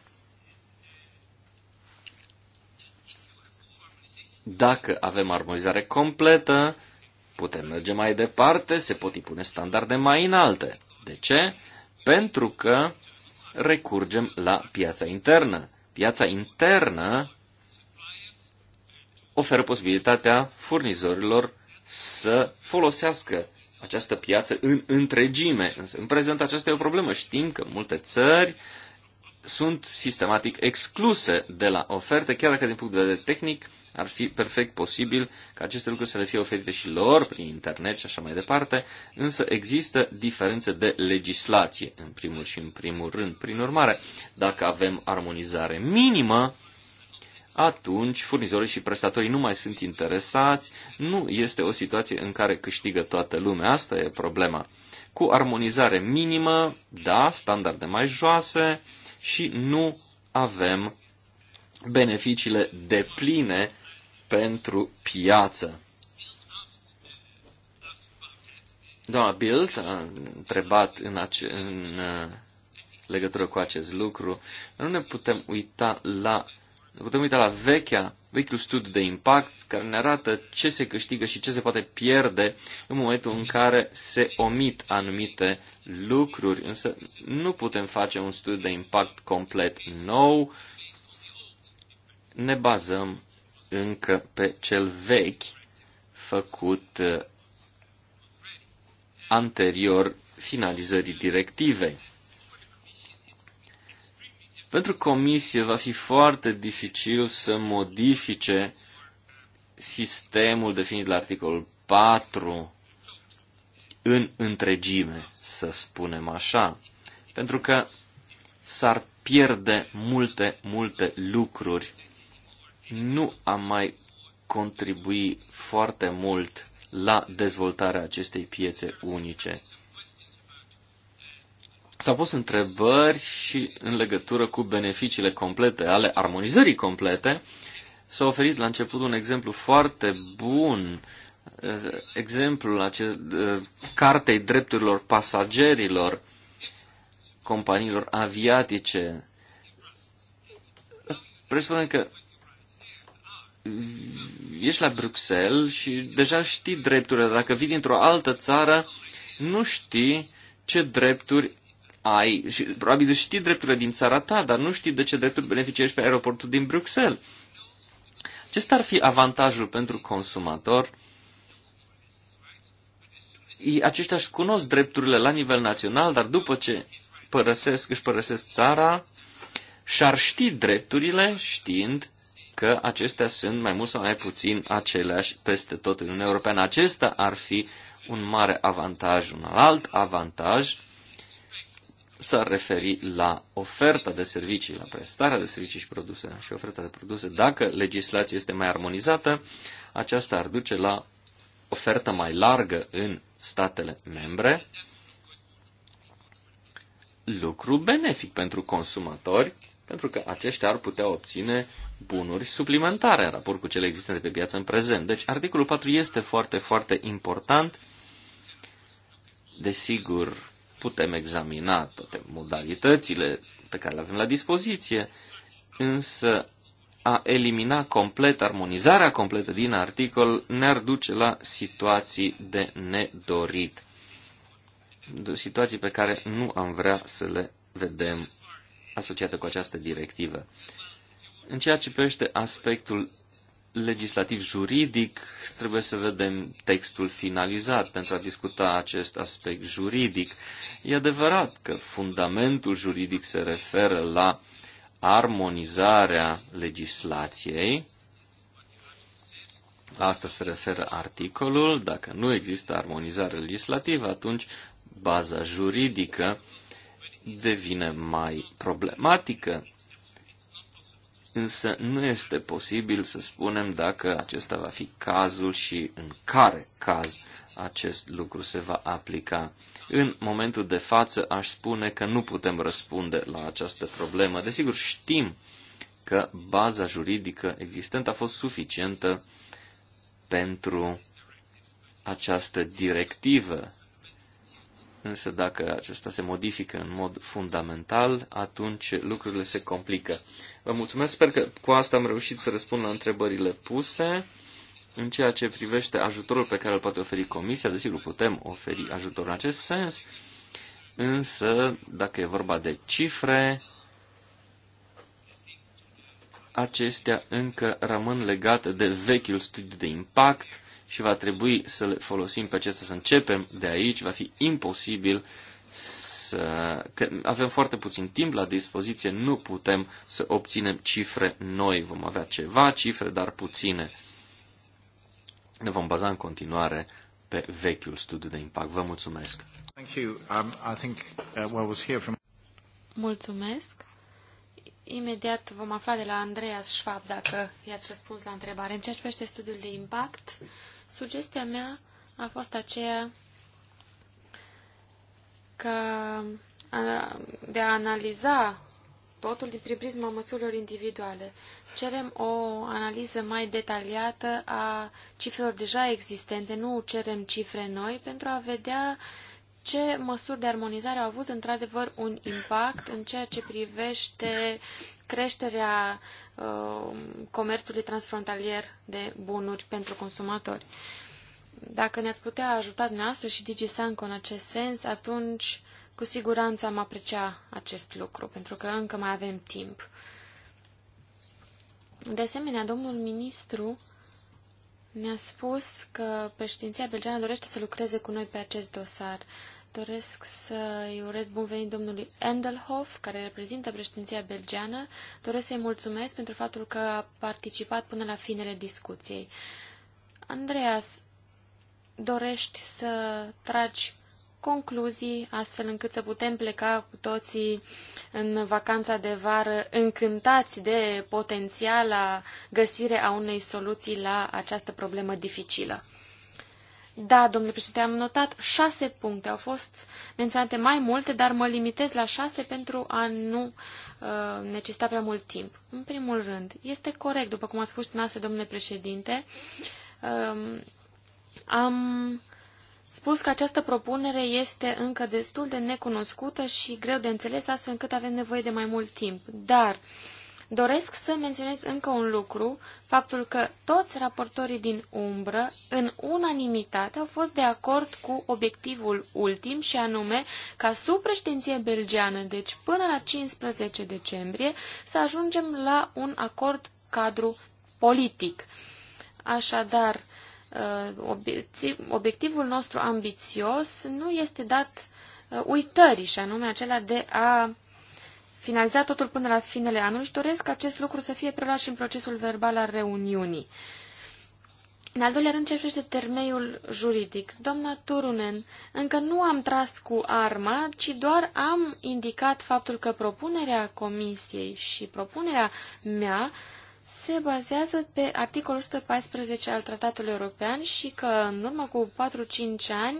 dacă avem armonizare completă, Putem merge mai departe, se pot impune standarde mai înalte. De ce? Pentru că recurgem la piața internă. Piața internă oferă posibilitatea furnizorilor să folosească această piață în întregime. Însă, în prezent, aceasta e o problemă. Știm că multe țări sunt sistematic excluse de la oferte, chiar dacă din punct de vedere tehnic ar fi perfect posibil ca aceste lucruri să le fie oferite și lor prin internet și așa mai departe, însă există diferențe de legislație în primul și în primul rând. Prin urmare, dacă avem armonizare minimă, atunci furnizorii și prestatorii nu mai sunt interesați, nu este o situație în care câștigă toată lumea, asta e problema. Cu armonizare minimă, da, standarde mai joase, și nu avem beneficiile depline pentru piață. Doamna Bild a întrebat în, ace- în uh, legătură cu acest lucru. Nu ne putem uita la ne putem uita la vechea, vechiul studiu de impact care ne arată ce se câștigă și ce se poate pierde în momentul în care se omit anumite lucruri, însă nu putem face un studiu de impact complet nou. Ne bazăm încă pe cel vechi făcut uh, anterior finalizării directivei. Pentru comisie va fi foarte dificil să modifice sistemul definit la articolul 4 în întregime să spunem așa, pentru că s-ar pierde multe, multe lucruri. Nu am mai contribui foarte mult la dezvoltarea acestei piețe unice. S-au pus întrebări și în legătură cu beneficiile complete ale armonizării complete. S-a oferit la început un exemplu foarte bun uh, exemplul acest, eh, cartei drepturilor pasagerilor companiilor aviatice presupune că ești la Bruxelles și deja știi drepturile. Dacă vii dintr-o altă țară, nu știi ce drepturi ai. Și probabil știi drepturile din țara ta, dar nu știi de ce drepturi beneficiești pe aeroportul din Bruxelles. Acesta ar fi avantajul pentru consumator aceștia își cunosc drepturile la nivel național, dar după ce părăsesc, își părăsesc țara, și-ar ști drepturile știind că acestea sunt mai mult sau mai puțin aceleași peste tot în Uniunea Europeană. Acesta ar fi un mare avantaj. Un alt avantaj s-ar referi la oferta de servicii, la prestarea de servicii și produse și oferta de produse. Dacă legislația este mai armonizată, aceasta ar duce la oferta mai largă în statele membre, lucru benefic pentru consumatori, pentru că aceștia ar putea obține bunuri suplimentare în raport cu cele existente pe piață în prezent. Deci articolul 4 este foarte, foarte important. Desigur, putem examina toate modalitățile pe care le avem la dispoziție, însă a elimina complet armonizarea completă din articol ne-ar duce la situații de nedorit. Situații pe care nu am vrea să le vedem asociate cu această directivă. În ceea ce privește aspectul legislativ juridic, trebuie să vedem textul finalizat pentru a discuta acest aspect juridic. E adevărat că fundamentul juridic se referă la uh, armonizarea legislației. La asta se referă articolul. Dacă nu există armonizare legislativă, atunci baza juridică devine mai problematică. Însă nu este posibil să spunem dacă acesta va fi cazul și în care caz acest lucru se va aplica. În momentul de față aș spune că nu putem răspunde la această problemă. Desigur, știm că baza juridică existentă a fost suficientă pentru această directivă. Însă dacă acesta se modifică în mod fundamental, atunci lucrurile se complică. Vă mulțumesc, sper că cu asta am reușit să răspund la întrebările puse. În ceea ce privește ajutorul pe care îl poate oferi Comisia, desigur putem oferi ajutor în acest sens, însă dacă e vorba de cifre, acestea încă rămân legate de vechiul studiu de impact și va trebui să le folosim pe acestea, să începem de aici, va fi imposibil să... Că avem foarte puțin timp la dispoziție, nu putem să obținem cifre noi, vom avea ceva cifre, dar puține ne vom baza în continuare pe vechiul studiu de impact. Vă mulțumesc! Um, uh, mulțumesc! Imediat vom afla de la Andreas Schwab dacă i-ați răspuns la întrebare. În ceea ce privește studiul de impact, sugestia mea a fost aceea că de a analiza totul din prin prisma măsurilor individuale cerem o analiză mai detaliată a cifrelor deja existente, nu cerem cifre noi, pentru a vedea ce măsuri de armonizare au avut într-adevăr un impact în ceea ce privește creșterea uh, comerțului transfrontalier de bunuri pentru consumatori. Dacă ne-ați putea ajuta dumneavoastră și DigiSanco în acest sens, atunci cu siguranță am aprecia acest lucru, pentru că încă mai avem timp. De asemenea, domnul ministru ne-a spus că președinția belgeană dorește să lucreze cu noi pe acest dosar. Doresc să-i urez bun venit domnului Endelhoff, care reprezintă președinția belgeană. Doresc să-i mulțumesc pentru faptul că a participat până la finele discuției. Andreas, dorești să tragi concluzii, astfel încât să putem pleca cu toții în vacanța de vară încântați de potențiala găsire a unei soluții la această problemă dificilă. Da, domnule președinte, am notat șase puncte. Au fost menționate mai multe, dar mă limitez la șase pentru a nu uh, necesita prea mult timp. În primul rând, este corect, după cum a spus dumneavoastră, domnule președinte, uh, am spus că această propunere este încă destul de necunoscută și greu de înțeles, astfel încât avem nevoie de mai mult timp. Dar doresc să menționez încă un lucru, faptul că toți raportorii din umbră, în unanimitate, au fost de acord cu obiectivul ultim și anume ca sub președinție belgeană, deci până la 15 decembrie, să ajungem la un acord cadru politic. Așadar, Uh, obiectivul nostru ambițios nu este dat uh, uitării, și anume acela de a finaliza totul până la finele anului și doresc acest lucru să fie preluat și în procesul verbal al reuniunii. În al doilea rând, ce privește termeiul juridic. Doamna Turunen, încă nu am tras cu arma, ci doar am indicat faptul că propunerea comisiei și propunerea mea uh, se bazează pe articolul 114 al Tratatului European și că în urmă cu 4-5 ani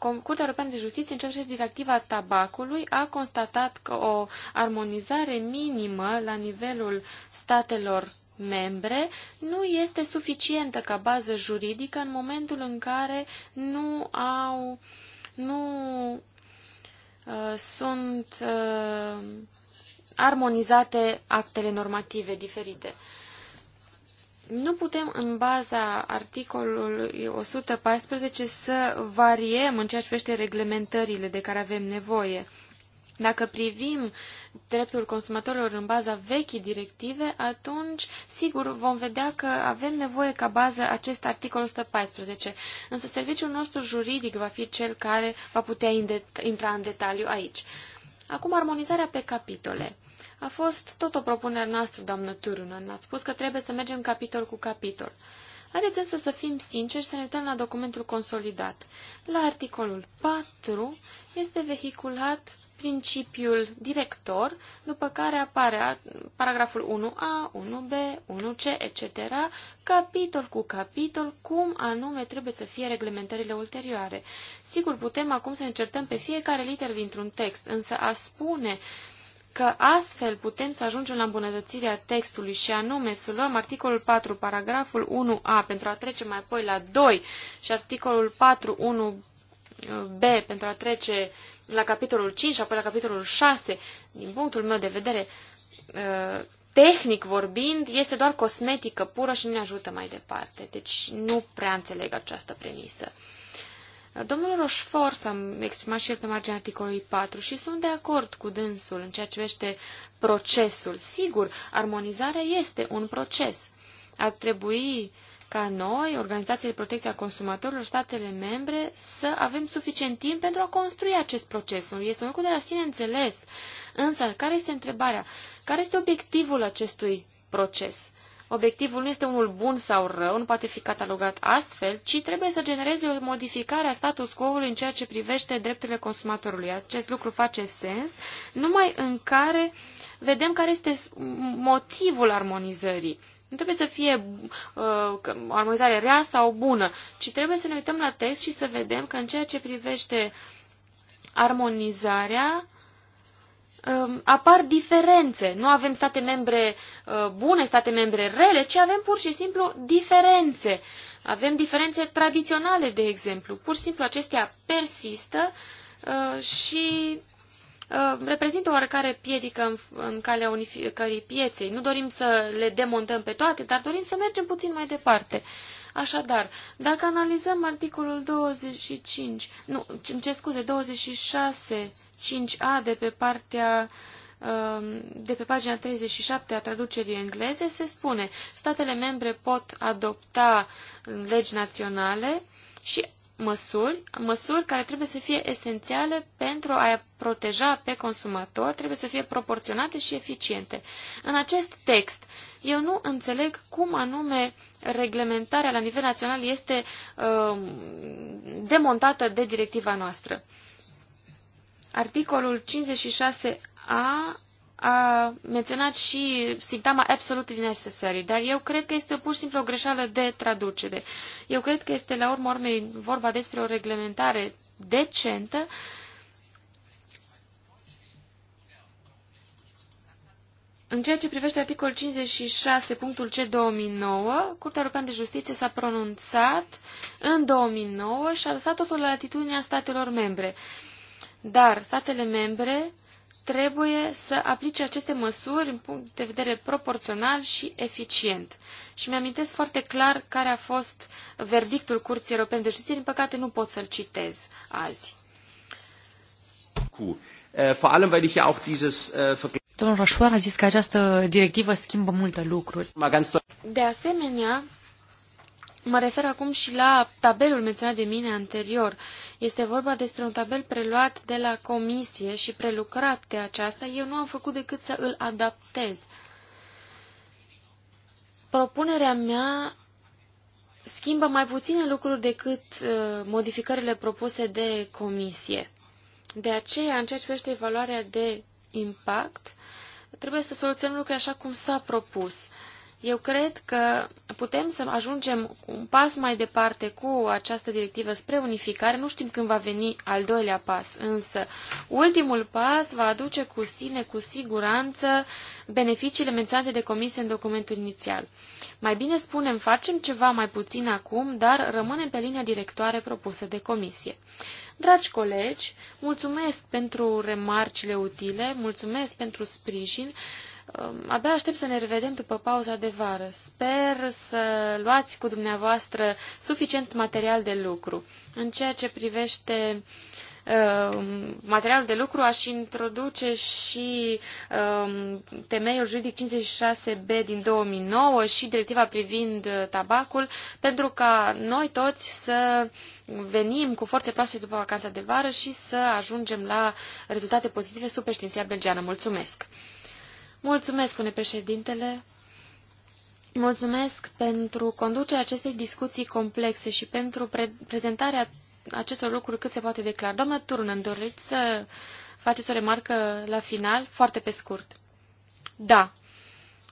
uh, Curtea Europeană de Justiție în ce directiva tabacului a constatat că o armonizare minimă la nivelul statelor membre nu este suficientă ca bază juridică în momentul în care nu au nu uh, sunt uh, armonizate actele normative diferite nu putem în baza articolului 114 să variem în ceea ce privește reglementările de care avem nevoie. Dacă privim dreptul consumatorilor în baza vechii directive, atunci, sigur, vom vedea că avem nevoie ca bază acest articol 114. Însă serviciul nostru juridic va fi cel care va putea intra în detaliu aici. Acum, armonizarea pe capitole. A fost tot o propunere noastră, doamnă Turunen. Ați spus că trebuie să mergem capitol cu capitol. Haideți însă să fim sinceri și să ne uităm la documentul consolidat. La articolul 4 este vehiculat principiul director, după care apare paragraful 1a, 1b, 1c, etc., capitol cu capitol, cum anume trebuie să fie reglementările ulterioare. Sigur, putem acum să ne certăm pe fiecare literă dintr-un text, însă a spune că astfel putem să ajungem la îmbunătățirea textului și anume să luăm articolul 4, paragraful 1a pentru a trece mai apoi la 2 și articolul 4, 1b pentru a trece la capitolul 5 și apoi la capitolul 6. Din punctul meu de vedere, ă, tehnic vorbind, este doar cosmetică pură și nu ne ajută mai departe. Deci nu prea înțeleg această premisă. Domnul Roșfor s-a exprimat și el pe marginea articolului 4 și sunt de acord cu dânsul în ceea ce vește procesul. Sigur, armonizarea este un proces. Ar trebui ca noi, Organizația de protecție a consumatorilor, statele membre, să avem suficient timp pentru a construi acest proces. Este un lucru de la sine înțeles. Însă, care este întrebarea? Care este obiectivul acestui proces? Obiectivul nu este unul bun sau rău, nu poate fi catalogat astfel, ci trebuie să genereze o modificare a status quo-ului în ceea ce privește drepturile consumatorului. Acest lucru face sens numai în care vedem care este motivul armonizării. Nu trebuie să fie uh, o armonizare rea sau bună, ci trebuie să ne uităm la text și să vedem că în ceea ce privește armonizarea, um, apar diferențe. Nu avem state membre Uh, bune state membre rele, ci avem pur și simplu diferențe. Avem diferențe tradiționale, de exemplu. Pur și simplu acestea persistă uh, și uh, reprezintă oarecare piedică în, în calea unificării pieței. Nu dorim să le demontăm pe toate, dar dorim să mergem puțin mai departe. Așadar, dacă analizăm articolul 25, nu, ce scuze, 26, 5a de pe partea uh, Um, de pe pagina 37 a traducerii engleze, se spune statele membre pot adopta legi naționale și măsuri, măsuri care trebuie să fie esențiale pentru a proteja pe consumator, trebuie să fie proporționate și eficiente. În acest text, eu nu înțeleg cum anume reglementarea la nivel național este uh, demontată de directiva noastră. Articolul a, a menționat și sintagma absolutely necessary, dar eu cred că este pur și simplu o greșeală de traducere. Eu cred că este la urmă urmei vorba despre o reglementare decentă În ceea ce privește articolul 56, punctul C2009, Curtea Europeană de Justiție s-a pronunțat în 2009 și a lăsat totul la latitudinea statelor membre. Dar statele membre trebuie să aplice aceste măsuri în punct de vedere proporțional și eficient. Și mi-amintesc foarte clar care a fost verdictul Curții Europene de Justiție, din păcate nu pot să-l citez azi. Eh, eh, Domnul Roșoar a zis că această directivă schimbă multe lucruri. De asemenea, mă refer acum și la tabelul menționat de mine anterior. Uh, este vorba despre un tabel preluat de la comisie și prelucrat de aceasta. Eu nu am făcut decât să îl adaptez. Propunerea mea schimbă mai puține lucruri decât uh, modificările propuse de comisie. De aceea, în ceea ce privește evaluarea de impact, trebuie să soluționăm lucrurile așa cum s-a propus. Eu cred că putem să ajungem un pas mai departe cu această directivă spre unificare. Nu știm când va veni al doilea pas, însă ultimul pas va aduce cu sine, cu siguranță, beneficiile menționate de comisie în documentul inițial. Mai bine spunem, facem ceva mai puțin acum, dar rămânem pe linia directoare propusă de comisie. Dragi colegi, mulțumesc pentru remarcile utile, mulțumesc pentru sprijin, Um, abia aștept să ne revedem după pauza de vară. Sper să luați cu dumneavoastră suficient material de lucru. În ceea ce privește material um, materialul de lucru, aș introduce și um, temeiul juridic 56B din 2009 și directiva privind uh, tabacul, pentru ca noi toți să venim cu forțe proaspete după vacanța de vară și să ajungem la rezultate pozitive sub președinția belgeană. Mulțumesc! Mulțumesc, spune președintele. Mulțumesc pentru conducerea acestei discuții complexe și pentru pre prezentarea acestor lucruri cât se poate declara. Doamna Turnen, doriți să faceți o remarcă la final, foarte pe scurt. Da,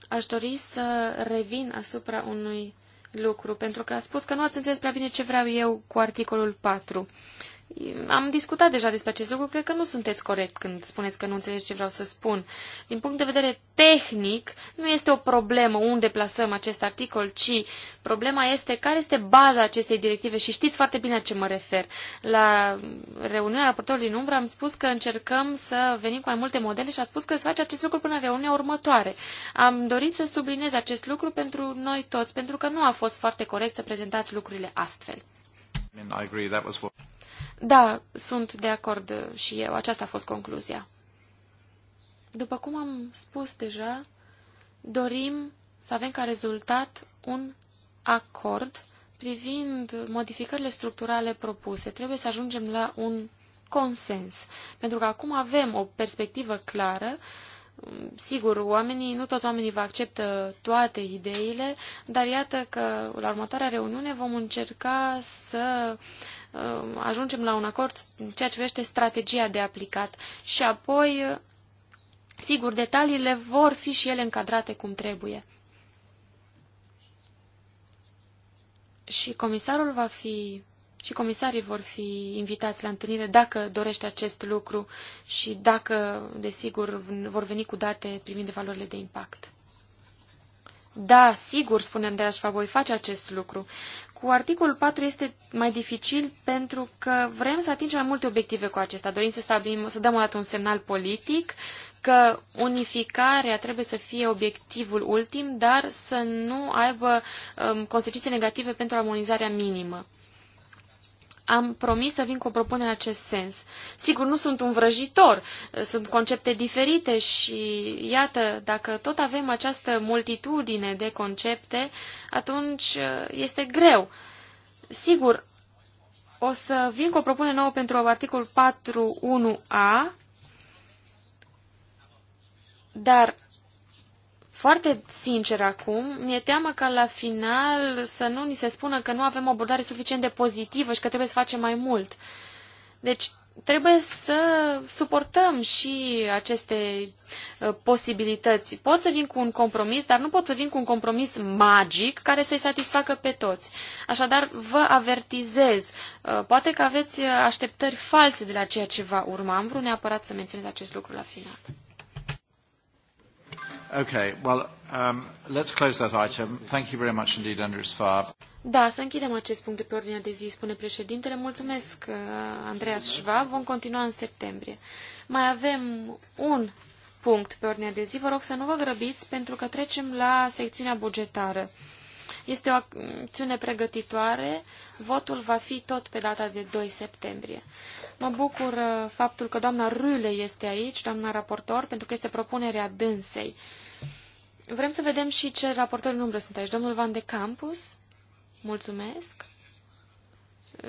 aș dori să revin asupra unui lucru, pentru că a spus că nu ați înțeles prea bine ce vreau eu cu articolul 4. Am discutat deja despre acest lucru, cred că nu sunteți corect când spuneți că nu înțelegeți ce vreau să spun. Din punct de vedere tehnic, nu este o problemă unde plasăm acest articol, ci problema este care este baza acestei directive și știți foarte bine la ce mă refer. La reuniunea raportorului din umbră am spus că încercăm să venim cu mai multe modele și a spus că să face acest lucru până la reuniunea următoare. Am dorit să subliniez acest lucru pentru noi toți, pentru că nu a fost foarte corect să prezentați lucrurile astfel. Da, sunt de acord și eu. Aceasta a fost concluzia. După cum am spus deja, dorim să avem ca rezultat un acord privind modificările structurale propuse. Trebuie să ajungem la un consens, pentru că acum avem o perspectivă clară. Sigur, oamenii, nu toți oamenii vă acceptă toate ideile, dar iată că la următoarea reuniune vom încerca să uh, Um, ajungem la un acord în ceea ce vește strategia de aplicat. Și apoi, sigur, detaliile vor fi și ele încadrate cum trebuie. Și comisarul va fi și comisarii vor fi invitați la întâlnire dacă dorește acest lucru și dacă, desigur, vor veni cu date privind valorile de impact. Da, sigur, spune Andreea Faboi voi face acest lucru. Cu articolul 4 este mai dificil pentru că vrem să atingem mai multe obiective cu acesta. Dorim să, stabilim, să dăm o dată un semnal politic că unificarea trebuie să fie obiectivul ultim, dar să nu aibă um, consecințe negative pentru armonizarea minimă am promis să vin cu o propunere în acest sens. Sigur, nu sunt un vrăjitor, sunt concepte diferite și, iată, dacă tot avem această multitudine de concepte, atunci uh, este greu. Sigur, o să vin cu o propunere nouă pentru articol 4.1a, dar foarte sincer acum, mi-e teamă ca la final să nu ni se spună că nu avem o abordare suficient de pozitivă și că trebuie să facem mai mult. Deci, trebuie să suportăm și aceste uh, posibilități. Pot să vin cu un compromis, dar nu pot să vin cu un compromis magic care să-i satisfacă pe toți. Așadar, vă avertizez. Uh, poate că aveți uh, așteptări false de la ceea ce va urma. Am vrut neapărat să menționez acest lucru la final. Okay, well, Um, let's close that item. Thank you very much indeed, Andrew Schwab. Da, să închidem acest punct de pe ordinea de zi, spune președintele. Mulțumesc, uh, Andreas Schwab. Vom continua în septembrie. Mai avem un punct pe ordinea de zi. Vă rog să nu vă grăbiți, pentru că trecem la secțiunea bugetară. Este o acțiune pregătitoare. Votul va fi tot pe data de 2 septembrie. Mă bucur uh, faptul că doamna Rule este aici, doamna raportor, pentru că este propunerea dânsei. Vrem să vedem și ce raportori în umbră sunt aici. Domnul Van de Campus, mulțumesc.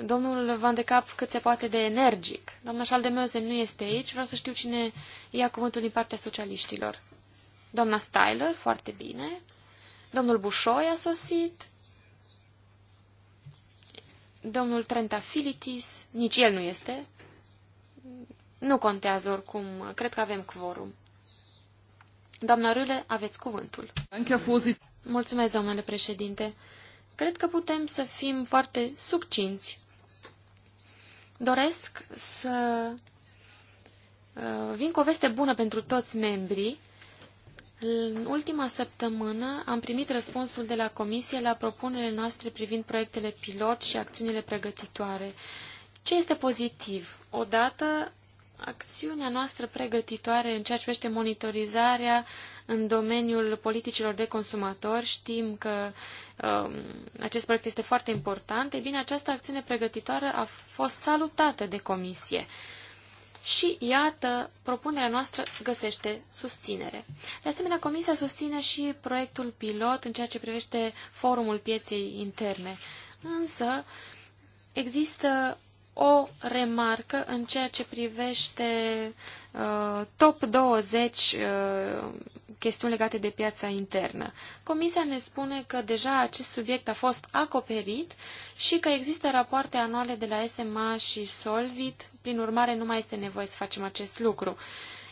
Domnul Van de Cap cât se poate de energic. Doamna Șaldemeuze nu este aici. Vreau să știu cine ia cuvântul din partea socialiștilor. Doamna Styler, foarte bine. Domnul Bușoi a sosit. Domnul Filitis, nici el nu este. Nu contează oricum, cred că avem quorum. Doamna Râle, aveți cuvântul. Mulțumesc, domnule președinte. Cred că putem să fim foarte succinți. Doresc să uh, vin cu o veste bună pentru toți membrii. În ultima săptămână am primit răspunsul de la Comisie la propunerile noastre privind proiectele pilot și acțiunile pregătitoare. Ce este pozitiv? Odată acțiunea noastră pregătitoare în ceea ce privește monitorizarea în domeniul politicilor de consumatori, știm că um, acest proiect este foarte important, e bine, această acțiune pregătitoare a fost salutată de comisie. Și iată, propunerea noastră găsește susținere. De asemenea, Comisia susține și proiectul pilot în ceea ce privește forumul pieței interne. Însă, există o remarcă în ceea ce privește uh, top 20 uh, chestiuni legate de piața internă. Comisia ne spune că deja acest subiect a fost acoperit și că există rapoarte anuale de la SMA și Solvit, prin urmare nu mai este nevoie să facem acest lucru.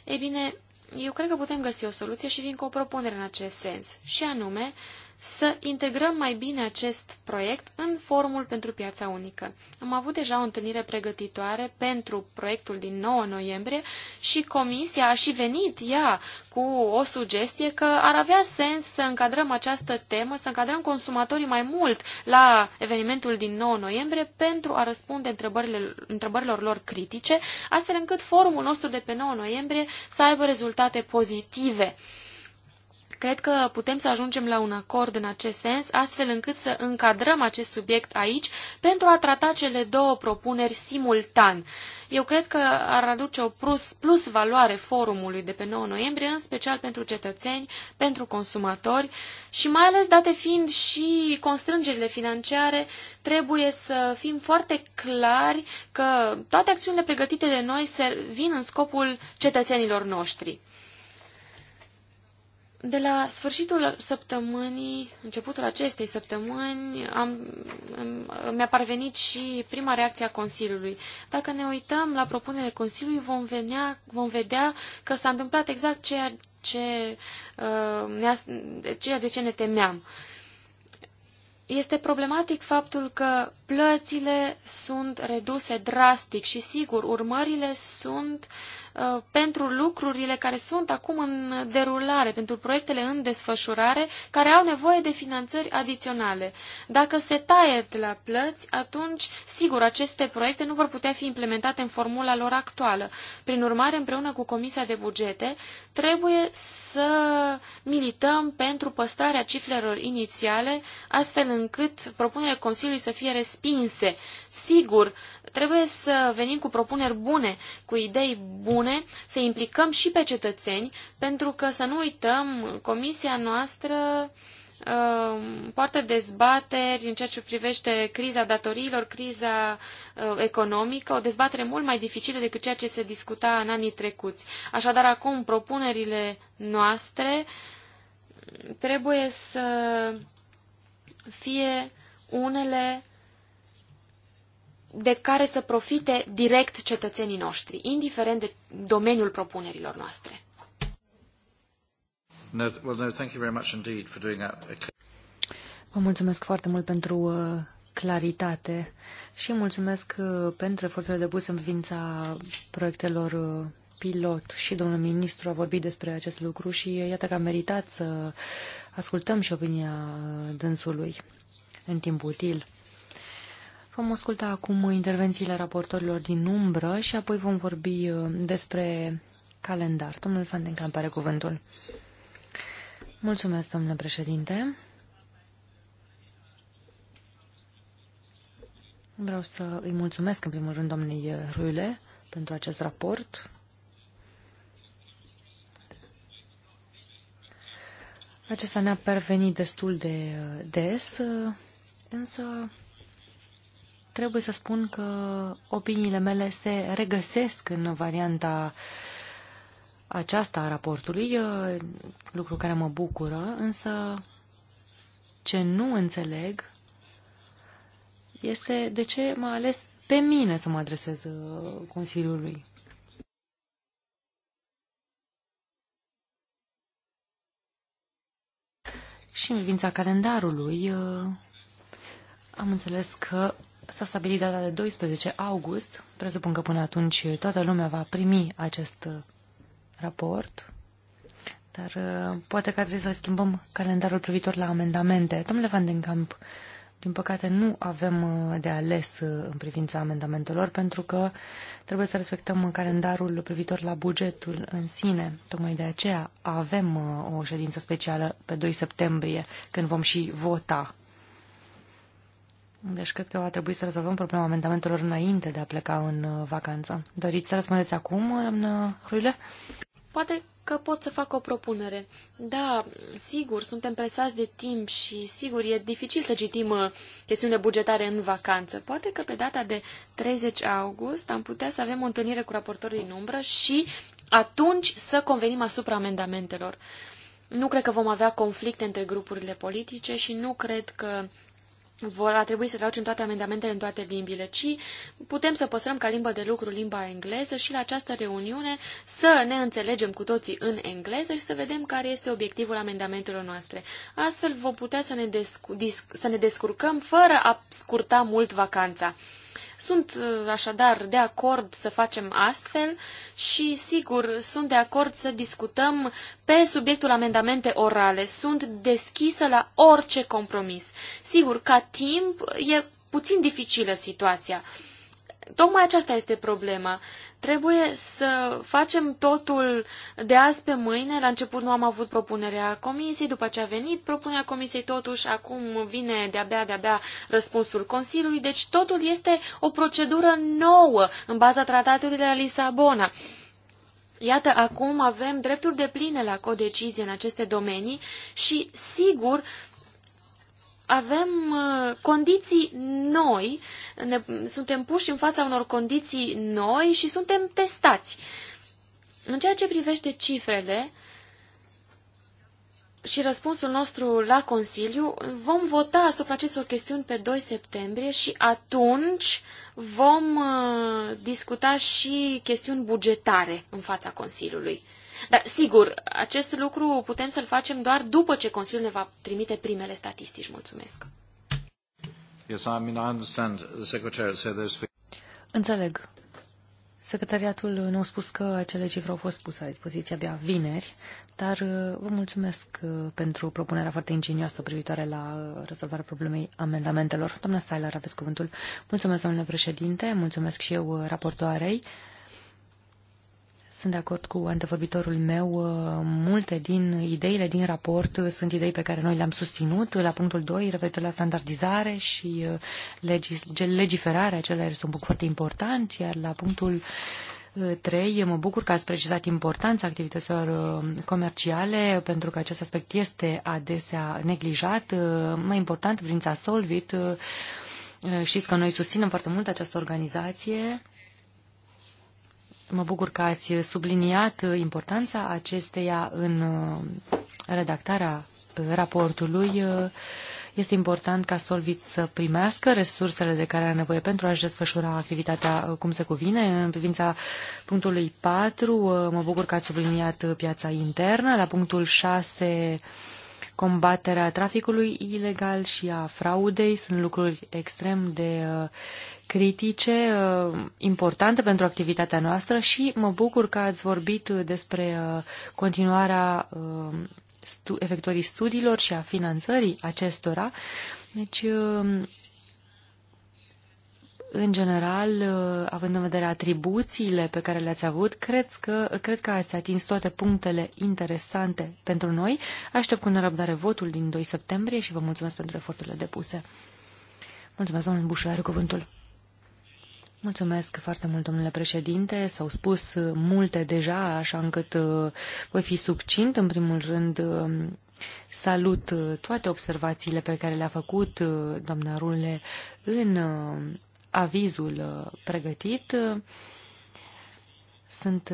Ei bine, eu cred că putem găsi o soluție și vin cu o propunere în acest sens, și anume să integrăm mai bine acest proiect în formul pentru piața unică. Am avut deja o întâlnire pregătitoare pentru proiectul din 9 noiembrie și comisia a și venit ea cu o sugestie că ar avea sens să încadrăm această temă, să încadrăm consumatorii mai mult la evenimentul din 9 noiembrie pentru a răspunde întrebărilor lor critice, astfel încât forumul nostru de pe 9 noiembrie să aibă rezultate pozitive. Cred că putem să ajungem la un acord în acest sens, astfel încât să încadrăm acest subiect aici pentru a trata cele două propuneri simultan. Eu cred că ar aduce o plus, plus valoare forumului de pe 9 noiembrie, în special pentru cetățeni, pentru consumatori și mai ales date fiind și constrângerile financiare, trebuie să fim foarte clari că toate acțiunile pregătite de noi vin în scopul cetățenilor noștri. De la sfârșitul săptămânii, începutul acestei săptămâni, am, mi-a parvenit și prima reacție a Consiliului. Dacă ne uităm la propunerea Consiliului, vom, venea, vom vedea că s-a întâmplat exact ceea, ce, uh, ceea de ce ne temeam. Este problematic faptul că plățile sunt reduse drastic și, sigur, urmările sunt uh, Uh, pentru lucrurile care sunt acum în derulare, pentru proiectele în desfășurare, care au nevoie de finanțări adiționale. Dacă se taie de la plăți, atunci, sigur, aceste proiecte nu vor putea fi implementate în formula lor actuală. Prin urmare, împreună cu Comisia de Bugete, trebuie să milităm pentru păstrarea cifrelor inițiale, astfel încât propunerile Consiliului să fie respinse Sigur, trebuie să venim cu propuneri bune, cu idei bune, să implicăm și pe cetățeni, pentru că, să nu uităm, comisia noastră uh, poartă dezbateri în ceea ce privește criza datoriilor, criza uh, economică, o dezbatere mult mai dificilă decât ceea ce se discuta în anii trecuți. Așadar, acum, propunerile noastre trebuie să fie unele uh, de care să profite direct cetățenii noștri, indiferent de domeniul propunerilor noastre. Vă mulțumesc foarte mult pentru uh, claritate și mulțumesc uh, pentru eforturile depuse în privința proiectelor uh, pilot și domnul ministru a vorbit despre acest lucru și iată că a meritat să ascultăm și opinia dânsului în timp util. Vom asculta acum intervențiile raportorilor din umbră și apoi vom vorbi uh, despre calendar. Domnul Fandencamp are cuvântul. Mulțumesc, domnule președinte. Vreau să îi mulțumesc în primul rând domnului Ruile pentru acest raport. Acesta ne-a pervenit destul de uh, des, uh, însă trebuie să spun că opiniile mele se regăsesc în varianta aceasta a raportului, lucru care mă bucură, însă ce nu înțeleg este de ce m-a ales pe mine să mă adresez Consiliului. Și în privința calendarului, am înțeles că s-a stabilit data de 12 august. Presupun că până atunci toată lumea va primi acest uh, raport, dar uh, poate că trebuie să schimbăm calendarul privitor la amendamente. Domnule Van den Camp, din păcate nu avem uh, de ales în privința amendamentelor, pentru că trebuie să respectăm calendarul privitor la bugetul în sine. Tocmai de aceea avem o ședință specială pe 2 septembrie, când vom și vota deci cred că va trebui să rezolvăm problema amendamentelor înainte de a pleca în uh, vacanță. Doriți să răspundeți acum, doamnă Hruile? Poate că pot să fac o propunere. Da, sigur, suntem presați de timp și, sigur, e dificil să citim uh, chestiunile bugetare în vacanță. Poate că pe data de 30 august am putea să avem o întâlnire cu raportorii din umbră și atunci să convenim asupra amendamentelor. Nu cred că vom avea conflicte între grupurile politice și nu cred că vor, a trebui să traducem toate amendamentele în toate limbile, ci putem să păstrăm ca limbă de lucru limba engleză și la această reuniune să ne înțelegem cu toții în engleză și să vedem care este obiectivul amendamentelor noastre. Astfel vom putea să ne, descu- să ne descurcăm fără a scurta mult vacanța. Sunt uh, așadar de acord să facem astfel și, sigur, sunt de acord să discutăm pe subiectul amendamente orale. Sunt deschisă la orice compromis. Sigur, ca timp e puțin dificilă situația. Tocmai aceasta este problema. Trebuie să facem totul de azi pe mâine. La început nu am avut propunerea comisiei, după ce a venit propunerea comisiei totuși, acum vine de-abia, de-abia răspunsul Consiliului. Deci totul este o procedură nouă în baza tratatului de la Lisabona. Iată, acum avem drepturi de pline la codecizie în aceste domenii și, sigur, avem uh, condiții noi, ne, suntem puși în fața unor condiții noi și suntem testați. În ceea ce privește cifrele și răspunsul nostru la Consiliu, vom vota asupra acestor chestiuni pe 2 septembrie și atunci vom uh, discuta și chestiuni bugetare în fața Consiliului. Dar, sigur, acest lucru putem să-l facem doar după ce Consiliul ne va trimite primele statistici. Mulțumesc. Yes, I mean, I understand. The secretary said those... Înțeleg. Secretariatul ne-a spus că acele cifre au fost puse la dispoziție abia vineri, dar uh, vă mulțumesc uh, pentru propunerea foarte ingenioasă privitoare la uh, rezolvarea problemei amendamentelor. Doamna Stailer, aveți cuvântul. Mulțumesc, domnule președinte, mulțumesc și eu raportoarei sunt de acord cu antevorbitorul meu. Uh, multe din ideile din raport uh, sunt idei pe care noi le-am susținut. La punctul 2, referitor la standardizare și uh, legis- legiferarea acelea sunt foarte important, iar la punctul 3. Mă bucur că ați precizat importanța activităților comerciale, pentru că acest aspect este adesea neglijat. Mai important, privința Solvit, știți că noi susținem foarte mult această organizație Mă bucur că ați subliniat importanța acesteia în uh, redactarea uh, raportului. Uh, este important ca Solvit să primească resursele de care are nevoie pentru a-și desfășura activitatea cum se cuvine. În privința punctului 4, mă bucur că ați subliniat piața internă. La punctul 6, combaterea traficului ilegal și a fraudei sunt lucruri extrem de critice uh, importante pentru activitatea noastră și mă bucur că ați vorbit despre uh, continuarea uh, efectuării studiilor și a finanțării acestora. Deci, în general, având în vedere atribuțiile pe care le-ați avut, cred că, cred că ați atins toate punctele interesante pentru noi. Aștept cu nerăbdare votul din 2 septembrie și vă mulțumesc pentru eforturile depuse. Mulțumesc, domnul Bușu, cuvântul. Mulțumesc foarte mult, domnule președinte. S-au spus multe deja, așa încât uh, voi fi succint. În primul rând, um, salut uh, toate observațiile pe care le-a făcut uh, doamna Rule în avizul pregătit. Sunt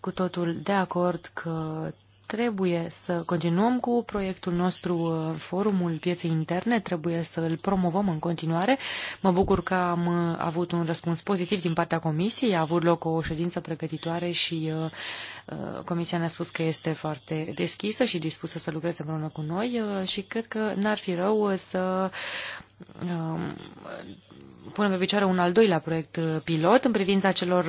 cu totul de acord că Trebuie să continuăm cu proiectul nostru, uh, forumul pieței interne, trebuie să îl promovăm în continuare. Mă bucur că am uh, avut un răspuns pozitiv din partea Comisiei, a avut loc o ședință pregătitoare și uh, Comisia ne-a spus că este foarte deschisă și dispusă să lucreze împreună cu noi și cred că n-ar fi rău să Um, punem pe picioare un al doilea proiect uh, pilot în privința celor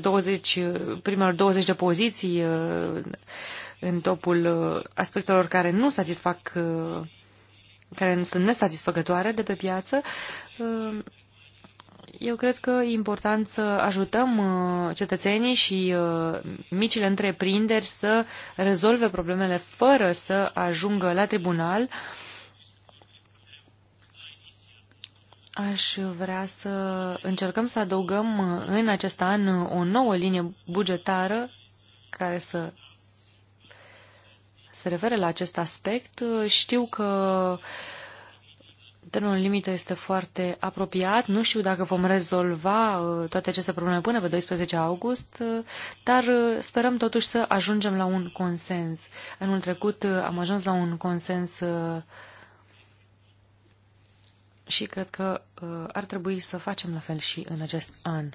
20, uh, primelor 20 de poziții uh, în topul aspectelor care nu satisfac care sunt nesatisfăcătoare de pe piață. Eu cred că e important să ajutăm cetățenii și micile întreprinderi să rezolve problemele fără să ajungă la tribunal uh, Aș vrea să încercăm să adăugăm în acest an o nouă linie bugetară care să se refere la acest aspect. Știu că termenul limită este foarte apropiat. Nu știu dacă vom rezolva uh, toate aceste probleme până pe 12 august, uh, dar uh, sperăm totuși să ajungem la un consens. Anul trecut am ajuns la un consens și cred că uh, ar trebui să facem la fel și în acest an.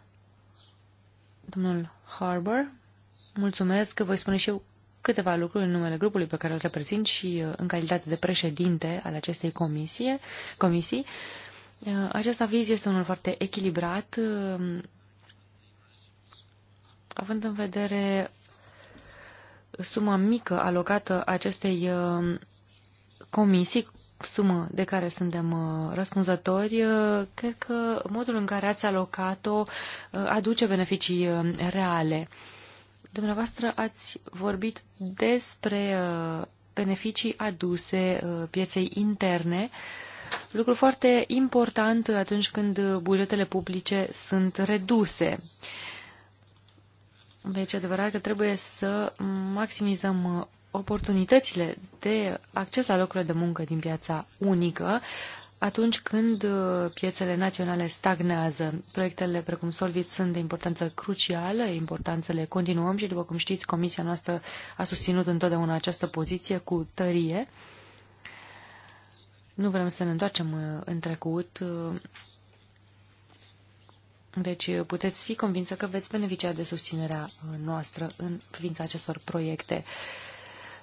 Domnul Harbour, mulțumesc că voi spune și eu câteva lucruri în numele grupului pe care îl reprezint și uh, în calitate de președinte al acestei comisie, comisii. Uh, acest aviz este unul foarte echilibrat, având în vedere suma mică alocată acestei comisii sumă de care suntem uh, răspunzători, uh, cred că modul în care ați alocat-o uh, aduce beneficii reale. Dumneavoastră ați vorbit despre beneficii aduse pieței interne, lucru foarte important atunci când bugetele publice sunt reduse. Deci, adevărat că trebuie să maximizăm oportunitățile de acces la locurile de muncă din piața unică atunci când uh, piețele naționale stagnează. Proiectele precum Solvit sunt de importanță crucială, importanțele le continuăm și, după cum știți, Comisia noastră a susținut întotdeauna această poziție cu tărie. Nu vrem să ne întoarcem uh, în trecut. Uh, deci puteți fi convinsă că veți beneficia de susținerea noastră în privința acestor proiecte.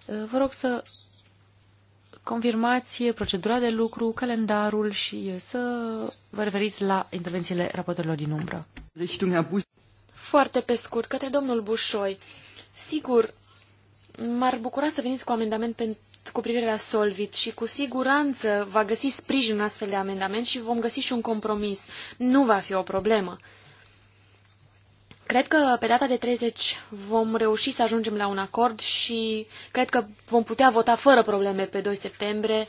Eh, vă rog să confirmați procedura de lucru, calendarul și eh, să vă referiți la intervențiile raportorilor din umbră. Foarte pe scurt, către domnul Bușoi. Sigur, m-ar bucura să veniți cu amendament pentru cu privire la Solvit și cu siguranță va găsi sprijin astfel de amendament și vom găsi și un compromis. Nu va fi o problemă. Cred că pe data de 30 vom reuși să ajungem la un acord și cred că vom putea vota fără probleme pe 2 septembrie.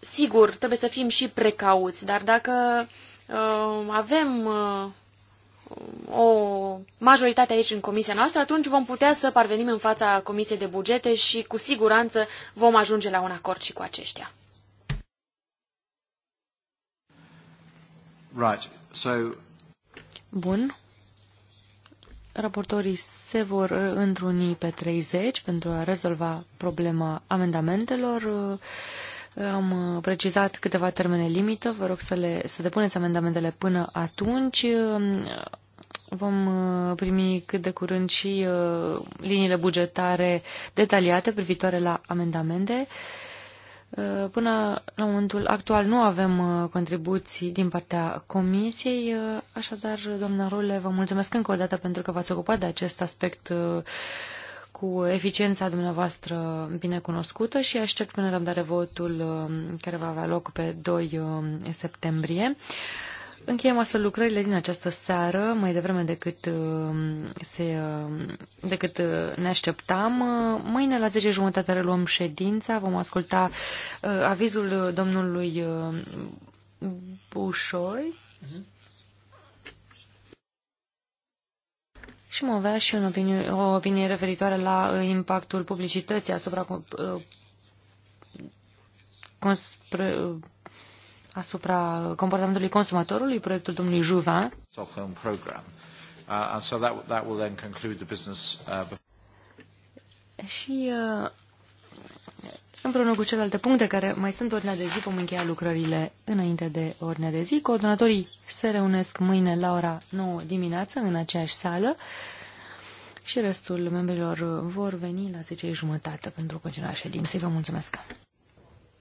Sigur, trebuie să fim și precauți, dar dacă uh, avem uh, o majoritate aici în comisia noastră, atunci vom putea să parvenim în fața Comisiei de Bugete și cu siguranță vom ajunge la un acord și cu aceștia. Right. So Bun. Raportorii se vor întruni pe 30 pentru a rezolva problema amendamentelor. Am precizat câteva termene limită, vă rog să, le, să depuneți amendamentele până atunci. Vom primi cât de curând și uh, liniile bugetare detaliate privitoare la amendamente. Uh, până la momentul actual nu avem uh, contribuții din partea Comisiei, uh, așadar, doamna Rule, vă mulțumesc încă o dată pentru că v-ați ocupat de acest aspect cu eficiența dumneavoastră binecunoscută și aștept cu nerăbdare votul um, care va avea loc pe 2 um, septembrie. Încheiem astfel lucrările din această seară, mai devreme decât, uh, se, uh, decât uh, ne așteptam. Mâine la 10 jumătate reluăm ședința, vom asculta avizul domnului Bușoi. Mhm. Și mă avea și un opinie, o opinie referitoare la impactul publicității asupra uh, asupra comportamentului consumatorului, proiectul domnului Juvin. Uh, uh, și uh, împreună cu celelalte puncte care mai sunt ordinea de zi, vom încheia lucrările înainte de ordinea de zi. Coordonatorii se reunesc mâine la ora 9 dimineață în aceeași sală și restul membrilor vor veni la 10 jumătate pentru continuarea ședinței. Vă mulțumesc!